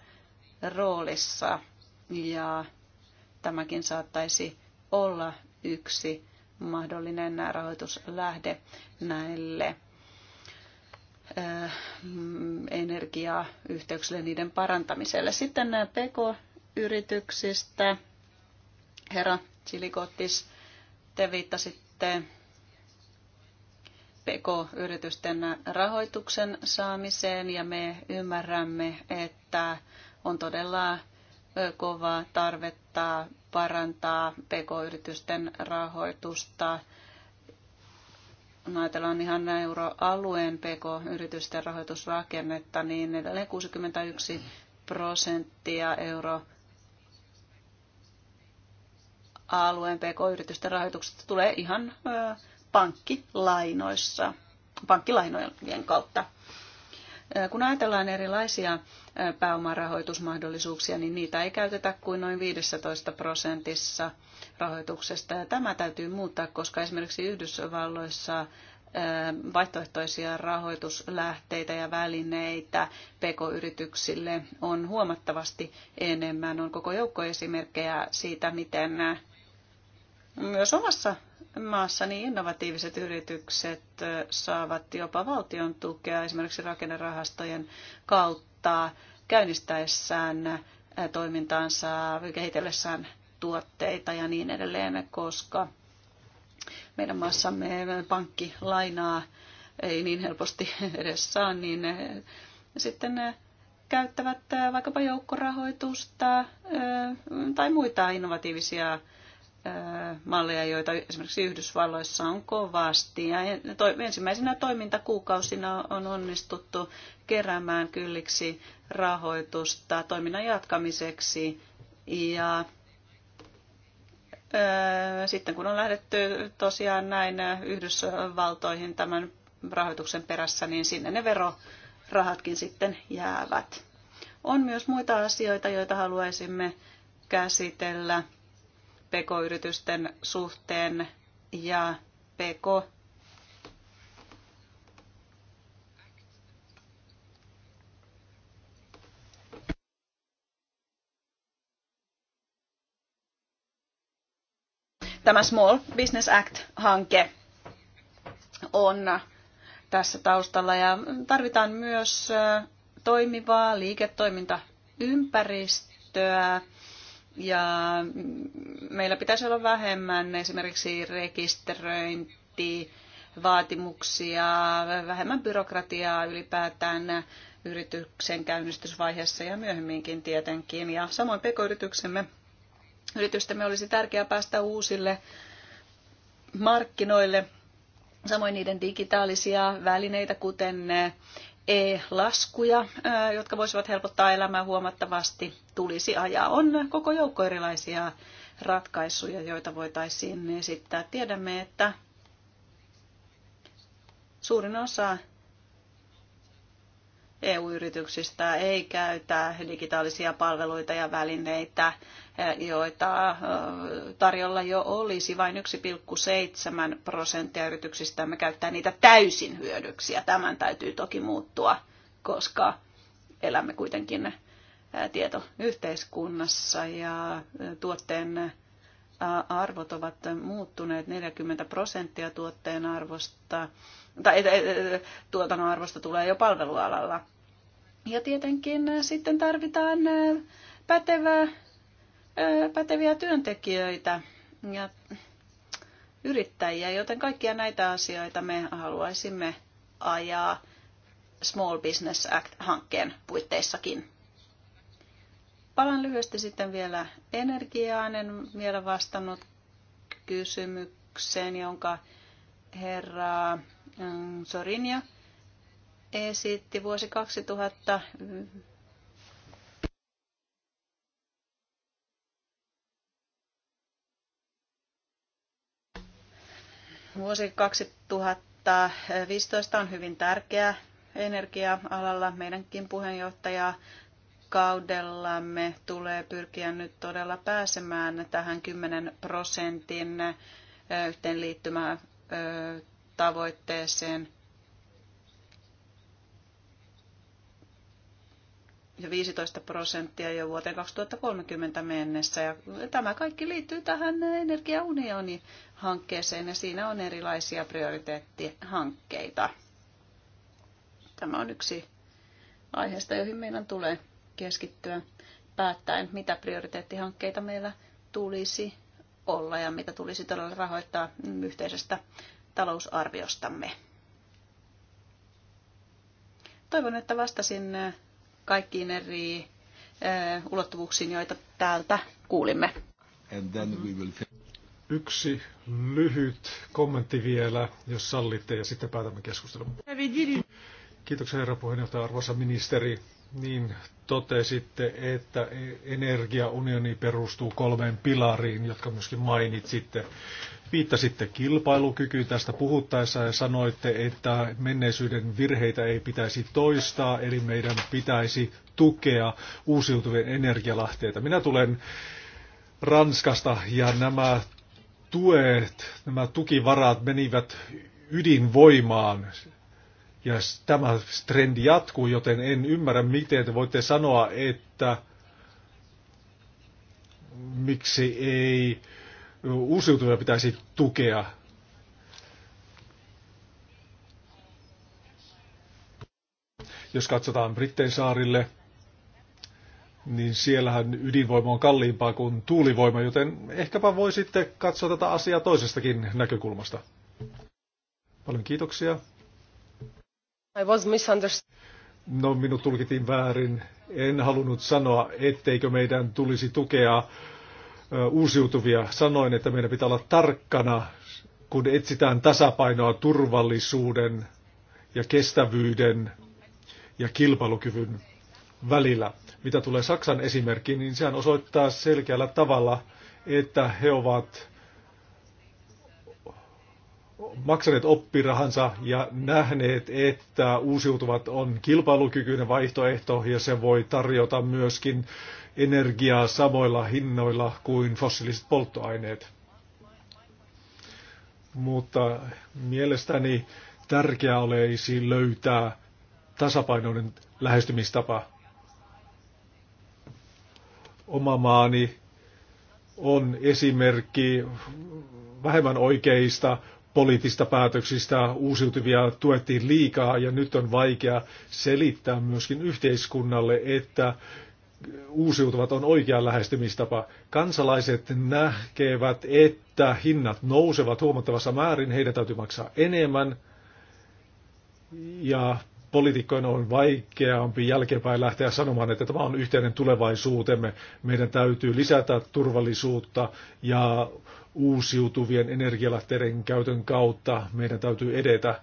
D: roolissa ja tämäkin saattaisi olla yksi mahdollinen rahoituslähde näille Äh, energiaa yhteyksille niiden parantamiselle. Sitten nämä äh, PK-yrityksistä. Herra Chilikotis, te viittasitte PK-yritysten rahoituksen saamiseen ja me ymmärrämme, että on todella kovaa tarvetta parantaa PK-yritysten rahoitusta kun ajatellaan ihan euroalueen PK-yritysten rahoitusrakennetta, niin edelleen 61 prosenttia euro alueen PK-yritysten rahoituksesta tulee ihan ö, pankkilainoissa, pankkilainojen kautta. Kun ajatellaan erilaisia pääomarahoitusmahdollisuuksia, niin niitä ei käytetä kuin noin 15 prosentissa rahoituksesta. Ja tämä täytyy muuttaa, koska esimerkiksi Yhdysvalloissa vaihtoehtoisia rahoituslähteitä ja välineitä pk-yrityksille on huomattavasti enemmän. On koko joukko esimerkkejä siitä, miten myös omassa maassani innovatiiviset yritykset saavat jopa valtion tukea esimerkiksi rakennerahastojen kautta käynnistäessään toimintaansa, kehitellessään tuotteita ja niin edelleen, koska meidän maassamme pankkilainaa ei niin helposti edes saa, niin sitten käyttävät vaikkapa joukkorahoitusta tai muita innovatiivisia malleja, joita esimerkiksi Yhdysvalloissa on kovasti. Ja ensimmäisenä toimintakuukausina on onnistuttu keräämään kylliksi rahoitusta toiminnan jatkamiseksi. Ja sitten kun on lähdetty tosiaan näin Yhdysvaltoihin tämän rahoituksen perässä, niin sinne ne verorahatkin sitten jäävät. On myös muita asioita, joita haluaisimme käsitellä pk-yritysten suhteen ja pk Tämä Small Business Act-hanke on tässä taustalla ja tarvitaan myös toimivaa liiketoimintaympäristöä ja meillä pitäisi olla vähemmän esimerkiksi rekisteröinti, vaatimuksia, vähemmän byrokratiaa ylipäätään yrityksen käynnistysvaiheessa ja myöhemminkin tietenkin. Ja samoin pk-yrityksemme yritystämme olisi tärkeää päästä uusille markkinoille, samoin niiden digitaalisia välineitä, kuten e-laskuja, jotka voisivat helpottaa elämää huomattavasti, tulisi ajaa. On koko joukko erilaisia ratkaisuja, joita voitaisiin esittää. Tiedämme, että suurin osa EU-yrityksistä ei käytä digitaalisia palveluita ja välineitä joita tarjolla jo olisi. Vain 1,7 prosenttia yrityksistämme käyttää niitä täysin hyödyksi. Ja tämän täytyy toki muuttua, koska elämme kuitenkin tietoyhteiskunnassa ja tuotteen arvot ovat muuttuneet 40 prosenttia tuotteen arvosta tai tuotannon arvosta tulee jo palvelualalla. Ja tietenkin sitten tarvitaan pätevää päteviä työntekijöitä ja yrittäjiä, joten kaikkia näitä asioita me haluaisimme ajaa Small Business Act-hankkeen puitteissakin. Palaan lyhyesti sitten vielä energiaan. En vielä vastannut kysymykseen, jonka herra mm, Sorinja esitti vuosi 2000 Vuosi 2015 on hyvin tärkeä energia-alalla. Meidänkin puheenjohtaja kaudellamme tulee pyrkiä nyt todella pääsemään tähän 10 prosentin yhteenliittymään tavoitteeseen jo 15 prosenttia jo vuoteen 2030 mennessä. Ja tämä kaikki liittyy tähän energiaunionin hankkeeseen ja siinä on erilaisia prioriteettihankkeita. Tämä on yksi aiheesta, joihin meidän tulee keskittyä päättäen, mitä prioriteettihankkeita meillä tulisi olla ja mitä tulisi todella rahoittaa yhteisestä talousarviostamme. Toivon, että vastasin kaikkiin eri ulottuvuuksiin, joita täältä kuulimme.
A: Will...
B: Yksi lyhyt kommentti vielä, jos sallitte, ja sitten päätämme keskustelun. Kiitoksia herra puheenjohtaja, arvoisa ministeri. Niin totesitte, että e- energiaunioni perustuu kolmeen pilariin, jotka myöskin mainitsitte. Viittasitte kilpailukyky tästä puhuttaessa ja sanoitte, että menneisyyden virheitä ei pitäisi toistaa, eli meidän pitäisi tukea uusiutuvien energialahteita. Minä tulen Ranskasta ja nämä tuet, nämä tukivarat menivät ydinvoimaan. Ja tämä trendi jatkuu, joten en ymmärrä, miten te voitte sanoa, että miksi ei uusiutuvia pitäisi tukea. Jos katsotaan Brittein saarille, niin siellähän ydinvoima on kalliimpaa kuin tuulivoima, joten ehkäpä voi sitten katsoa tätä asiaa toisestakin näkökulmasta. Paljon kiitoksia. I was no, minut tulkitin väärin. En halunnut sanoa, etteikö meidän tulisi tukea uusiutuvia. Sanoin, että meidän pitää olla tarkkana, kun etsitään tasapainoa turvallisuuden ja kestävyyden ja kilpailukyvyn välillä. Mitä tulee Saksan esimerkkiin, niin sehän osoittaa selkeällä tavalla, että he ovat maksaneet oppirahansa ja nähneet, että uusiutuvat on kilpailukykyinen vaihtoehto ja se voi tarjota myöskin energiaa samoilla hinnoilla kuin fossiiliset polttoaineet. Mutta mielestäni tärkeää olisi löytää tasapainoinen lähestymistapa. Oma maani on esimerkki vähemmän oikeista poliittista päätöksistä uusiutuvia tuettiin liikaa ja nyt on vaikea selittää myöskin yhteiskunnalle, että uusiutuvat on oikea lähestymistapa. Kansalaiset näkevät, että hinnat nousevat huomattavassa määrin, heidän täytyy maksaa enemmän ja poliitikkojen on vaikeampi jälkeenpäin lähteä sanomaan, että tämä on yhteinen tulevaisuutemme. Meidän täytyy lisätä turvallisuutta ja uusiutuvien energialähteiden käytön kautta meidän täytyy edetä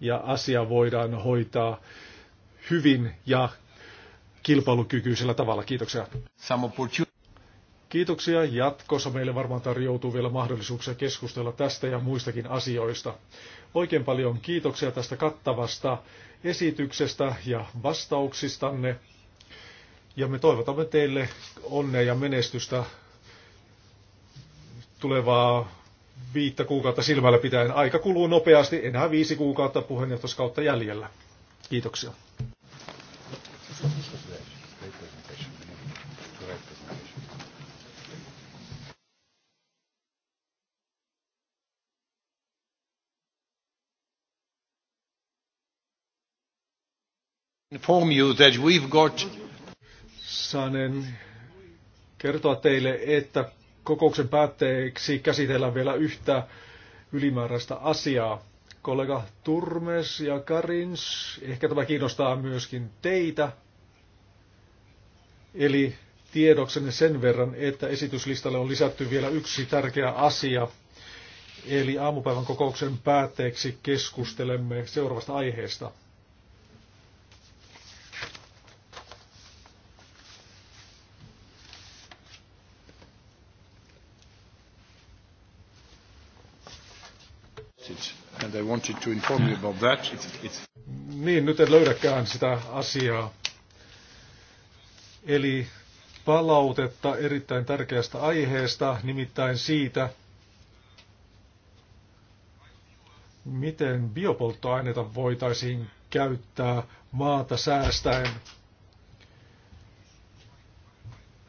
B: ja asia voidaan hoitaa hyvin ja kilpailukykyisellä tavalla. Kiitoksia. Kiitoksia. Jatkossa meille varmaan tarjoutuu vielä mahdollisuuksia keskustella tästä ja muistakin asioista. Oikein paljon kiitoksia tästä kattavasta esityksestä ja vastauksistanne. Ja me toivotamme teille onnea ja menestystä tulevaa viittä kuukautta silmällä pitäen. Aika kuluu nopeasti, enää viisi kuukautta puheenjohtoskautta jäljellä. Kiitoksia. inform you that we've got... Sanen kertoa teille, että kokouksen päätteeksi käsitellään vielä yhtä ylimääräistä asiaa. Kollega Turmes ja Karins, ehkä tämä kiinnostaa myöskin teitä. Eli tiedoksenne sen verran, että esityslistalle on lisätty vielä yksi tärkeä asia. Eli aamupäivän kokouksen päätteeksi keskustelemme seuraavasta aiheesta –
A: wanted to inform you about that. It's, it's...
B: Niin, nyt en löydäkään sitä asiaa. Eli palautetta erittäin tärkeästä aiheesta, nimittäin siitä, miten biopolttoaineita voitaisiin käyttää maata säästäen.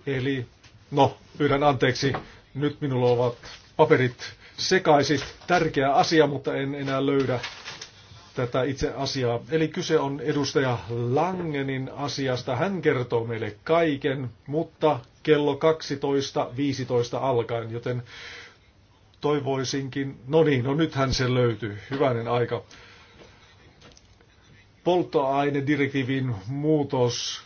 B: Eli, no, pyydän anteeksi, nyt minulla ovat paperit sekaisin. Tärkeä asia, mutta en enää löydä tätä itse asiaa. Eli kyse on edustaja Langenin asiasta. Hän kertoo meille kaiken, mutta kello 12.15 alkaen, joten toivoisinkin... No niin, no nythän se löytyy. Hyvänen aika. Polttoainedirektiivin muutos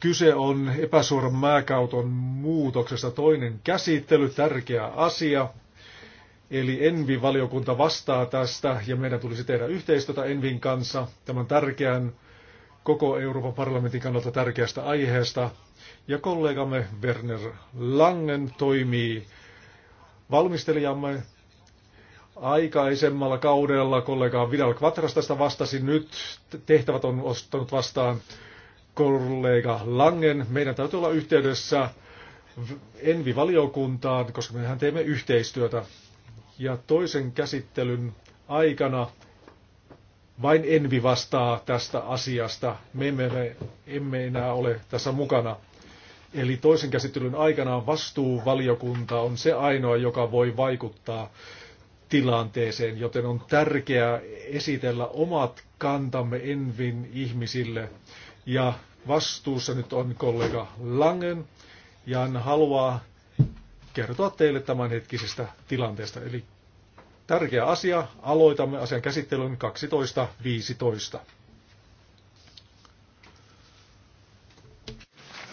B: Kyse on epäsuoran määkauton muutoksesta toinen käsittely, tärkeä asia. Eli Envi-valiokunta vastaa tästä ja meidän tulisi tehdä yhteistyötä Envin kanssa tämän tärkeän koko Euroopan parlamentin kannalta tärkeästä aiheesta. Ja kollegamme Werner Langen toimii valmistelijamme aikaisemmalla kaudella. Kollega Vidal Quatras tästä vastasi nyt. Tehtävät on ostanut vastaan kollega Langen. Meidän täytyy olla yhteydessä Envi-valiokuntaan, koska mehän teemme yhteistyötä. Ja toisen käsittelyn aikana vain Envi vastaa tästä asiasta. Me emme, emme enää ole tässä mukana. Eli toisen käsittelyn aikana vastuuvaliokunta on se ainoa, joka voi vaikuttaa tilanteeseen, joten on tärkeää esitellä omat kantamme Envin ihmisille ja vastuussa nyt on kollega Langen. Ja hän haluaa kertoa teille tämän hetkisestä tilanteesta. Eli tärkeä asia. Aloitamme asian käsittelyn 12.15.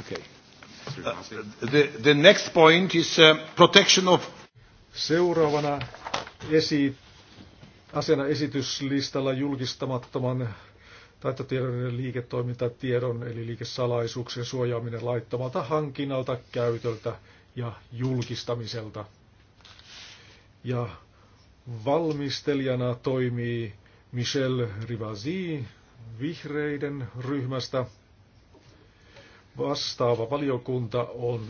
B: Uh, the, the next point is uh, protection of... Seuraavana esi, asiana esityslistalla julkistamattoman taittatiedon liiketoimintatiedon eli liikesalaisuuksien suojaaminen laittomalta hankinnalta, käytöltä ja julkistamiselta. Ja valmistelijana toimii Michel Rivasi vihreiden ryhmästä. Vastaava valiokunta on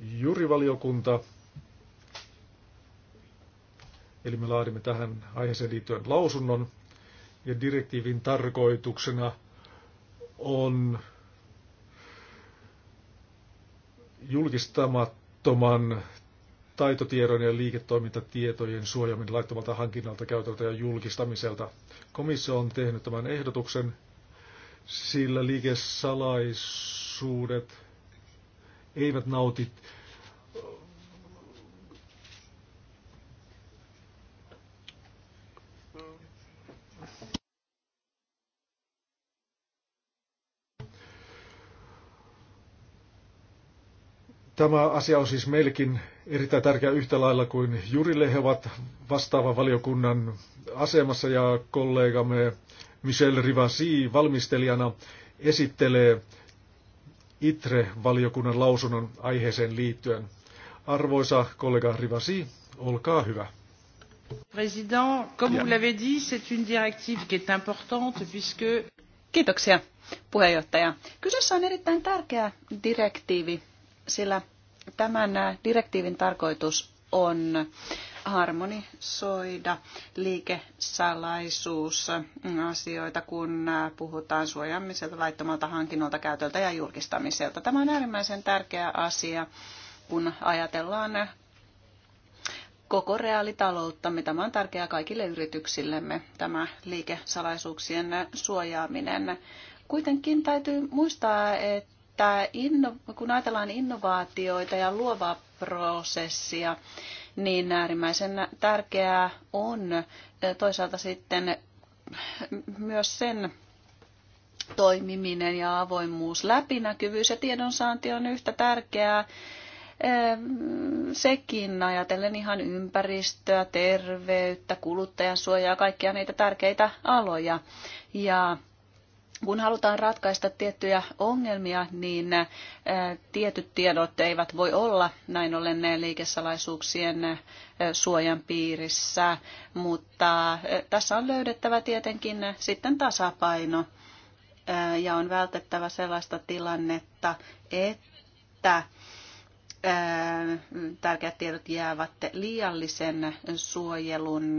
B: jurivaliokunta. Eli me laadimme tähän aiheeseen liittyen lausunnon. Ja direktiivin tarkoituksena on julkistamattoman taitotiedon ja liiketoimintatietojen suojaaminen laittomalta hankinnalta, käytöltä ja julkistamiselta. Komissio on tehnyt tämän ehdotuksen, sillä liikesalaisuudet eivät nauti Tämä asia on siis meillekin erittäin tärkeä yhtä lailla kuin Jurille. He ovat vastaavan valiokunnan asemassa ja kollegamme Michel Rivasi valmistelijana esittelee ITRE-valiokunnan lausunnon aiheeseen liittyen. Arvoisa kollega Rivasi, olkaa hyvä.
D: President, comme vous l'avez dit, c'est une directive qui est importante puisque... Kiitoksia, puheenjohtaja. Kyseessä on erittäin tärkeä direktiivi, sillä Tämän äh, direktiivin tarkoitus on harmonisoida liikesalaisuusasioita, mm, kun äh, puhutaan suojaamiselta, laittomalta hankinnolta, käytöltä ja julkistamiselta. Tämä on äärimmäisen tärkeä asia, kun ajatellaan äh, koko reaalitaloutta, mitä on tärkeää kaikille yrityksillemme, tämä liikesalaisuuksien suojaaminen. Kuitenkin täytyy muistaa, että että inno, kun ajatellaan innovaatioita ja luovaa prosessia, niin äärimmäisen tärkeää on toisaalta sitten myös sen toimiminen ja avoimuus, läpinäkyvyys ja tiedonsaanti on yhtä tärkeää sekin ajatellen ihan ympäristöä, terveyttä, kuluttajansuojaa, kaikkia niitä tärkeitä aloja. Ja kun halutaan ratkaista tiettyjä ongelmia, niin tietyt tiedot eivät voi olla näin ollen liikesalaisuuksien suojan piirissä, mutta tässä on löydettävä tietenkin sitten tasapaino ja on vältettävä sellaista tilannetta, että tärkeät tiedot jäävät liiallisen suojelun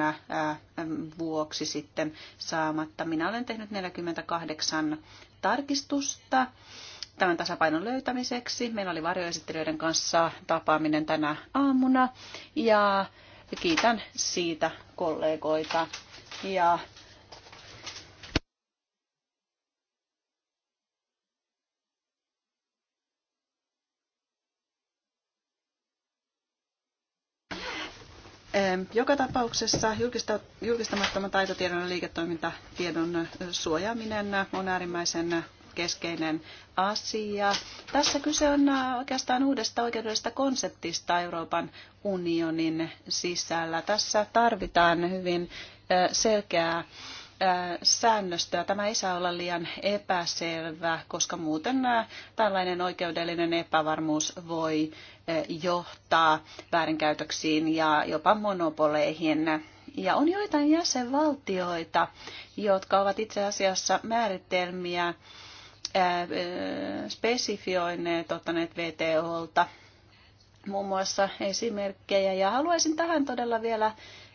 D: vuoksi sitten saamatta. Minä olen tehnyt 48 tarkistusta tämän tasapainon löytämiseksi. Meillä oli varjoesittelijöiden kanssa tapaaminen tänä aamuna ja kiitän siitä
A: kollegoita.
D: Ja Joka tapauksessa julkista, julkistamattoman taitotiedon ja liiketoimintatiedon suojaaminen on äärimmäisen keskeinen asia. Tässä kyse on oikeastaan uudesta oikeudellisesta konseptista Euroopan unionin sisällä. Tässä tarvitaan hyvin selkeää säännöstöä. Tämä ei saa olla liian epäselvä, koska muuten tällainen oikeudellinen epävarmuus voi johtaa väärinkäytöksiin ja jopa monopoleihin. Ja on joitain jäsenvaltioita, jotka ovat itse asiassa määritelmiä spesifioineet, ottaneet VTOlta muun muassa esimerkkejä. Ja haluaisin tähän todella vielä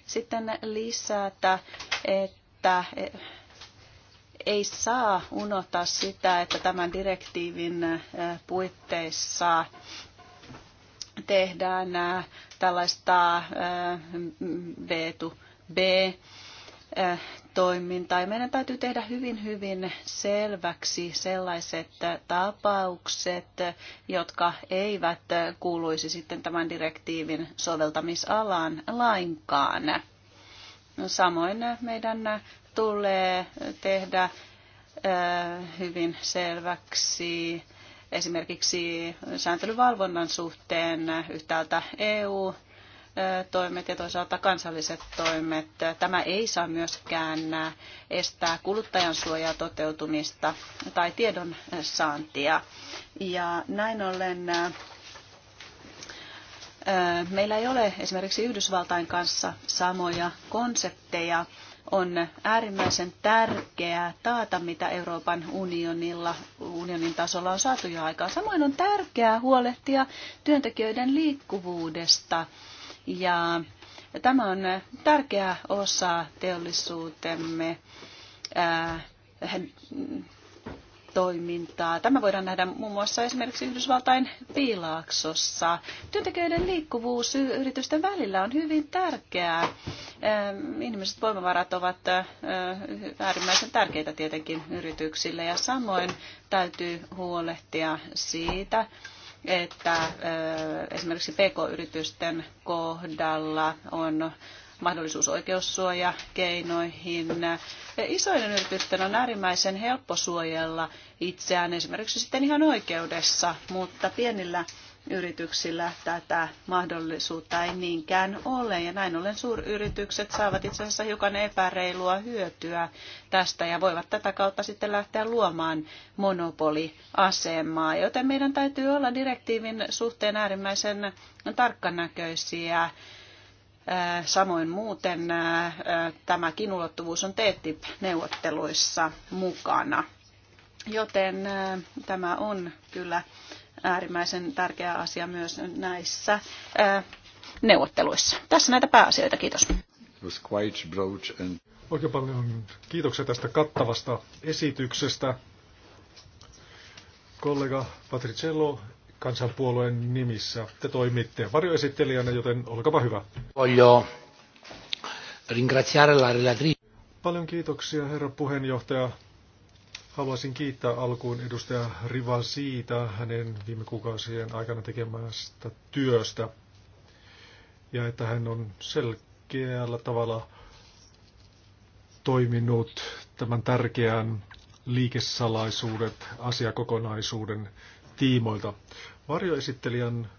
D: sitten lisätä, että että ei saa unohtaa sitä, että tämän direktiivin puitteissa tehdään tällaista B2B toimintaa. Meidän täytyy tehdä hyvin, hyvin selväksi sellaiset tapaukset, jotka eivät kuuluisi sitten tämän direktiivin soveltamisalaan lainkaan. No, samoin meidän tulee tehdä hyvin selväksi esimerkiksi sääntelyvalvonnan suhteen yhtäältä EU toimet ja toisaalta kansalliset toimet. Tämä ei saa myöskään estää kuluttajan suojaa toteutumista tai tiedon saantia. Ja näin ollen meillä ei ole esimerkiksi Yhdysvaltain kanssa samoja konsepteja. On äärimmäisen tärkeää taata, mitä Euroopan unionilla, unionin tasolla on saatu jo aikaan. Samoin on tärkeää huolehtia työntekijöiden liikkuvuudesta ja tämä on tärkeä osa teollisuutemme toimintaa. Tämä voidaan nähdä muun muassa esimerkiksi Yhdysvaltain piilaaksossa. Työntekijöiden liikkuvuus yritysten välillä on hyvin tärkeää. Ihmiset voimavarat ovat äärimmäisen tärkeitä tietenkin yrityksille ja samoin täytyy huolehtia siitä, että esimerkiksi pk-yritysten kohdalla on mahdollisuus oikeussuojakeinoihin. Isoiden yritysten on äärimmäisen helppo suojella itseään esimerkiksi sitten ihan oikeudessa, mutta pienillä yrityksillä tätä mahdollisuutta ei niinkään ole. Ja näin ollen suuryritykset saavat itse asiassa hiukan epäreilua hyötyä tästä ja voivat tätä kautta sitten lähteä luomaan monopoliasemaa. Joten meidän täytyy olla direktiivin suhteen äärimmäisen tarkkanäköisiä Äh, samoin muuten äh, tämäkin ulottuvuus on TTIP-neuvotteluissa e mukana. Joten äh, tämä on kyllä äärimmäisen tärkeä asia myös näissä neuvotteluissa. Tässä näitä pääasioita. Kiitos.
B: Oikein paljon kiitoksia tästä kattavasta esityksestä. Kollega Patricello kansanpuolueen nimissä. Te toimitte varjoesittelijänä, joten olkapa hyvä. Voglio
A: ringraziare la relatrice.
B: Paljon kiitoksia, herra puheenjohtaja. Haluaisin kiittää alkuun edustaja Riva siitä hänen viime kuukausien aikana tekemästä työstä. Ja että hän on selkeällä tavalla toiminut tämän tärkeän liikesalaisuudet asiakokonaisuuden tiimoilta. Varjoesittelijän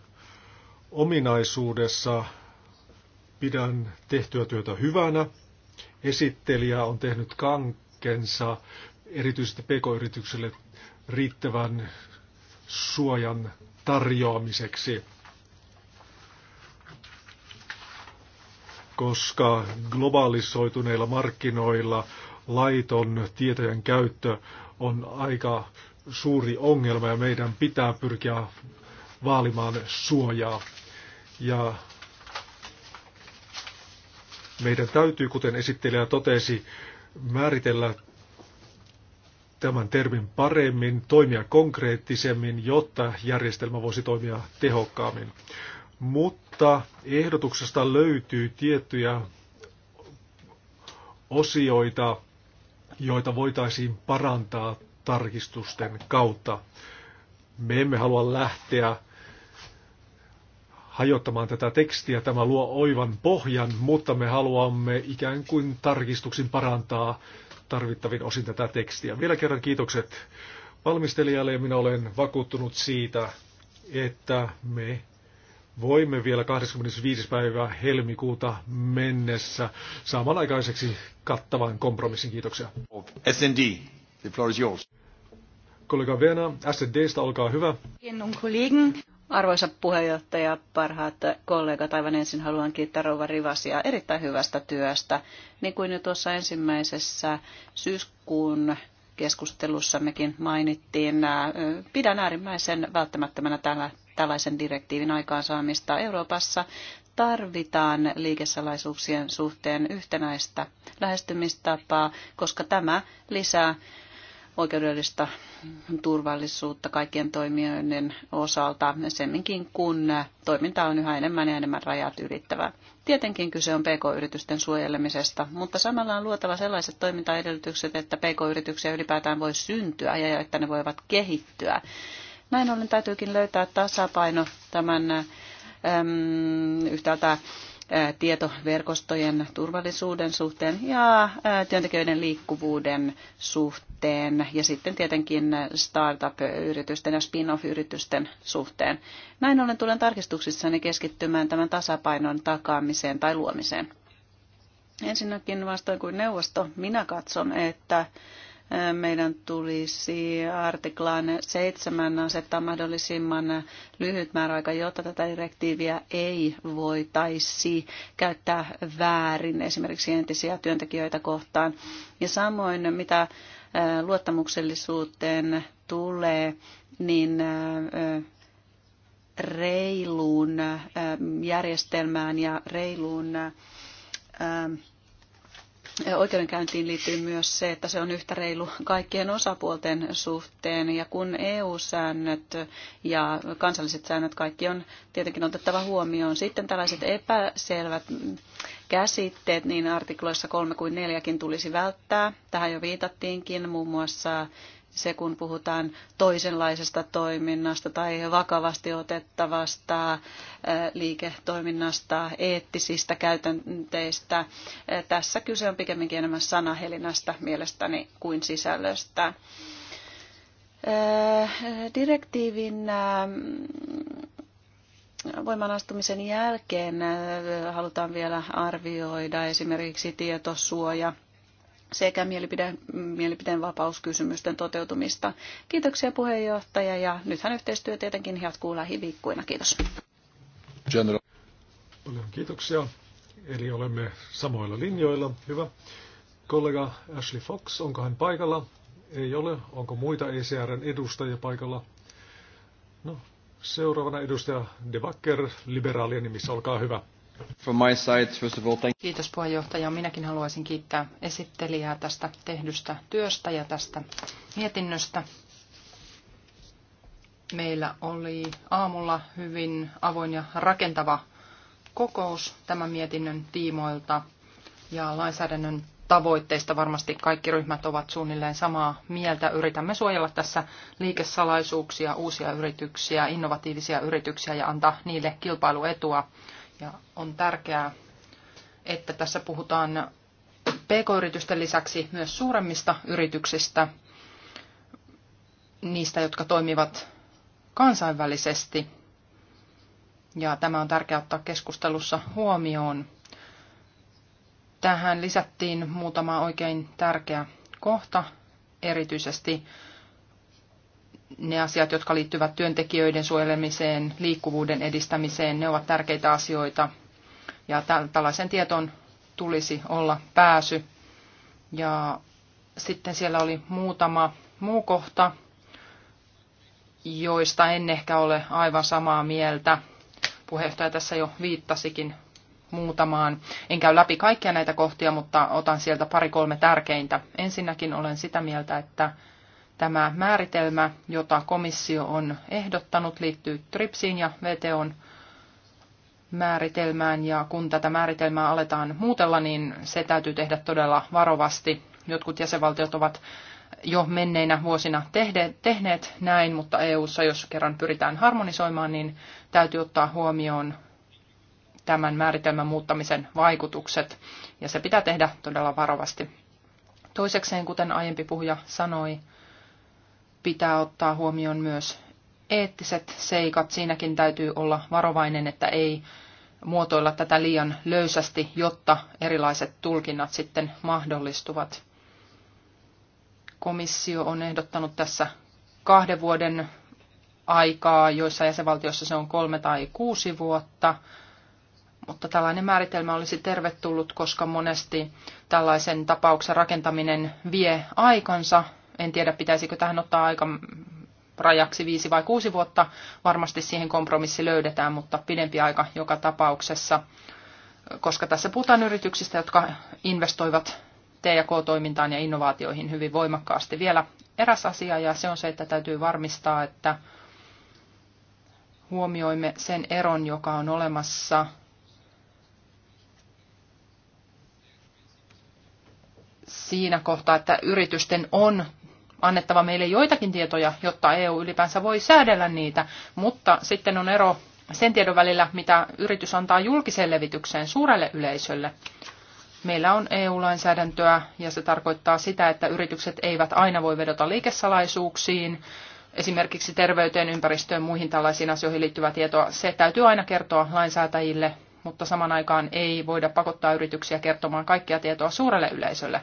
B: ominaisuudessa pidän tehtyä työtä hyvänä. Esittelijä on tehnyt kankensa erityisesti pk-yritykselle riittävän suojan tarjoamiseksi. koska globaalisoituneilla markkinoilla laiton tietojen käyttö on aika suuri ongelma ja meidän pitää pyrkiä vaalimaan suojaa. Ja meidän täytyy, kuten esittelijä totesi, määritellä tämän termin paremmin, toimia konkreettisemmin, jotta järjestelmä voisi toimia tehokkaammin. Mutta ehdotuksesta löytyy tiettyjä osioita, joita voitaisiin parantaa tarkistusten kautta. Me emme halua lähteä hajottamaan tätä tekstiä. Tämä luo oivan pohjan, mutta me haluamme ikään kuin tarkistuksin parantaa tarvittavin osin tätä tekstiä. Vielä kerran kiitokset valmistelijalle ja minä olen vakuuttunut siitä, että me voimme vielä 25. päivää helmikuuta mennessä samanaikaiseksi kattavan kompromissin. Kiitoksia. SND, the floor is yours. Kollega Vena, SDstä, olkaa hyvä.
D: Arvoisa puheenjohtaja, parhaat kollegat, aivan ensin haluan kiittää Rouva Rivasia erittäin hyvästä työstä. Niin kuin jo tuossa ensimmäisessä syyskuun keskustelussammekin mainittiin, äh, pidän äärimmäisen välttämättömänä tällä, tällaisen direktiivin aikaansaamista Euroopassa. Tarvitaan liikesalaisuuksien suhteen yhtenäistä lähestymistapaa, koska tämä lisää oikeudellista turvallisuutta kaikkien toimijoiden osalta, semminkin kun toiminta on yhä enemmän ja enemmän rajat ylittävää. Tietenkin kyse on pk-yritysten suojelemisesta, mutta samalla on luotava sellaiset toimintaedellytykset, että pk-yrityksiä ylipäätään voi syntyä ja että ne voivat kehittyä. Näin ollen täytyykin löytää tasapaino tämän äm, yhtäältä tietoverkostojen turvallisuuden suhteen ja työntekijöiden liikkuvuuden suhteen ja sitten tietenkin startup-yritysten ja spin-off-yritysten suhteen. Näin ollen tulen tarkistuksissani keskittymään tämän tasapainon takaamiseen tai luomiseen. Ensinnäkin vastoin kuin neuvosto, minä katson, että meidän tulisi artiklaan 7 asettaa mahdollisimman lyhyt määräaika, jotta tätä direktiiviä ei voitaisi käyttää väärin esimerkiksi entisiä työntekijöitä kohtaan. Ja samoin mitä äh, luottamuksellisuuteen tulee, niin äh, reiluun äh, järjestelmään ja reiluun oikeudenkäyntiin liittyy myös se, että se on yhtä reilu kaikkien osapuolten suhteen. Ja kun EU-säännöt ja kansalliset säännöt kaikki on tietenkin otettava huomioon. Sitten tällaiset epäselvät käsitteet niin artikloissa 3 kuin 4 tulisi välttää. Tähän jo viitattiinkin muun muassa se, kun puhutaan toisenlaisesta toiminnasta tai vakavasti otettavasta liiketoiminnasta, eettisistä käytänteistä. Tässä kyse on pikemminkin enemmän sanahelinästä mielestäni kuin sisällöstä. Direktiivin voimanastumisen jälkeen halutaan vielä arvioida esimerkiksi tietosuoja sekä mielipiteen, mielipiteen vapauskysymysten toteutumista. Kiitoksia puheenjohtaja ja nythän yhteistyö tietenkin jatkuu lähiviikkoina. Kiitos.
B: General. Paljon kiitoksia. Eli olemme samoilla linjoilla. Hyvä. Kollega Ashley Fox, onko hän paikalla? Ei ole. Onko muita ECRn edustajia paikalla? No, seuraavana edustaja Debakker, liberaalien nimissä, olkaa hyvä.
E: From my side, first of all, thank Kiitos puheenjohtaja. Minäkin haluaisin kiittää esittelijää tästä tehdystä työstä ja tästä mietinnöstä. Meillä oli aamulla hyvin avoin ja rakentava kokous tämän mietinnön tiimoilta ja lainsäädännön tavoitteista varmasti kaikki ryhmät ovat suunnilleen samaa mieltä. Yritämme suojella tässä liikesalaisuuksia, uusia yrityksiä, innovatiivisia yrityksiä ja antaa niille kilpailuetua. Ja on tärkeää, että tässä puhutaan pk-yritysten lisäksi myös suuremmista yrityksistä, niistä, jotka toimivat kansainvälisesti. Ja tämä on tärkeää ottaa keskustelussa huomioon. Tähän lisättiin muutama oikein tärkeä kohta, erityisesti ne asiat, jotka liittyvät työntekijöiden suojelemiseen, liikkuvuuden edistämiseen, ne ovat tärkeitä asioita. Ja tällaisen tietoon tulisi olla pääsy. Ja sitten siellä oli muutama muu kohta, joista en ehkä ole aivan samaa mieltä. Puheenjohtaja tässä jo viittasikin muutamaan. En käy läpi kaikkia näitä kohtia, mutta otan sieltä pari-kolme tärkeintä. Ensinnäkin olen sitä mieltä, että Tämä määritelmä, jota komissio on ehdottanut, liittyy TRIPSiin ja VTOn määritelmään, ja kun tätä määritelmää aletaan muutella, niin se täytyy tehdä todella varovasti. Jotkut jäsenvaltiot ovat jo menneinä vuosina tehneet näin, mutta EU:ssa, jos kerran pyritään harmonisoimaan, niin täytyy ottaa huomioon tämän määritelmän muuttamisen vaikutukset, ja se pitää tehdä todella varovasti. Toisekseen, kuten aiempi puhuja sanoi, pitää ottaa huomioon myös eettiset seikat. Siinäkin täytyy olla varovainen, että ei muotoilla tätä liian löysästi, jotta erilaiset tulkinnat sitten mahdollistuvat. Komissio on ehdottanut tässä kahden vuoden aikaa, joissa jäsenvaltiossa se on kolme tai kuusi vuotta, mutta tällainen määritelmä olisi tervetullut, koska monesti tällaisen tapauksen rakentaminen vie aikansa en tiedä, pitäisikö tähän ottaa aika rajaksi viisi vai kuusi vuotta. Varmasti siihen kompromissi löydetään, mutta pidempi aika joka tapauksessa, koska tässä puhutaan yrityksistä, jotka investoivat T&K-toimintaan ja innovaatioihin hyvin voimakkaasti. Vielä eräs asia, ja se on se, että täytyy varmistaa, että huomioimme sen eron, joka on olemassa siinä kohtaa, että yritysten on annettava meille joitakin tietoja, jotta EU ylipäänsä voi säädellä niitä, mutta sitten on ero sen tiedon välillä, mitä yritys antaa julkiseen levitykseen suurelle yleisölle. Meillä on EU-lainsäädäntöä ja se tarkoittaa sitä, että yritykset eivät aina voi vedota liikesalaisuuksiin, esimerkiksi terveyteen, ympäristöön, muihin tällaisiin asioihin liittyvää tietoa. Se täytyy aina kertoa lainsäätäjille, mutta saman aikaan ei voida pakottaa yrityksiä kertomaan kaikkea tietoa suurelle yleisölle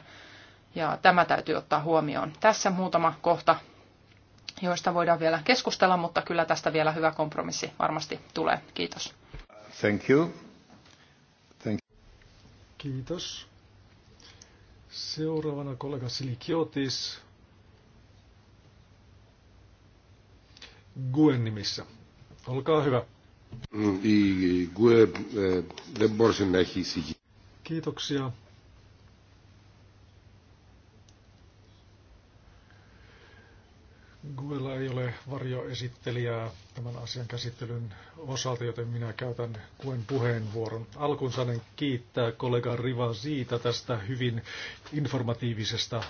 E: ja tämä täytyy ottaa huomioon. Tässä muutama kohta, joista voidaan vielä keskustella, mutta kyllä tästä vielä hyvä kompromissi varmasti tulee.
B: Kiitos.
A: Thank you. Thank you.
B: Kiitos. Seuraavana kollega Kiotis. Guen nimissä. Olkaa hyvä. Mm, e, Kiitoksia Guella ei ole varjoesittelijää tämän asian käsittelyn osalta, joten minä käytän kuen puheenvuoron. Alkuun saanen kiittää kollega Riva siitä tästä hyvin informatiivisesta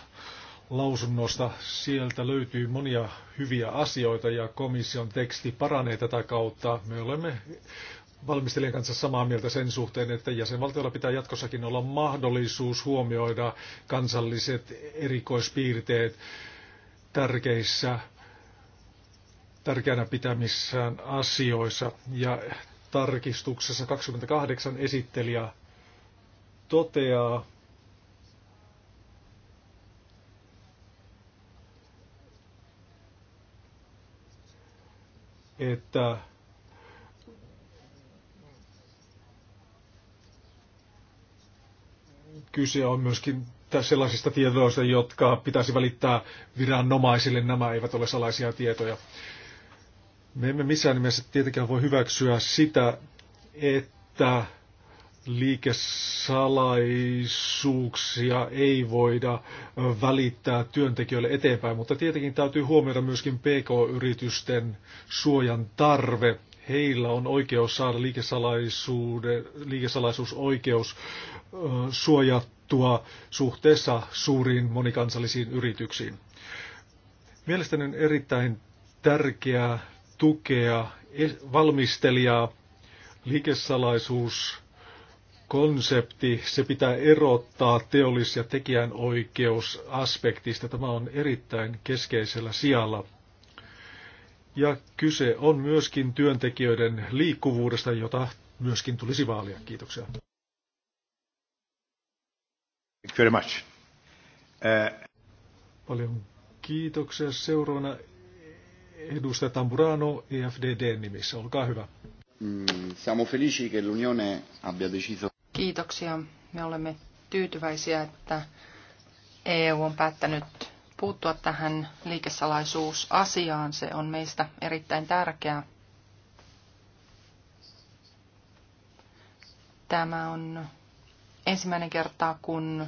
B: lausunnosta. Sieltä löytyy monia hyviä asioita ja komission teksti paranee tätä kautta. Me olemme valmistelijan kanssa samaa mieltä sen suhteen, että jäsenvaltioilla pitää jatkossakin olla mahdollisuus huomioida kansalliset erikoispiirteet tärkeissä, tärkeänä pitämissään asioissa. Ja tarkistuksessa 28 esittelijä toteaa, että kyse on myöskin sellaisista tiedoista, jotka pitäisi välittää viranomaisille. Nämä eivät ole salaisia tietoja. Me emme missään nimessä tietenkään voi hyväksyä sitä, että liikesalaisuuksia ei voida välittää työntekijöille eteenpäin, mutta tietenkin täytyy huomioida myöskin PK-yritysten suojan tarve heillä on oikeus saada liikesalaisuusoikeus suojattua suhteessa suuriin monikansallisiin yrityksiin. Mielestäni on erittäin tärkeää tukea valmistelijaa liikesalaisuus konsepti, se pitää erottaa teollis- ja tekijänoikeusaspektista. Tämä on erittäin keskeisellä sijalla. Ja kyse on myöskin työntekijöiden liikkuvuudesta, jota myöskin tulisi vaalia. Kiitoksia. Thank you very much. Uh... Paljon kiitoksia. Seuraavana edustaja Tamburano EFDD nimissä. Olkaa hyvä. Mm,
A: siamo felici che l'Unione abbia deciso.
E: Kiitoksia. Me olemme tyytyväisiä, että EU on päättänyt puuttua tähän liikesalaisuusasiaan. Se on meistä erittäin tärkeää. Tämä on ensimmäinen kerta, kun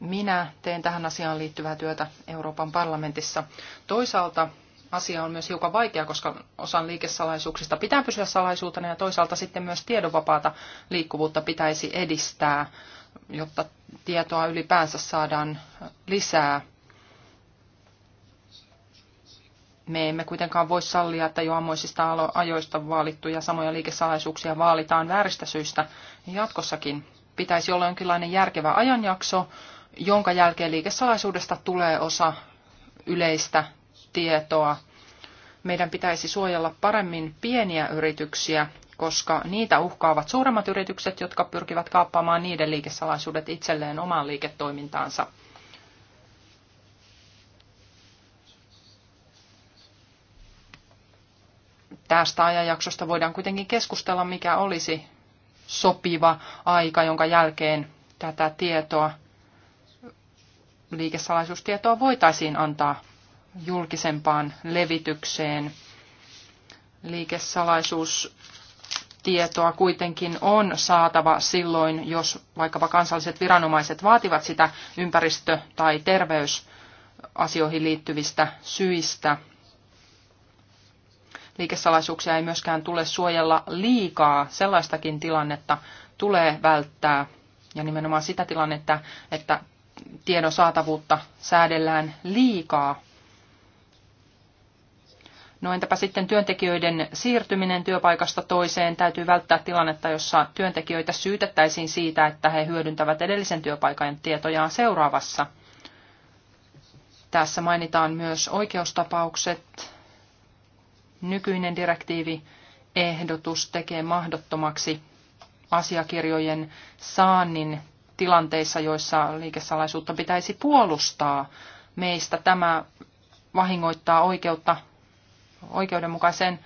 E: minä teen tähän asiaan liittyvää työtä Euroopan parlamentissa. Toisaalta asia on myös hiukan vaikea, koska osan liikesalaisuuksista pitää pysyä salaisuutena ja toisaalta sitten myös tiedonvapaata liikkuvuutta pitäisi edistää jotta tietoa ylipäänsä saadaan lisää. Me emme kuitenkaan voi sallia, että jo ammoisista ajoista vaalittuja samoja liikesalaisuuksia vaalitaan vääristä syistä. Jatkossakin pitäisi olla jonkinlainen järkevä ajanjakso, jonka jälkeen liikesalaisuudesta tulee osa yleistä tietoa. Meidän pitäisi suojella paremmin pieniä yrityksiä koska niitä uhkaavat suuremmat yritykset, jotka pyrkivät kaappaamaan niiden liikesalaisuudet itselleen omaan liiketoimintaansa. Tästä ajanjaksosta voidaan kuitenkin keskustella, mikä olisi sopiva aika, jonka jälkeen tätä tietoa, liikesalaisuustietoa voitaisiin antaa julkisempaan levitykseen. Liikesalaisuus tietoa kuitenkin on saatava silloin, jos vaikkapa kansalliset viranomaiset vaativat sitä ympäristö- tai terveysasioihin liittyvistä syistä. Liikesalaisuuksia ei myöskään tule suojella liikaa. Sellaistakin tilannetta tulee välttää. Ja nimenomaan sitä tilannetta, että tiedon saatavuutta säädellään liikaa No entäpä sitten työntekijöiden siirtyminen työpaikasta toiseen? Täytyy välttää tilannetta, jossa työntekijöitä syytettäisiin siitä, että he hyödyntävät edellisen työpaikan tietojaan seuraavassa. Tässä mainitaan myös oikeustapaukset. Nykyinen direktiivi ehdotus tekee mahdottomaksi asiakirjojen saannin tilanteissa, joissa liikesalaisuutta pitäisi puolustaa. Meistä tämä vahingoittaa oikeutta oikeudenmukaiseen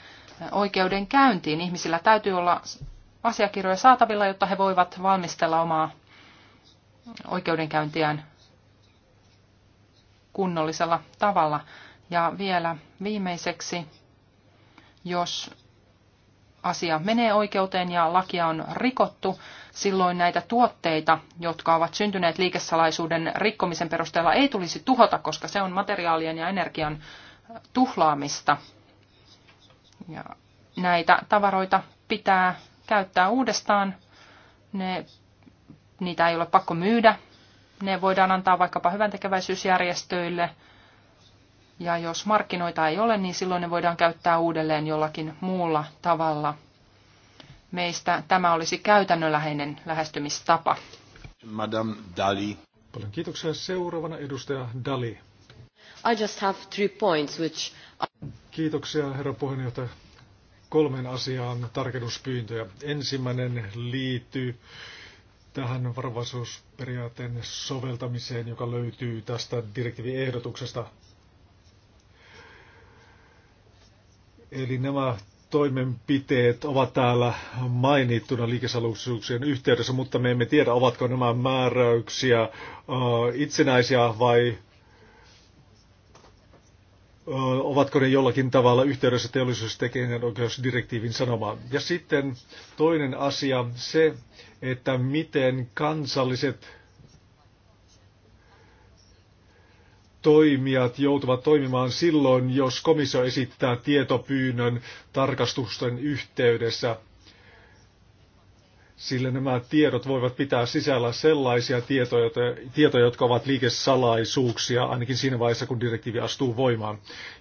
E: oikeudenkäyntiin. Ihmisillä täytyy olla asiakirjoja saatavilla, jotta he voivat valmistella omaa oikeudenkäyntiään kunnollisella tavalla. Ja vielä viimeiseksi, jos asia menee oikeuteen ja lakia on rikottu, silloin näitä tuotteita, jotka ovat syntyneet liikesalaisuuden rikkomisen perusteella, ei tulisi tuhota, koska se on materiaalien ja energian tuhlaamista. Ja näitä tavaroita pitää käyttää uudestaan. Ne, niitä ei ole pakko myydä. Ne voidaan antaa vaikkapa hyväntekeväisyysjärjestöille. Ja jos markkinoita ei ole, niin silloin ne voidaan käyttää uudelleen jollakin muulla tavalla. Meistä tämä olisi käytännönläheinen lähestymistapa.
B: Madame Dali. Paljon kiitoksia. Seuraavana edustaja Dali. I just have three points which... Kiitoksia herra puheenjohtaja. Kolmen asiaan tarkennuspyyntöjä. Ensimmäinen liittyy tähän varovaisuusperiaatteen soveltamiseen, joka löytyy tästä direktiiviehdotuksesta. Eli nämä toimenpiteet ovat täällä mainittuna liikesaluksuuksien yhteydessä, mutta me emme tiedä, ovatko nämä määräyksiä itsenäisiä vai ovatko ne jollakin tavalla yhteydessä teollisuustekijän oikeusdirektiivin sanomaan. Ja sitten toinen asia, se, että miten kansalliset toimijat joutuvat toimimaan silloin, jos komissio esittää tietopyynnön tarkastusten yhteydessä sillä nämä tiedot voivat pitää sisällä sellaisia tietoja, tietoja, jotka ovat liikesalaisuuksia, ainakin siinä vaiheessa, kun direktiivi astuu voimaan.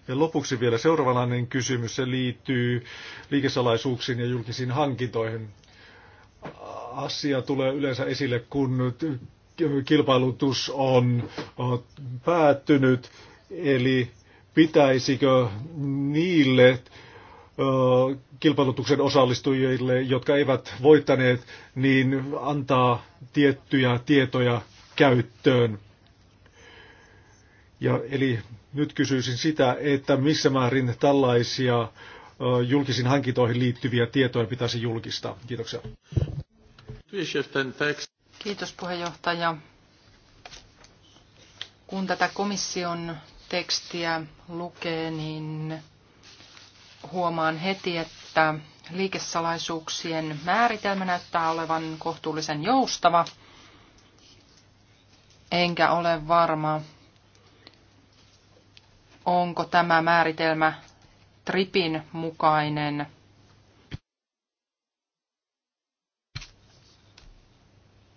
B: Ja lopuksi vielä seuraavanainen kysymys, se liittyy liikesalaisuuksiin ja julkisiin hankintoihin. Asia tulee yleensä esille, kun kilpailutus on päättynyt, eli pitäisikö niille kilpailutuksen osallistujille, jotka eivät voittaneet, niin antaa tiettyjä tietoja käyttöön. Ja, eli nyt kysyisin sitä, että missä määrin tällaisia julkisiin hankintoihin liittyviä tietoja pitäisi julkistaa. Kiitoksia.
E: Kiitos puheenjohtaja. Kun tätä komission tekstiä lukee, niin huomaan heti, että liikesalaisuuksien määritelmä näyttää olevan kohtuullisen joustava, enkä ole varma, onko tämä määritelmä TRIPin mukainen.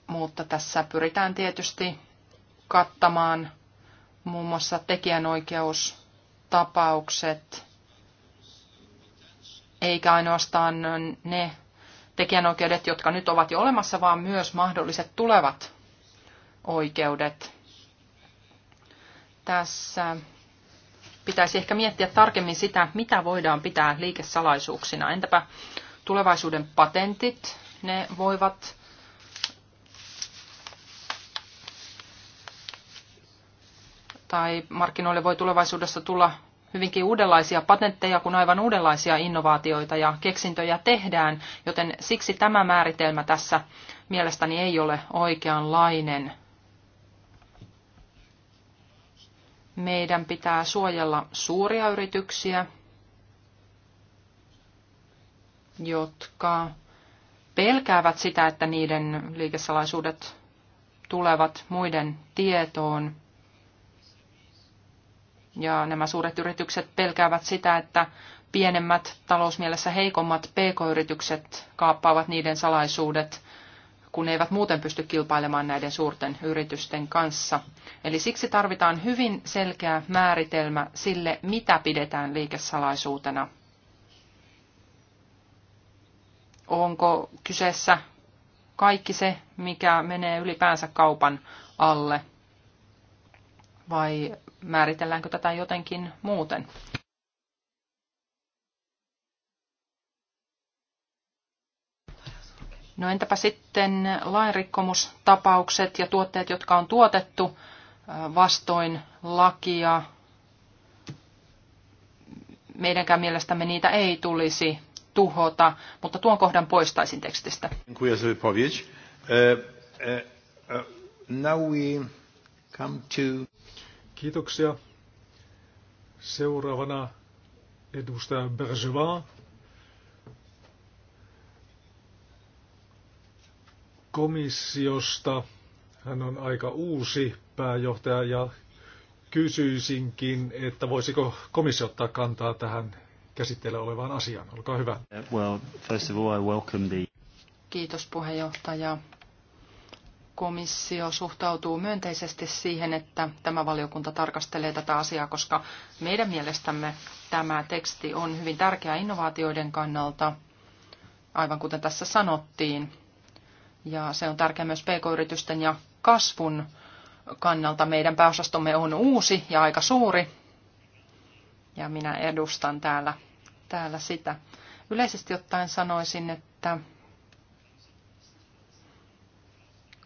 E: Mutta tässä pyritään tietysti kattamaan muun muassa tekijänoikeustapaukset – eikä ainoastaan ne tekijänoikeudet, jotka nyt ovat jo olemassa, vaan myös mahdolliset tulevat oikeudet. Tässä pitäisi ehkä miettiä tarkemmin sitä, mitä voidaan pitää liikesalaisuuksina. Entäpä tulevaisuuden patentit, ne voivat tai markkinoille voi tulevaisuudessa tulla hyvinkin uudenlaisia patentteja, kun aivan uudenlaisia innovaatioita ja keksintöjä tehdään, joten siksi tämä määritelmä tässä mielestäni ei ole oikeanlainen. Meidän pitää suojella suuria yrityksiä, jotka pelkäävät sitä, että niiden liikesalaisuudet tulevat muiden tietoon – ja nämä suuret yritykset pelkäävät sitä, että pienemmät, talousmielessä heikommat pk-yritykset kaappaavat niiden salaisuudet, kun ne eivät muuten pysty kilpailemaan näiden suurten yritysten kanssa. Eli siksi tarvitaan hyvin selkeä määritelmä sille, mitä pidetään liikesalaisuutena. Onko kyseessä kaikki se, mikä menee ylipäänsä kaupan alle? vai määritelläänkö tätä jotenkin muuten? No entäpä sitten lainrikkomustapaukset ja tuotteet, jotka on tuotettu vastoin lakia? Meidänkään mielestämme niitä ei tulisi tuhota, mutta tuon kohdan poistaisin tekstistä.
B: E, e, e, now we come to... Kiitoksia. Seuraavana edustaja Bergevin. Komissiosta. Hän on aika uusi pääjohtaja ja kysyisinkin, että voisiko komissio ottaa kantaa tähän käsitteellä olevaan asiaan. Olkaa hyvä.
A: Well, first of all, I welcome the...
E: Kiitos puheenjohtaja komissio suhtautuu myönteisesti siihen, että tämä valiokunta tarkastelee tätä asiaa, koska meidän mielestämme tämä teksti on hyvin tärkeä innovaatioiden kannalta, aivan kuten tässä sanottiin. Ja se on tärkeä myös pk-yritysten ja kasvun kannalta. Meidän pääosastomme on uusi ja aika suuri, ja minä edustan täällä, täällä sitä. Yleisesti ottaen sanoisin, että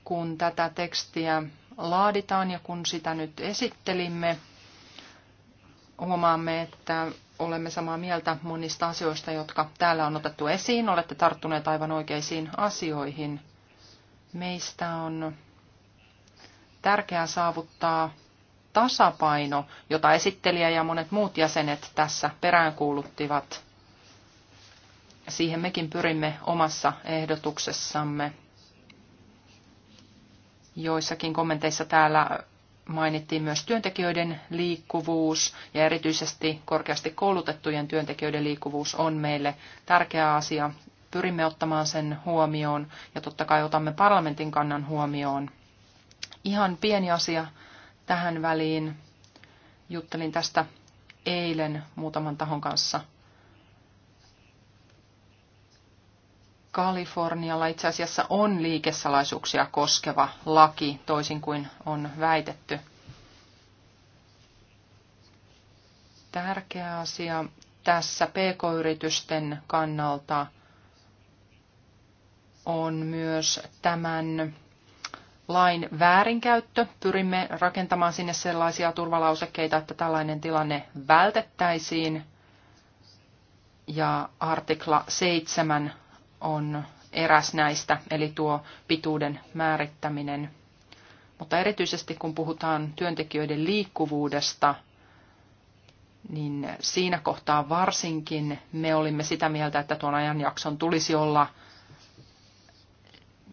E: kun tätä tekstiä laaditaan ja kun sitä nyt esittelimme, huomaamme, että olemme samaa mieltä monista asioista, jotka täällä on otettu esiin. Olette tarttuneet aivan oikeisiin asioihin. Meistä on tärkeää saavuttaa tasapaino, jota esittelijä ja monet muut jäsenet tässä peräänkuuluttivat. Siihen mekin pyrimme omassa ehdotuksessamme. Joissakin kommenteissa täällä mainittiin myös työntekijöiden liikkuvuus ja erityisesti korkeasti koulutettujen työntekijöiden liikkuvuus on meille tärkeä asia. Pyrimme ottamaan sen huomioon ja totta kai otamme parlamentin kannan huomioon. Ihan pieni asia tähän väliin. Juttelin tästä eilen muutaman tahon kanssa – Kalifornialla itse asiassa on liikesalaisuuksia koskeva laki, toisin kuin on väitetty. Tärkeä asia tässä pk-yritysten kannalta on myös tämän lain väärinkäyttö. Pyrimme rakentamaan sinne sellaisia turvalausekkeita, että tällainen tilanne vältettäisiin. Ja artikla 7 on eräs näistä, eli tuo pituuden määrittäminen. Mutta erityisesti kun puhutaan työntekijöiden liikkuvuudesta, niin siinä kohtaa varsinkin me olimme sitä mieltä, että tuon ajanjakson tulisi olla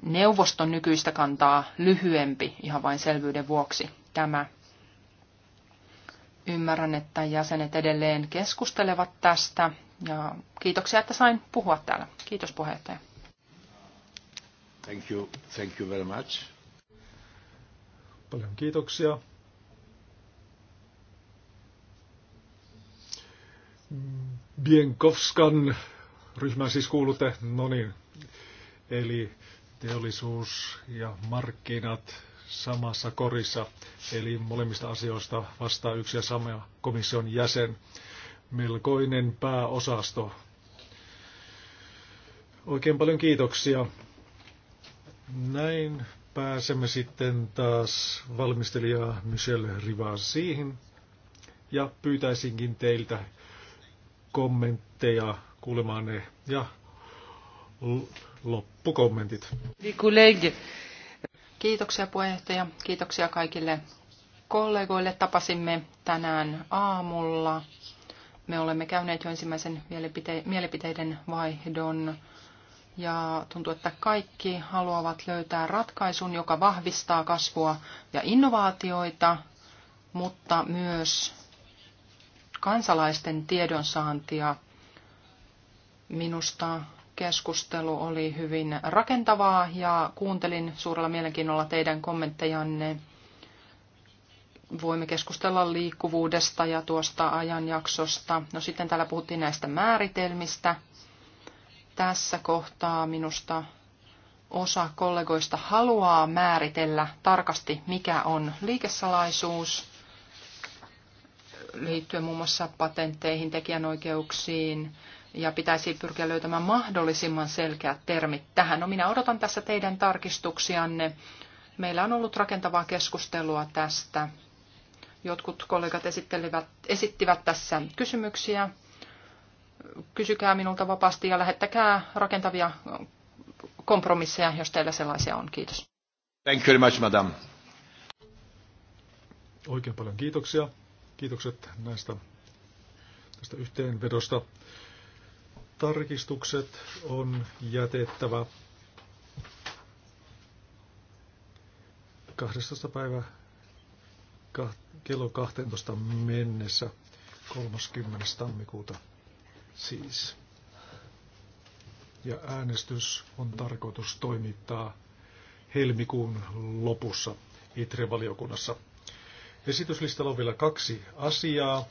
E: neuvoston nykyistä kantaa lyhyempi ihan vain selvyyden vuoksi tämä. Ymmärrän, että jäsenet edelleen keskustelevat tästä ja kiitoksia, että sain puhua
B: täällä. Kiitos puheenjohtaja. Thank you. Thank you very much. Paljon kiitoksia. Bienkovskan ryhmään siis kuulutte, no niin, eli teollisuus ja markkinat samassa korissa, eli molemmista asioista vastaa yksi ja sama komission jäsen. Melkoinen pääosasto Oikein paljon kiitoksia. Näin pääsemme sitten taas valmistelija Michel Rivaan siihen. Ja pyytäisinkin teiltä kommentteja kuulemaan ne ja loppukommentit.
E: Kiitoksia puheenjohtaja. Kiitoksia kaikille kollegoille. Tapasimme tänään aamulla. Me olemme käyneet jo ensimmäisen mielipiteiden vaihdon ja tuntuu, että kaikki haluavat löytää ratkaisun, joka vahvistaa kasvua ja innovaatioita, mutta myös kansalaisten tiedonsaantia. Minusta keskustelu oli hyvin rakentavaa ja kuuntelin suurella mielenkiinnolla teidän kommenttejanne. Voimme keskustella liikkuvuudesta ja tuosta ajanjaksosta. No sitten täällä puhuttiin näistä määritelmistä – tässä kohtaa minusta osa kollegoista haluaa määritellä tarkasti, mikä on liikesalaisuus liittyen muun muassa patentteihin, tekijänoikeuksiin, ja pitäisi pyrkiä löytämään mahdollisimman selkeät termit tähän. No minä odotan tässä teidän tarkistuksianne. Meillä on ollut rakentavaa keskustelua tästä. Jotkut kollegat esittelivät, esittivät tässä kysymyksiä kysykää minulta vapaasti ja lähettäkää rakentavia kompromisseja, jos teillä sellaisia on. Kiitos.
A: Thank you very
B: much, madam. Oikein paljon kiitoksia. Kiitokset näistä tästä yhteenvedosta. Tarkistukset on jätettävä 12. päivä kello 12 mennessä 30. tammikuuta siis. Ja äänestys on tarkoitus toimittaa helmikuun lopussa ITRE-valiokunnassa. Esityslistalla on vielä kaksi asiaa,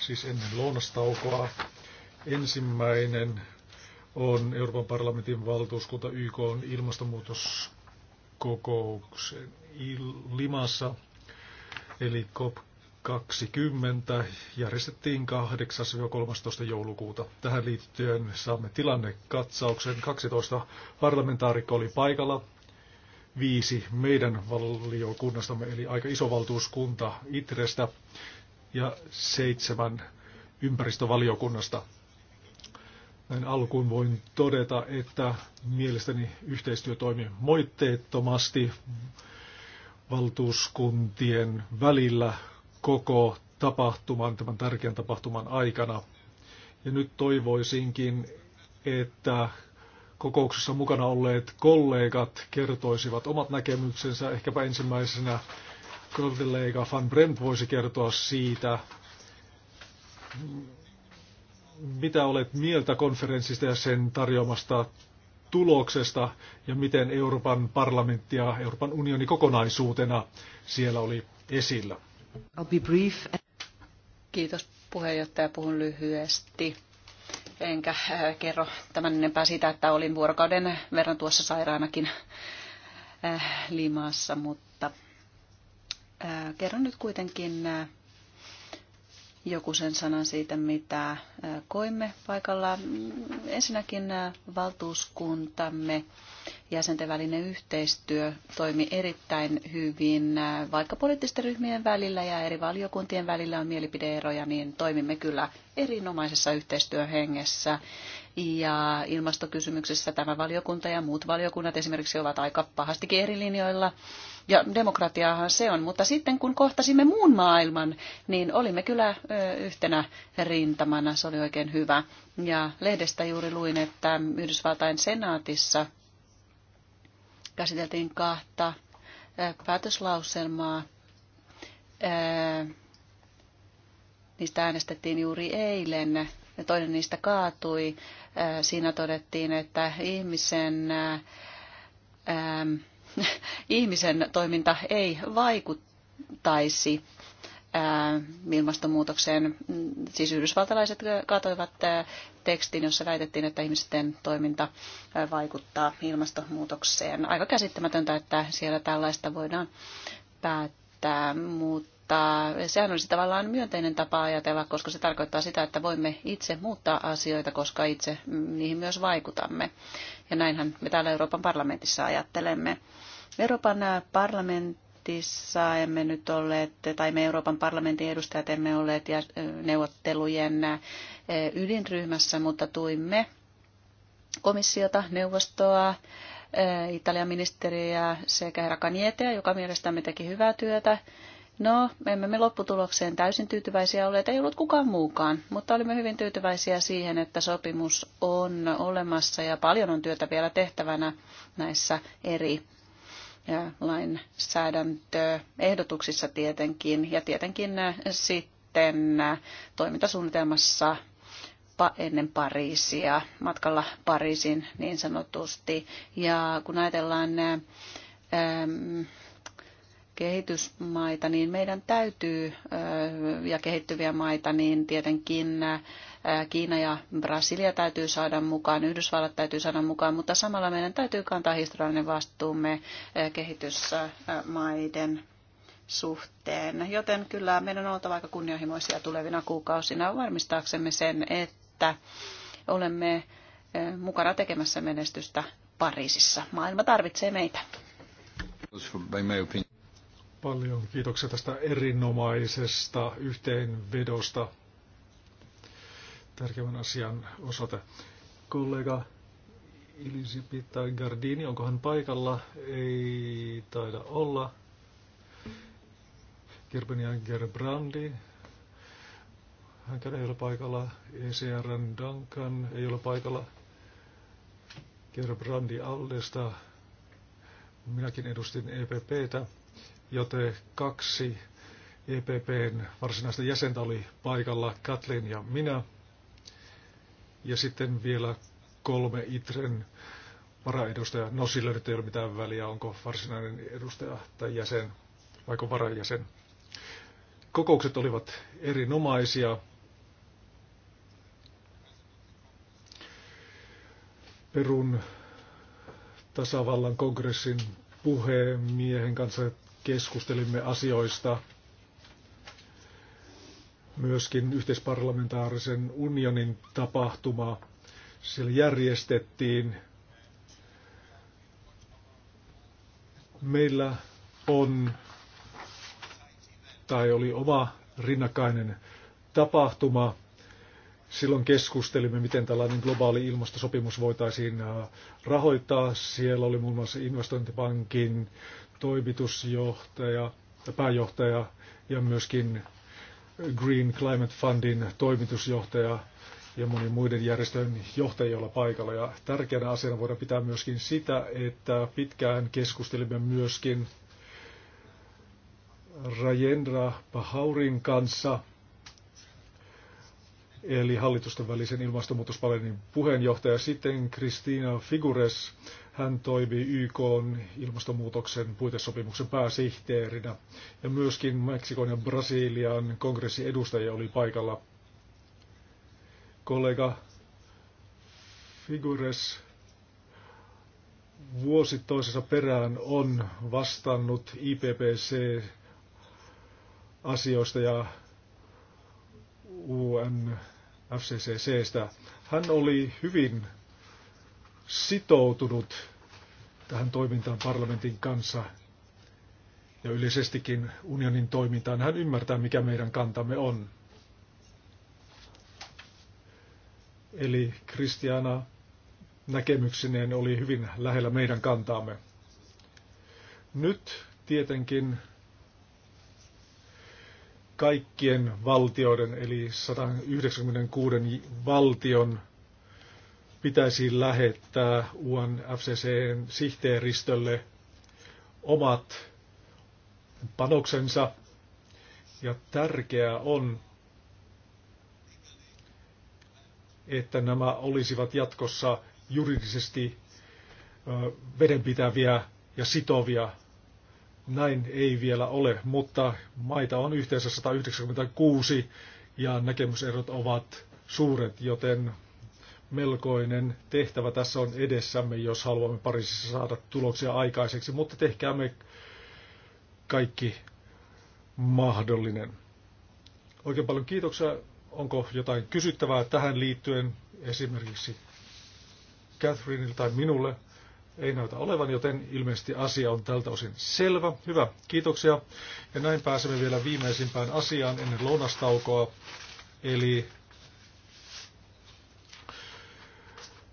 B: siis ennen lounastaukoa. Ensimmäinen on Euroopan parlamentin valtuuskunta YK on ilmastonmuutoskokouksen Limassa, eli COP 2020 järjestettiin 8-13. joulukuuta. Tähän liittyen saamme tilannekatsauksen. 12 parlamentaarikko oli paikalla, viisi meidän valiokunnastamme, eli aika iso valtuuskunta Itrestä ja seitsemän ympäristövaliokunnasta. Näin alkuun voin todeta, että mielestäni yhteistyö toimi moitteettomasti valtuuskuntien välillä koko tapahtuman, tämän tärkeän tapahtuman aikana. Ja nyt toivoisinkin, että kokouksessa mukana olleet kollegat kertoisivat omat näkemyksensä. Ehkäpä ensimmäisenä kollega Van Brent voisi kertoa siitä, mitä olet mieltä konferenssista ja sen tarjoamasta tuloksesta ja miten Euroopan parlamentti ja Euroopan unioni kokonaisuutena siellä oli esillä. I'll be brief.
D: Kiitos puheenjohtaja, puhun lyhyesti. Enkä äh, kerro tämän enempää sitä, että olin vuorokauden verran tuossa sairaanakin äh, Limassa, mutta äh, kerron nyt kuitenkin joku sen sanan siitä, mitä koimme paikalla. Ensinnäkin valtuuskuntamme jäsenten välinen yhteistyö toimi erittäin hyvin. Vaikka poliittisten ryhmien välillä ja eri valiokuntien välillä on mielipideeroja, niin toimimme kyllä erinomaisessa yhteistyöhengessä. Ja ilmastokysymyksissä tämä valiokunta ja muut valiokunnat esimerkiksi ovat aika pahastikin eri linjoilla. Ja demokratiaahan se on, mutta sitten kun kohtasimme muun maailman, niin olimme kyllä yhtenä rintamana, se oli oikein hyvä. Ja lehdestä juuri luin, että Yhdysvaltain senaatissa käsiteltiin kahta päätöslauselmaa. Niistä äänestettiin juuri eilen ja toinen niistä kaatui. Äh, siinä todettiin, että ihmisen, äh, ähm, ihmisen toiminta ei vaikuttaisi äh, ilmastonmuutokseen. Siis yhdysvaltalaiset katoivat tekstin, jossa väitettiin, että ihmisten toiminta vaikuttaa ilmastonmuutokseen. Aika käsittämätöntä, että siellä tällaista voidaan päättää, mutta mutta sehän olisi tavallaan myönteinen tapa ajatella, koska se tarkoittaa sitä, että voimme itse muuttaa asioita, koska itse mm, niihin myös vaikutamme. Ja näinhän me täällä Euroopan parlamentissa ajattelemme. Euroopan parlamentissa emme nyt olleet, tai me Euroopan parlamentin edustajat emme olleet neuvottelujen ydinryhmässä, mutta tuimme komissiota, neuvostoa, Italian ministeriä sekä herra Kanietea, joka mielestämme teki hyvää työtä. No, emme me lopputulokseen täysin tyytyväisiä olleet, ei ollut kukaan muukaan, mutta olimme hyvin tyytyväisiä siihen, että sopimus on olemassa ja paljon on työtä vielä tehtävänä näissä eri lainsäädäntöehdotuksissa tietenkin ja tietenkin sitten toimintasuunnitelmassa ennen Pariisia, matkalla Pariisin niin sanotusti. Ja kun ajatellaan kehitysmaita, niin meidän täytyy, ja kehittyviä maita, niin tietenkin Kiina ja Brasilia täytyy saada mukaan, Yhdysvallat täytyy saada mukaan, mutta samalla meidän täytyy kantaa historiallinen vastuumme kehitysmaiden suhteen. Joten kyllä meidän on oltava aika kunnianhimoisia tulevina kuukausina varmistaaksemme sen, että olemme mukana tekemässä menestystä Pariisissa. Maailma tarvitsee meitä.
B: Paljon kiitoksia tästä erinomaisesta yhteenvedosta tärkeän asian osalta. Kollega Elisabetta Gardini, onko hän paikalla? Ei taida olla. Kirpenia Gerbrandi, hänkään ei ole paikalla. ECR Duncan ei ole paikalla. Gerbrandi Allesta, minäkin edustin EPPtä joten kaksi EPPn varsinaista jäsentä oli paikalla, Katlin ja minä. Ja sitten vielä kolme ITREN varaedustajaa. No sillä nyt ei ole mitään väliä, onko varsinainen edustaja tai jäsen vaiko varajäsen. Kokoukset olivat erinomaisia. Perun tasavallan kongressin miehen kanssa keskustelimme asioista myöskin yhteisparlamentaarisen unionin tapahtuma. Siellä järjestettiin. Meillä on, tai oli oma rinnakkainen tapahtuma. Silloin keskustelimme, miten tällainen globaali ilmastosopimus voitaisiin äh, rahoittaa. Siellä oli muun muassa investointipankin toimitusjohtaja ja pääjohtaja ja myöskin Green Climate Fundin toimitusjohtaja ja moni muiden järjestöjen johtajilla paikalla. Ja tärkeänä asiana voidaan pitää myöskin sitä, että pitkään keskustelimme myöskin Rajendra Pahaurin kanssa, eli hallitusten välisen ilmastonmuutospalenin puheenjohtaja, sitten Kristiina Figures, hän toimii YK ilmastonmuutoksen puitesopimuksen pääsihteerinä ja myöskin Meksikon ja Brasilian kongressin edustajia oli paikalla. Kollega Figures vuosi toisensa perään on vastannut IPPC asioista ja UNFCCCstä. Hän oli hyvin sitoutunut tähän toimintaan parlamentin kanssa ja yleisestikin unionin toimintaan. Hän ymmärtää, mikä meidän kantamme on. Eli Kristiana näkemyksineen oli hyvin lähellä meidän kantaamme. Nyt tietenkin kaikkien valtioiden, eli 196 valtion pitäisi lähettää UNFCCn sihteeristölle omat panoksensa. Ja tärkeää on, että nämä olisivat jatkossa juridisesti vedenpitäviä ja sitovia. Näin ei vielä ole, mutta maita on yhteensä 196 ja näkemyserot ovat suuret, joten melkoinen tehtävä tässä on edessämme, jos haluamme Pariisissa saada tuloksia aikaiseksi, mutta tehkäämme kaikki mahdollinen. Oikein paljon kiitoksia. Onko jotain kysyttävää tähän liittyen esimerkiksi Catherineille tai minulle? Ei näytä olevan, joten ilmeisesti asia on tältä osin selvä. Hyvä, kiitoksia. Ja näin pääsemme vielä viimeisimpään asiaan ennen lounastaukoa, eli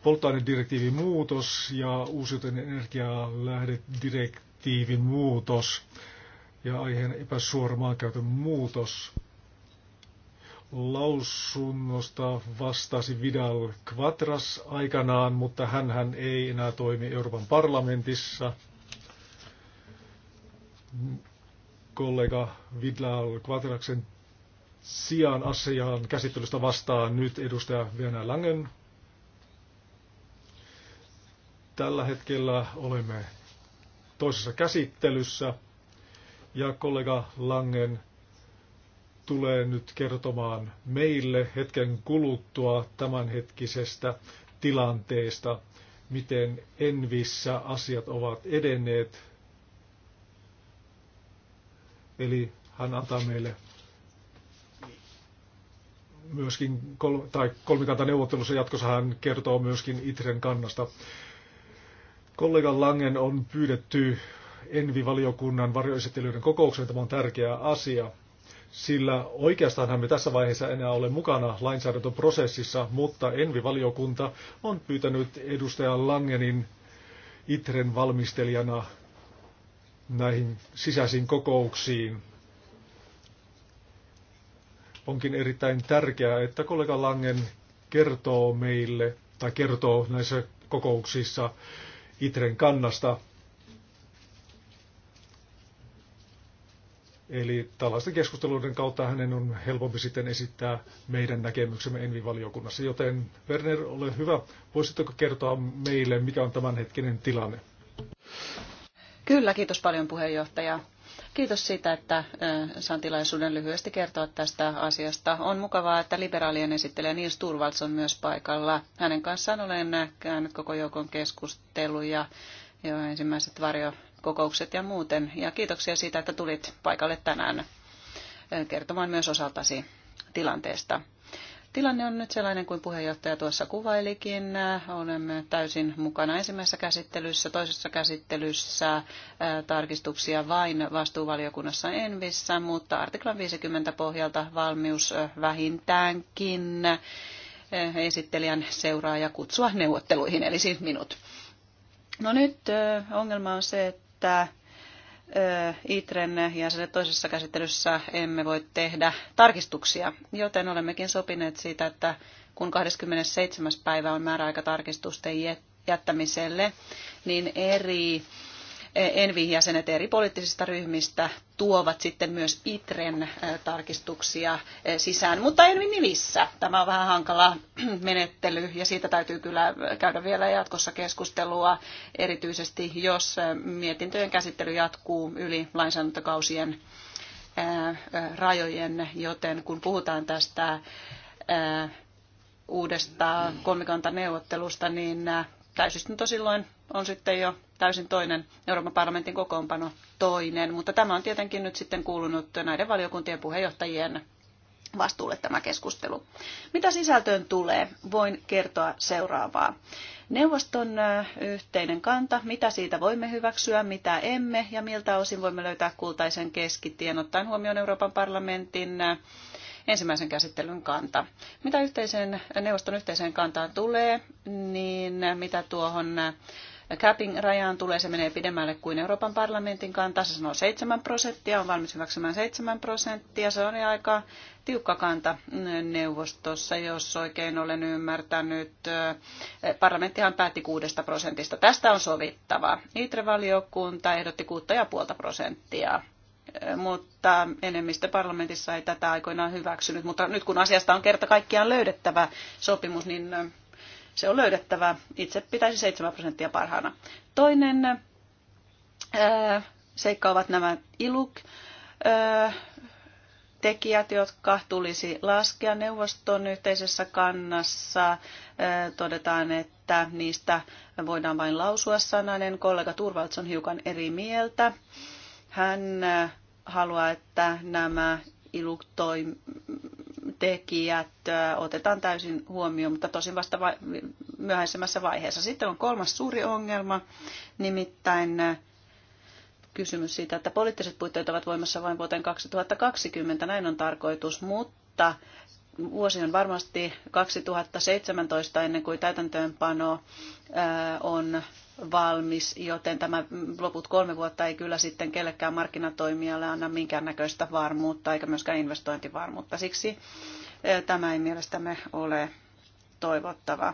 B: polttoainedirektiivin muutos ja uusiutuen energialähdedirektiivin muutos ja aiheen epäsuora maankäytön muutos. Lausunnosta vastasi Vidal Quatras aikanaan, mutta hän ei enää toimi Euroopan parlamentissa. Kollega Vidal Quatras'en sijaan asiaan käsittelystä vastaa nyt edustaja Venä Langen. Tällä hetkellä olemme toisessa käsittelyssä ja kollega Langen tulee nyt kertomaan meille hetken kuluttua tämänhetkisestä tilanteesta, miten Envissä asiat ovat edenneet. Eli hän antaa meille myöskin, kol- tai kolmikantaneuvottelussa jatkossa hän kertoo myöskin Itren kannasta. Kollega Langen on pyydetty Envi-valiokunnan varjoesittelyiden kokoukseen. Tämä on tärkeä asia, sillä oikeastaanhan me tässä vaiheessa enää ole mukana lainsäädäntöprosessissa, mutta Envi-valiokunta on pyytänyt edustaja Langenin ITREN valmistelijana näihin sisäisiin kokouksiin. Onkin erittäin tärkeää, että kollega Langen kertoo meille tai kertoo näissä kokouksissa Itren kannasta. Eli tällaisten keskusteluiden kautta hänen on helpompi sitten esittää meidän näkemyksemme Envi-valiokunnassa. Joten Werner, ole hyvä. Voisitteko kertoa meille, mikä on tämänhetkinen tilanne?
D: Kyllä, kiitos paljon puheenjohtaja. Kiitos siitä, että saan tilaisuuden lyhyesti kertoa tästä asiasta. On mukavaa, että liberaalien esittelijä Nils Turvalds on myös paikalla. Hänen kanssaan olen käynyt koko joukon keskusteluja jo ensimmäiset varjokokoukset ja muuten. Ja kiitoksia siitä, että tulit paikalle tänään kertomaan myös osaltasi tilanteesta. Tilanne on nyt sellainen kuin puheenjohtaja tuossa kuvailikin. Olemme täysin mukana ensimmäisessä käsittelyssä, toisessa käsittelyssä tarkistuksia vain vastuuvaliokunnassa Envissä, mutta artiklan 50 pohjalta valmius vähintäänkin esittelijän seuraaja kutsua neuvotteluihin, eli siis minut. No nyt ongelma on se, että ITREN jäsenet toisessa käsittelyssä emme voi tehdä tarkistuksia, joten olemmekin sopineet siitä, että kun 27. päivä on määräaika tarkistusten jättämiselle, niin eri Envi-jäsenet eri poliittisista ryhmistä tuovat sitten myös ITREN tarkistuksia sisään, mutta Envin nimissä. Tämä on vähän hankala menettely ja siitä täytyy kyllä käydä vielä jatkossa keskustelua, erityisesti jos mietintöjen käsittely jatkuu yli lainsäädäntökausien rajojen, joten kun puhutaan tästä uudesta kolmikantaneuvottelusta, niin täysistunto silloin on sitten jo täysin toinen, Euroopan parlamentin kokoonpano toinen, mutta tämä on tietenkin nyt sitten kuulunut näiden valiokuntien puheenjohtajien vastuulle tämä keskustelu. Mitä sisältöön tulee, voin kertoa seuraavaa. Neuvoston yhteinen kanta, mitä siitä voimme hyväksyä, mitä emme ja miltä osin voimme löytää kultaisen keskitien ottaen huomioon Euroopan parlamentin ensimmäisen käsittelyn kanta. Mitä yhteisen neuvoston yhteiseen kantaan tulee, niin mitä tuohon capping rajaan tulee, se menee pidemmälle kuin Euroopan parlamentin kanta. Se sanoo 7 prosenttia, on valmis hyväksymään 7 prosenttia. Se on aika tiukka kanta neuvostossa, jos oikein olen ymmärtänyt. Parlamenttihan päätti 6 prosentista. Tästä on sovittava. Itrevaliokunta ehdotti 6,5 prosenttia mutta enemmistö parlamentissa ei tätä aikoinaan hyväksynyt. Mutta nyt kun asiasta on kerta kaikkiaan löydettävä sopimus, niin se on löydettävä. Itse pitäisi 7 prosenttia parhaana. Toinen ää, äh, seikka ovat nämä iluk ää, äh, tekijät, jotka tulisi laskea neuvoston yhteisessä kannassa. Äh, todetaan, että niistä voidaan vain lausua sananen. Kollega Turvalts on hiukan eri mieltä. Hän haluaa, että nämä iluktoim- tekijät otetaan täysin huomioon, mutta tosin vasta va- myöhäisemmässä vaiheessa. Sitten on kolmas suuri ongelma, nimittäin kysymys siitä, että poliittiset puitteet ovat voimassa vain vuoteen 2020, näin on tarkoitus, mutta vuosi on varmasti 2017 ennen kuin täytäntöönpano on valmis, joten tämä loput kolme vuotta ei kyllä sitten kellekään markkinatoimijalle anna minkäännäköistä varmuutta eikä myöskään investointivarmuutta. Siksi eh, tämä ei mielestämme ole toivottava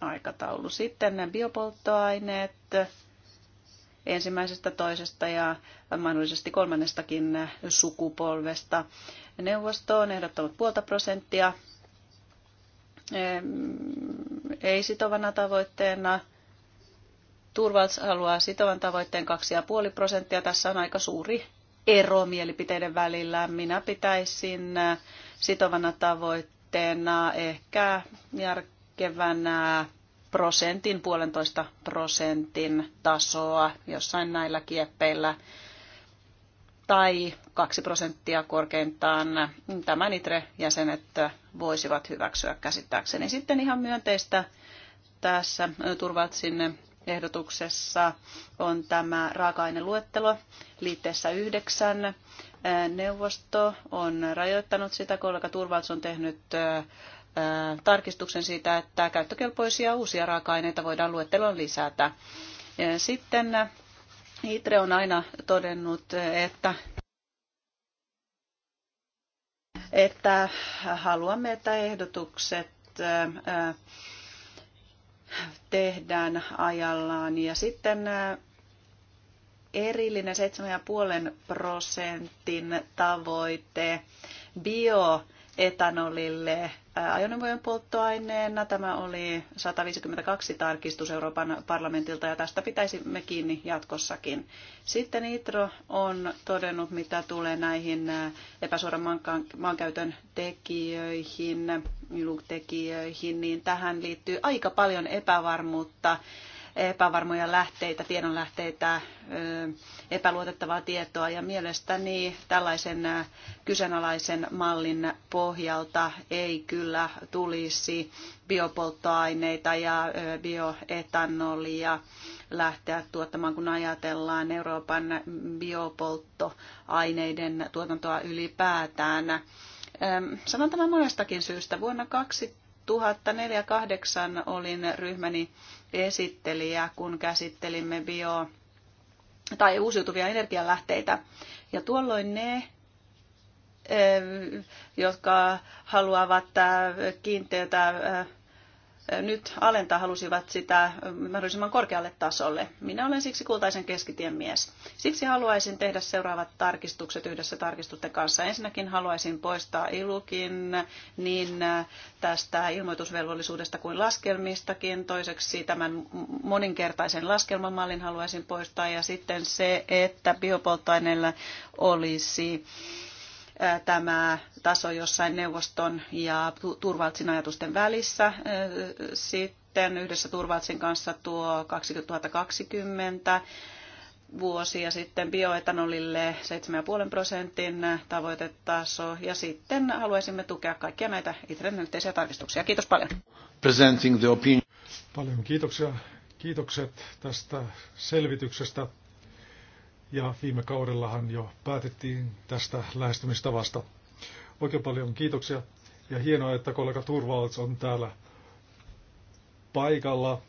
D: aikataulu. Sitten biopolttoaineet ensimmäisestä, toisesta ja mahdollisesti kolmannestakin sukupolvesta. Neuvosto on ehdottanut puolta prosenttia eh, ei sitovana tavoitteena Turvals haluaa sitovan tavoitteen 2,5 prosenttia. Tässä on aika suuri ero mielipiteiden välillä. Minä pitäisin äh, sitovana tavoitteena ehkä järkevänä prosentin, puolentoista prosentin tasoa jossain näillä kieppeillä tai kaksi prosenttia korkeintaan tämän ITRE-jäsenet voisivat hyväksyä käsittääkseni. Sitten ihan myönteistä tässä äh, Turvaltsin ehdotuksessa on tämä raaka-aineluettelo liitteessä yhdeksän. Äh, neuvosto on rajoittanut sitä, kollega Turvalts on tehnyt äh, äh, tarkistuksen siitä, että käyttökelpoisia uusia raaka-aineita voidaan luetteloon lisätä. Sitten ITRE on aina todennut, että että haluamme, että ehdotukset tehdään ajallaan. Ja sitten erillinen 7,5 prosentin tavoite bio etanolille ajoneuvojen polttoaineena. Tämä oli 152 tarkistus Euroopan parlamentilta ja tästä me kiinni jatkossakin. Sitten ITRO on todennut, mitä tulee näihin epäsuoran maankäytön tekijöihin, tekijöihin, niin tähän liittyy aika paljon epävarmuutta epävarmoja lähteitä, tiedonlähteitä, epäluotettavaa tietoa ja mielestäni tällaisen kyseenalaisen mallin pohjalta ei kyllä tulisi biopolttoaineita ja bioetanolia lähteä tuottamaan, kun ajatellaan Euroopan biopolttoaineiden tuotantoa ylipäätään. Sanon tämän monestakin syystä. Vuonna 2000 2004-2008 olin ryhmäni esittelijä, kun käsittelimme bio- tai uusiutuvia energialähteitä. Ja tuolloin ne, jotka haluavat kiinteätä nyt alentaa halusivat sitä mahdollisimman korkealle tasolle. Minä olen siksi kultaisen keskitien mies. Siksi haluaisin tehdä seuraavat tarkistukset yhdessä tarkistusten kanssa. Ensinnäkin haluaisin poistaa ilukin niin tästä ilmoitusvelvollisuudesta kuin laskelmistakin. Toiseksi tämän moninkertaisen laskelmamallin haluaisin poistaa ja sitten se, että biopolttoaineilla olisi tämä taso jossain neuvoston ja Turvaltsin ajatusten välissä. Sitten yhdessä Turvaltsin kanssa tuo 2020 vuosi ja sitten bioetanolille 7,5 prosentin tavoitetaso. Ja sitten haluaisimme tukea kaikkia näitä Itren yhteisiä tarkistuksia. Kiitos paljon.
B: Presenting the opinion. Paljon kiitoksia. Kiitokset tästä selvityksestä. Ja viime kaudellahan jo päätettiin tästä lähestymistavasta. Oikein paljon kiitoksia ja hienoa, että kollega Turvalts on täällä paikalla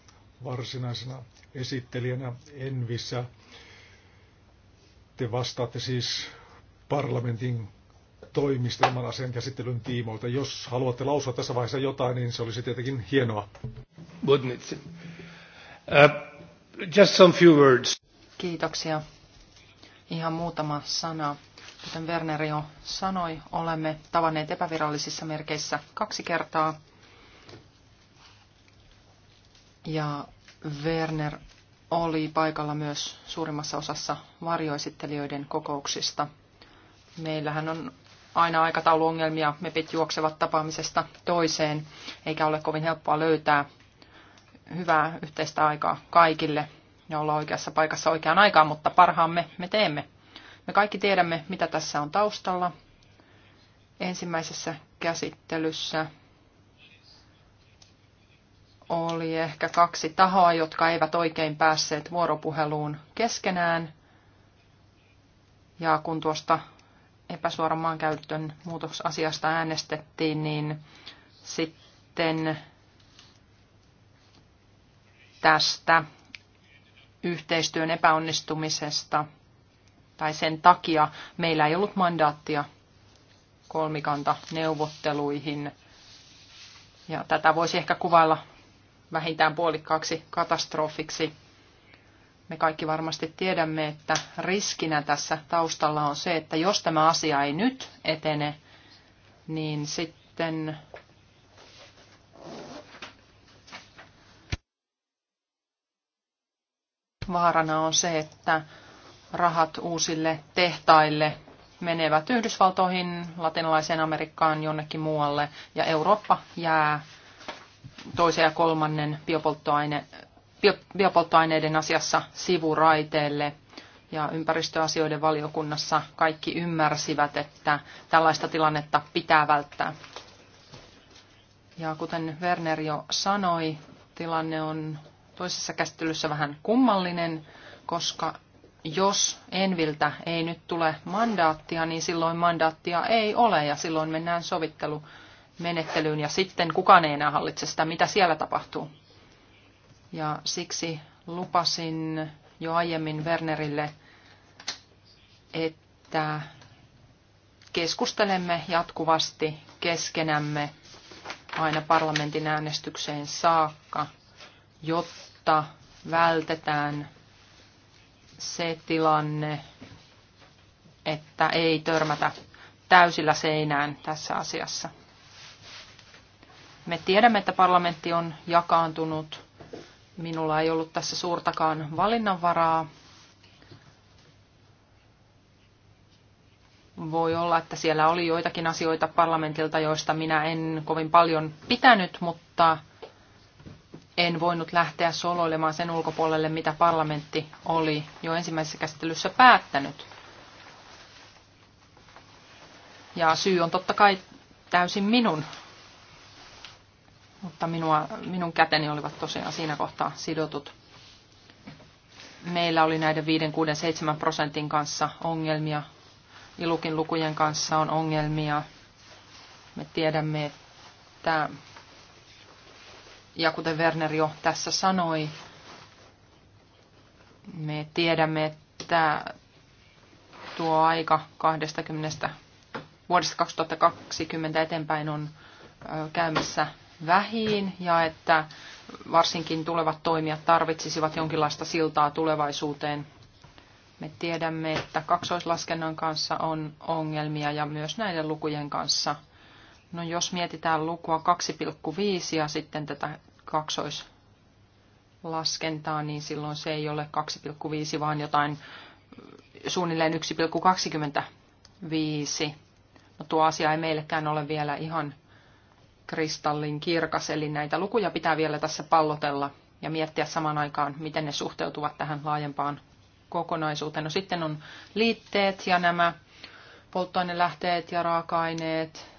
B: varsinaisena esittelijänä Envissä. Te vastaatte siis parlamentin toimistelman asian käsittelyn tiimoilta. Jos haluatte lausua tässä vaiheessa jotain, niin se olisi tietenkin hienoa. Uh, just some few words.
E: Kiitoksia. Ihan muutama sana. Kuten Werner jo sanoi, olemme tavanneet epävirallisissa merkeissä kaksi kertaa. Ja Werner oli paikalla myös suurimmassa osassa varjoesittelijöiden kokouksista. Meillähän on aina aikatauluongelmia, mepit juoksevat tapaamisesta toiseen, eikä ole kovin helppoa löytää hyvää yhteistä aikaa kaikille ja olla oikeassa paikassa oikeaan aikaan, mutta parhaamme me teemme. Me kaikki tiedämme, mitä tässä on taustalla. Ensimmäisessä käsittelyssä oli ehkä kaksi tahoa, jotka eivät oikein päässeet vuoropuheluun keskenään. Ja kun tuosta epäsuoran maankäytön muutosasiasta äänestettiin, niin sitten tästä yhteistyön epäonnistumisesta tai sen takia meillä ei ollut mandaattia kolmikanta neuvotteluihin. Ja tätä voisi ehkä kuvailla vähintään puolikkaaksi katastrofiksi. Me kaikki varmasti tiedämme, että riskinä tässä taustalla on se, että jos tämä asia ei nyt etene, niin sitten Vaarana on se, että rahat uusille tehtaille menevät Yhdysvaltoihin, latinalaiseen Amerikkaan, jonnekin muualle, ja Eurooppa jää toisen ja kolmannen biopolttoaine, bio, biopolttoaineiden asiassa sivuraiteelle. Ja ympäristöasioiden valiokunnassa kaikki ymmärsivät, että tällaista tilannetta pitää välttää. Ja kuten Werner jo sanoi, tilanne on toisessa käsittelyssä vähän kummallinen, koska jos Enviltä ei nyt tule mandaattia, niin silloin mandaattia ei ole ja silloin mennään sovittelumenettelyyn ja sitten kukaan ei enää hallitse sitä, mitä siellä tapahtuu. Ja siksi lupasin jo aiemmin Wernerille, että keskustelemme jatkuvasti keskenämme aina parlamentin äänestykseen saakka, jotta jotta vältetään se tilanne, että ei törmätä täysillä seinään tässä asiassa. Me tiedämme, että parlamentti on jakaantunut. Minulla ei ollut tässä suurtakaan valinnanvaraa. Voi olla, että siellä oli joitakin asioita parlamentilta, joista minä en kovin paljon pitänyt, mutta en voinut lähteä soloilemaan sen ulkopuolelle, mitä parlamentti oli jo ensimmäisessä käsittelyssä päättänyt. Ja syy on totta kai täysin minun, mutta minua, minun käteni olivat tosiaan siinä kohtaa sidotut. Meillä oli näiden 5, 6, 7 prosentin kanssa ongelmia. Ilukin lukujen kanssa on ongelmia. Me tiedämme, että ja kuten Werner jo tässä sanoi, me tiedämme, että tuo aika 20, vuodesta 2020 eteenpäin on käymässä vähiin ja että varsinkin tulevat toimijat tarvitsisivat jonkinlaista siltaa tulevaisuuteen. Me tiedämme, että kaksoislaskennan kanssa on ongelmia ja myös näiden lukujen kanssa – No jos mietitään lukua 2,5 ja sitten tätä kaksoislaskentaa, niin silloin se ei ole 2,5, vaan jotain suunnilleen 1,25. No tuo asia ei meillekään ole vielä ihan kristallin kirkas, eli näitä lukuja pitää vielä tässä pallotella ja miettiä samaan aikaan, miten ne suhteutuvat tähän laajempaan kokonaisuuteen. No sitten on liitteet ja nämä polttoainelähteet ja raaka-aineet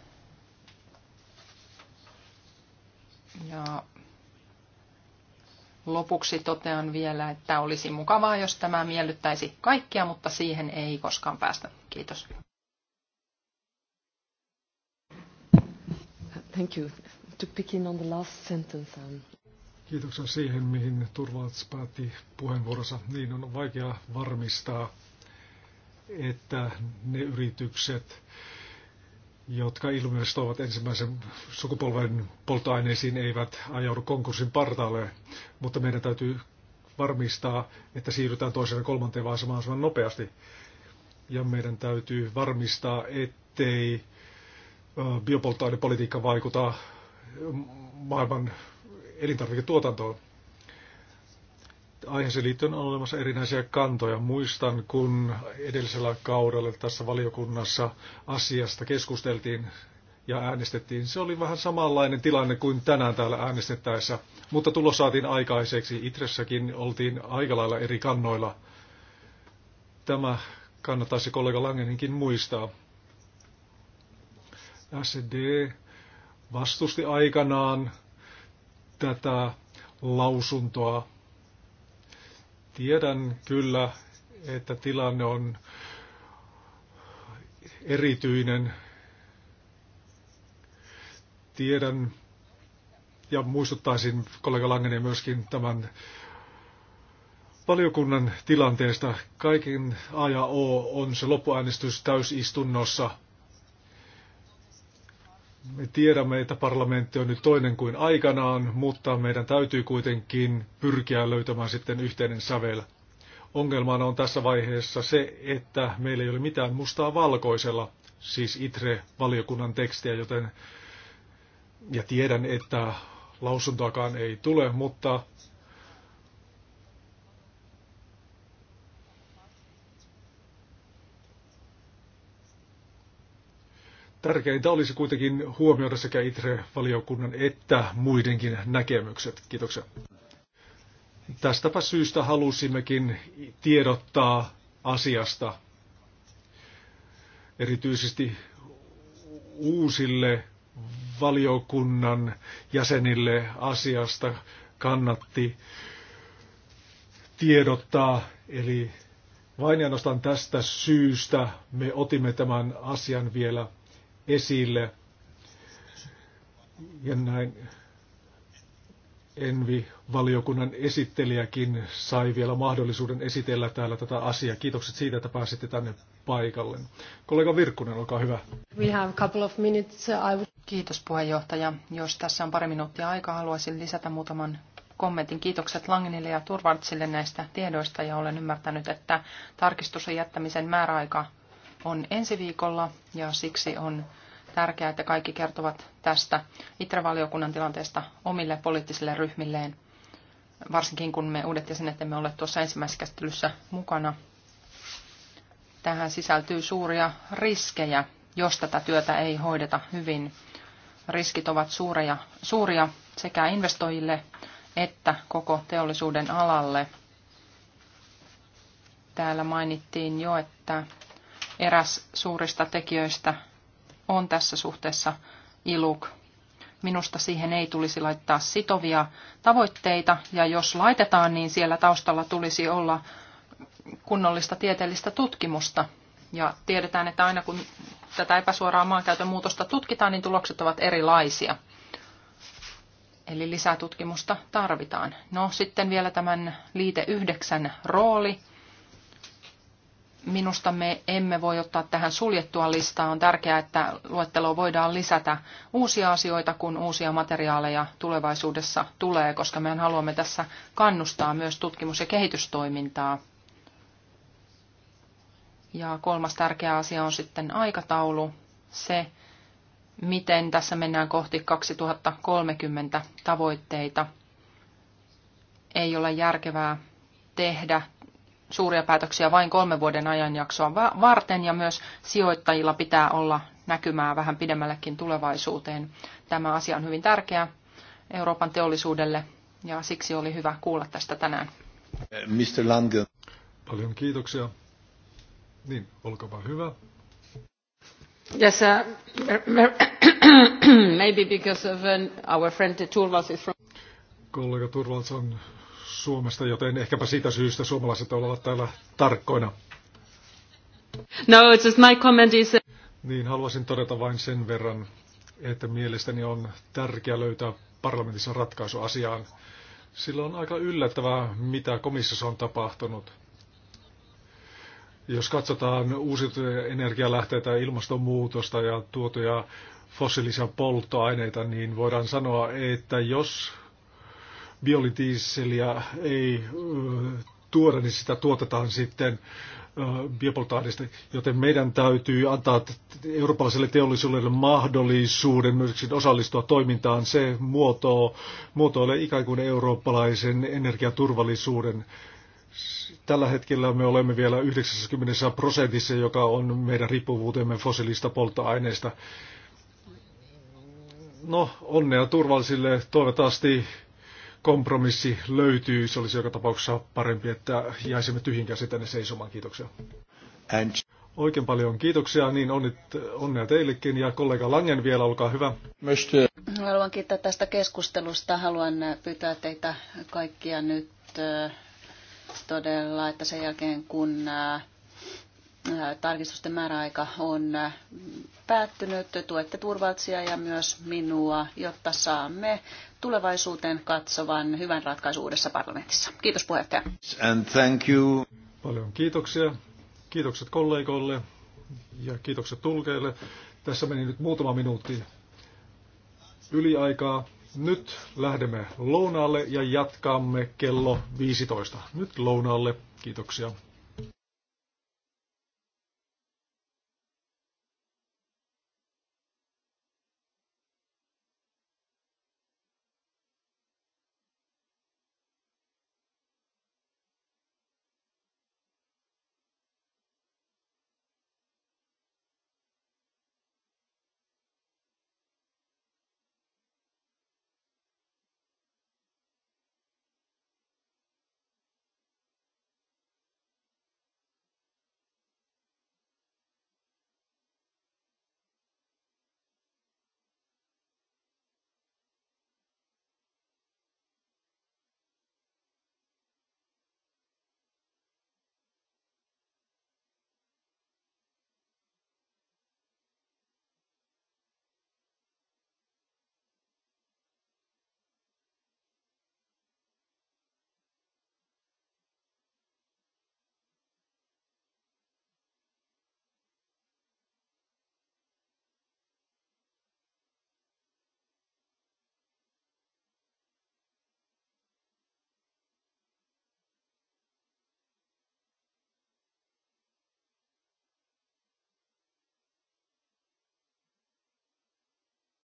E: Ja lopuksi totean vielä, että olisi mukavaa, jos tämä miellyttäisi kaikkia, mutta siihen ei koskaan
B: päästä. Kiitos.
A: Thank you. To pick in on the last sentence. Um...
B: Kiitoksia siihen, mihin Turvalts päätti puheenvuorossa, Niin on vaikea varmistaa, että ne yritykset, jotka investoivat ensimmäisen sukupolven polttoaineisiin, eivät ajaudu konkurssin partaalle, mutta meidän täytyy varmistaa, että siirrytään toisen ja kolmanteen vaiheeseen mahdollisimman nopeasti. Ja meidän täytyy varmistaa, ettei biopolttoainepolitiikka vaikuta maailman elintarviketuotantoon aiheeseen liittyen on olemassa erinäisiä kantoja. Muistan, kun edellisellä kaudella tässä valiokunnassa asiasta keskusteltiin ja äänestettiin. Se oli vähän samanlainen tilanne kuin tänään täällä äänestettäessä, mutta tulos saatiin aikaiseksi. Itressäkin oltiin aika lailla eri kannoilla. Tämä kannattaisi kollega Langeninkin muistaa. SD vastusti aikanaan tätä lausuntoa Tiedän kyllä, että tilanne on erityinen. Tiedän ja muistuttaisin kollega Langeni myöskin tämän valiokunnan tilanteesta. Kaiken A ja O on se loppuäänestys täysistunnossa – me tiedämme, että parlamentti on nyt toinen kuin aikanaan, mutta meidän täytyy kuitenkin pyrkiä löytämään sitten yhteinen sävel. Ongelmana on tässä vaiheessa se, että meillä ei ole mitään mustaa valkoisella, siis ITRE-valiokunnan tekstiä, joten ja tiedän, että lausuntoakaan ei tule, mutta Tärkeintä olisi kuitenkin huomioida sekä ITRE-valiokunnan että muidenkin näkemykset. Kiitoksia. Tästäpä syystä halusimmekin tiedottaa asiasta erityisesti uusille valiokunnan jäsenille asiasta kannatti tiedottaa. Eli vain ja tästä syystä me otimme tämän asian vielä esille. Ja näin Envi-valiokunnan esittelijäkin sai vielä mahdollisuuden esitellä täällä tätä asiaa. Kiitokset siitä, että pääsitte tänne paikalle. Kollega Virkkunen, olkaa hyvä. We
E: have couple of minutes. Uh, I would... Kiitos puheenjohtaja. Jos tässä on pari minuuttia aikaa, haluaisin lisätä muutaman kommentin. Kiitokset Langenille ja Turvartsille näistä tiedoista ja olen ymmärtänyt, että tarkistus on jättämisen määräaika on ensi viikolla ja siksi on tärkeää, että kaikki kertovat tästä ITRE-valiokunnan tilanteesta omille poliittisille ryhmilleen, varsinkin kun me uudet jäsenet emme ole tuossa ensimmäisessä käsittelyssä mukana. Tähän sisältyy suuria riskejä, jos tätä työtä ei hoideta hyvin. Riskit ovat suuria, suuria sekä investoijille että koko teollisuuden alalle. Täällä mainittiin jo, että eräs suurista tekijöistä on tässä suhteessa iluk. Minusta siihen ei tulisi laittaa sitovia tavoitteita, ja jos laitetaan, niin siellä taustalla tulisi olla kunnollista tieteellistä tutkimusta. Ja tiedetään, että aina kun tätä epäsuoraa maankäytön muutosta tutkitaan, niin tulokset ovat erilaisia. Eli lisää tutkimusta tarvitaan. No sitten vielä tämän liite yhdeksän rooli – minusta me emme voi ottaa tähän suljettua listaa. On tärkeää, että luetteloon voidaan lisätä uusia asioita, kun uusia materiaaleja tulevaisuudessa tulee, koska me haluamme tässä kannustaa myös tutkimus- ja kehitystoimintaa. Ja kolmas tärkeä asia on sitten aikataulu, se miten tässä mennään kohti 2030 tavoitteita. Ei ole järkevää tehdä suuria päätöksiä vain kolmen vuoden ajanjaksoa varten ja myös sijoittajilla pitää olla näkymää vähän pidemmällekin tulevaisuuteen. Tämä asia on hyvin tärkeä Euroopan teollisuudelle ja siksi oli hyvä kuulla tästä tänään.
B: Mr. Langen. Paljon kiitoksia. Niin, olkaa hyvä.
E: Yes, uh, maybe because of an, um, our friend Turvals is from...
B: Kollega Turvals on Suomesta, joten ehkäpä siitä syystä suomalaiset ovat täällä tarkkoina.
E: No, it's just my comment is...
B: Niin, haluaisin todeta vain sen verran, että mielestäni on tärkeää löytää parlamentissa ratkaisu asiaan. Sillä on aika yllättävää, mitä komissiossa on tapahtunut. Jos katsotaan uusiutuvia energialähteitä, ilmastonmuutosta ja tuotuja fossiilisia polttoaineita, niin voidaan sanoa, että jos biolidiiseliä ei tuoda, niin sitä tuotetaan sitten biopoltaanista, joten meidän täytyy antaa eurooppalaiselle teollisuudelle mahdollisuuden myöskin osallistua toimintaan. Se muoto, muotoille ikään kuin eurooppalaisen energiaturvallisuuden. Tällä hetkellä me olemme vielä 90 prosentissa, joka on meidän riippuvuutemme fossiilista polttoaineista. No, onnea turvallisille. Toivottavasti kompromissi löytyy. Se olisi joka tapauksessa parempi, että jäisimme käsi tänne seisomaan. Kiitoksia. And... Oikein paljon kiitoksia, niin onnit, onnea teillekin ja kollega Langen vielä, olkaa hyvä. Mestö.
D: Haluan kiittää tästä keskustelusta. Haluan äh, pyytää teitä kaikkia nyt äh, todella, että sen jälkeen kun äh, tarkistusten määräaika on päättynyt. Tuette turvaltsia ja myös minua, jotta saamme tulevaisuuteen katsovan hyvän ratkaisun uudessa parlamentissa.
B: Kiitos puheenjohtaja. And thank you. Paljon kiitoksia. Kiitokset kollegoille ja kiitokset tulkeille. Tässä meni nyt muutama minuutti yliaikaa. Nyt lähdemme lounaalle ja jatkamme kello 15. Nyt lounaalle. Kiitoksia.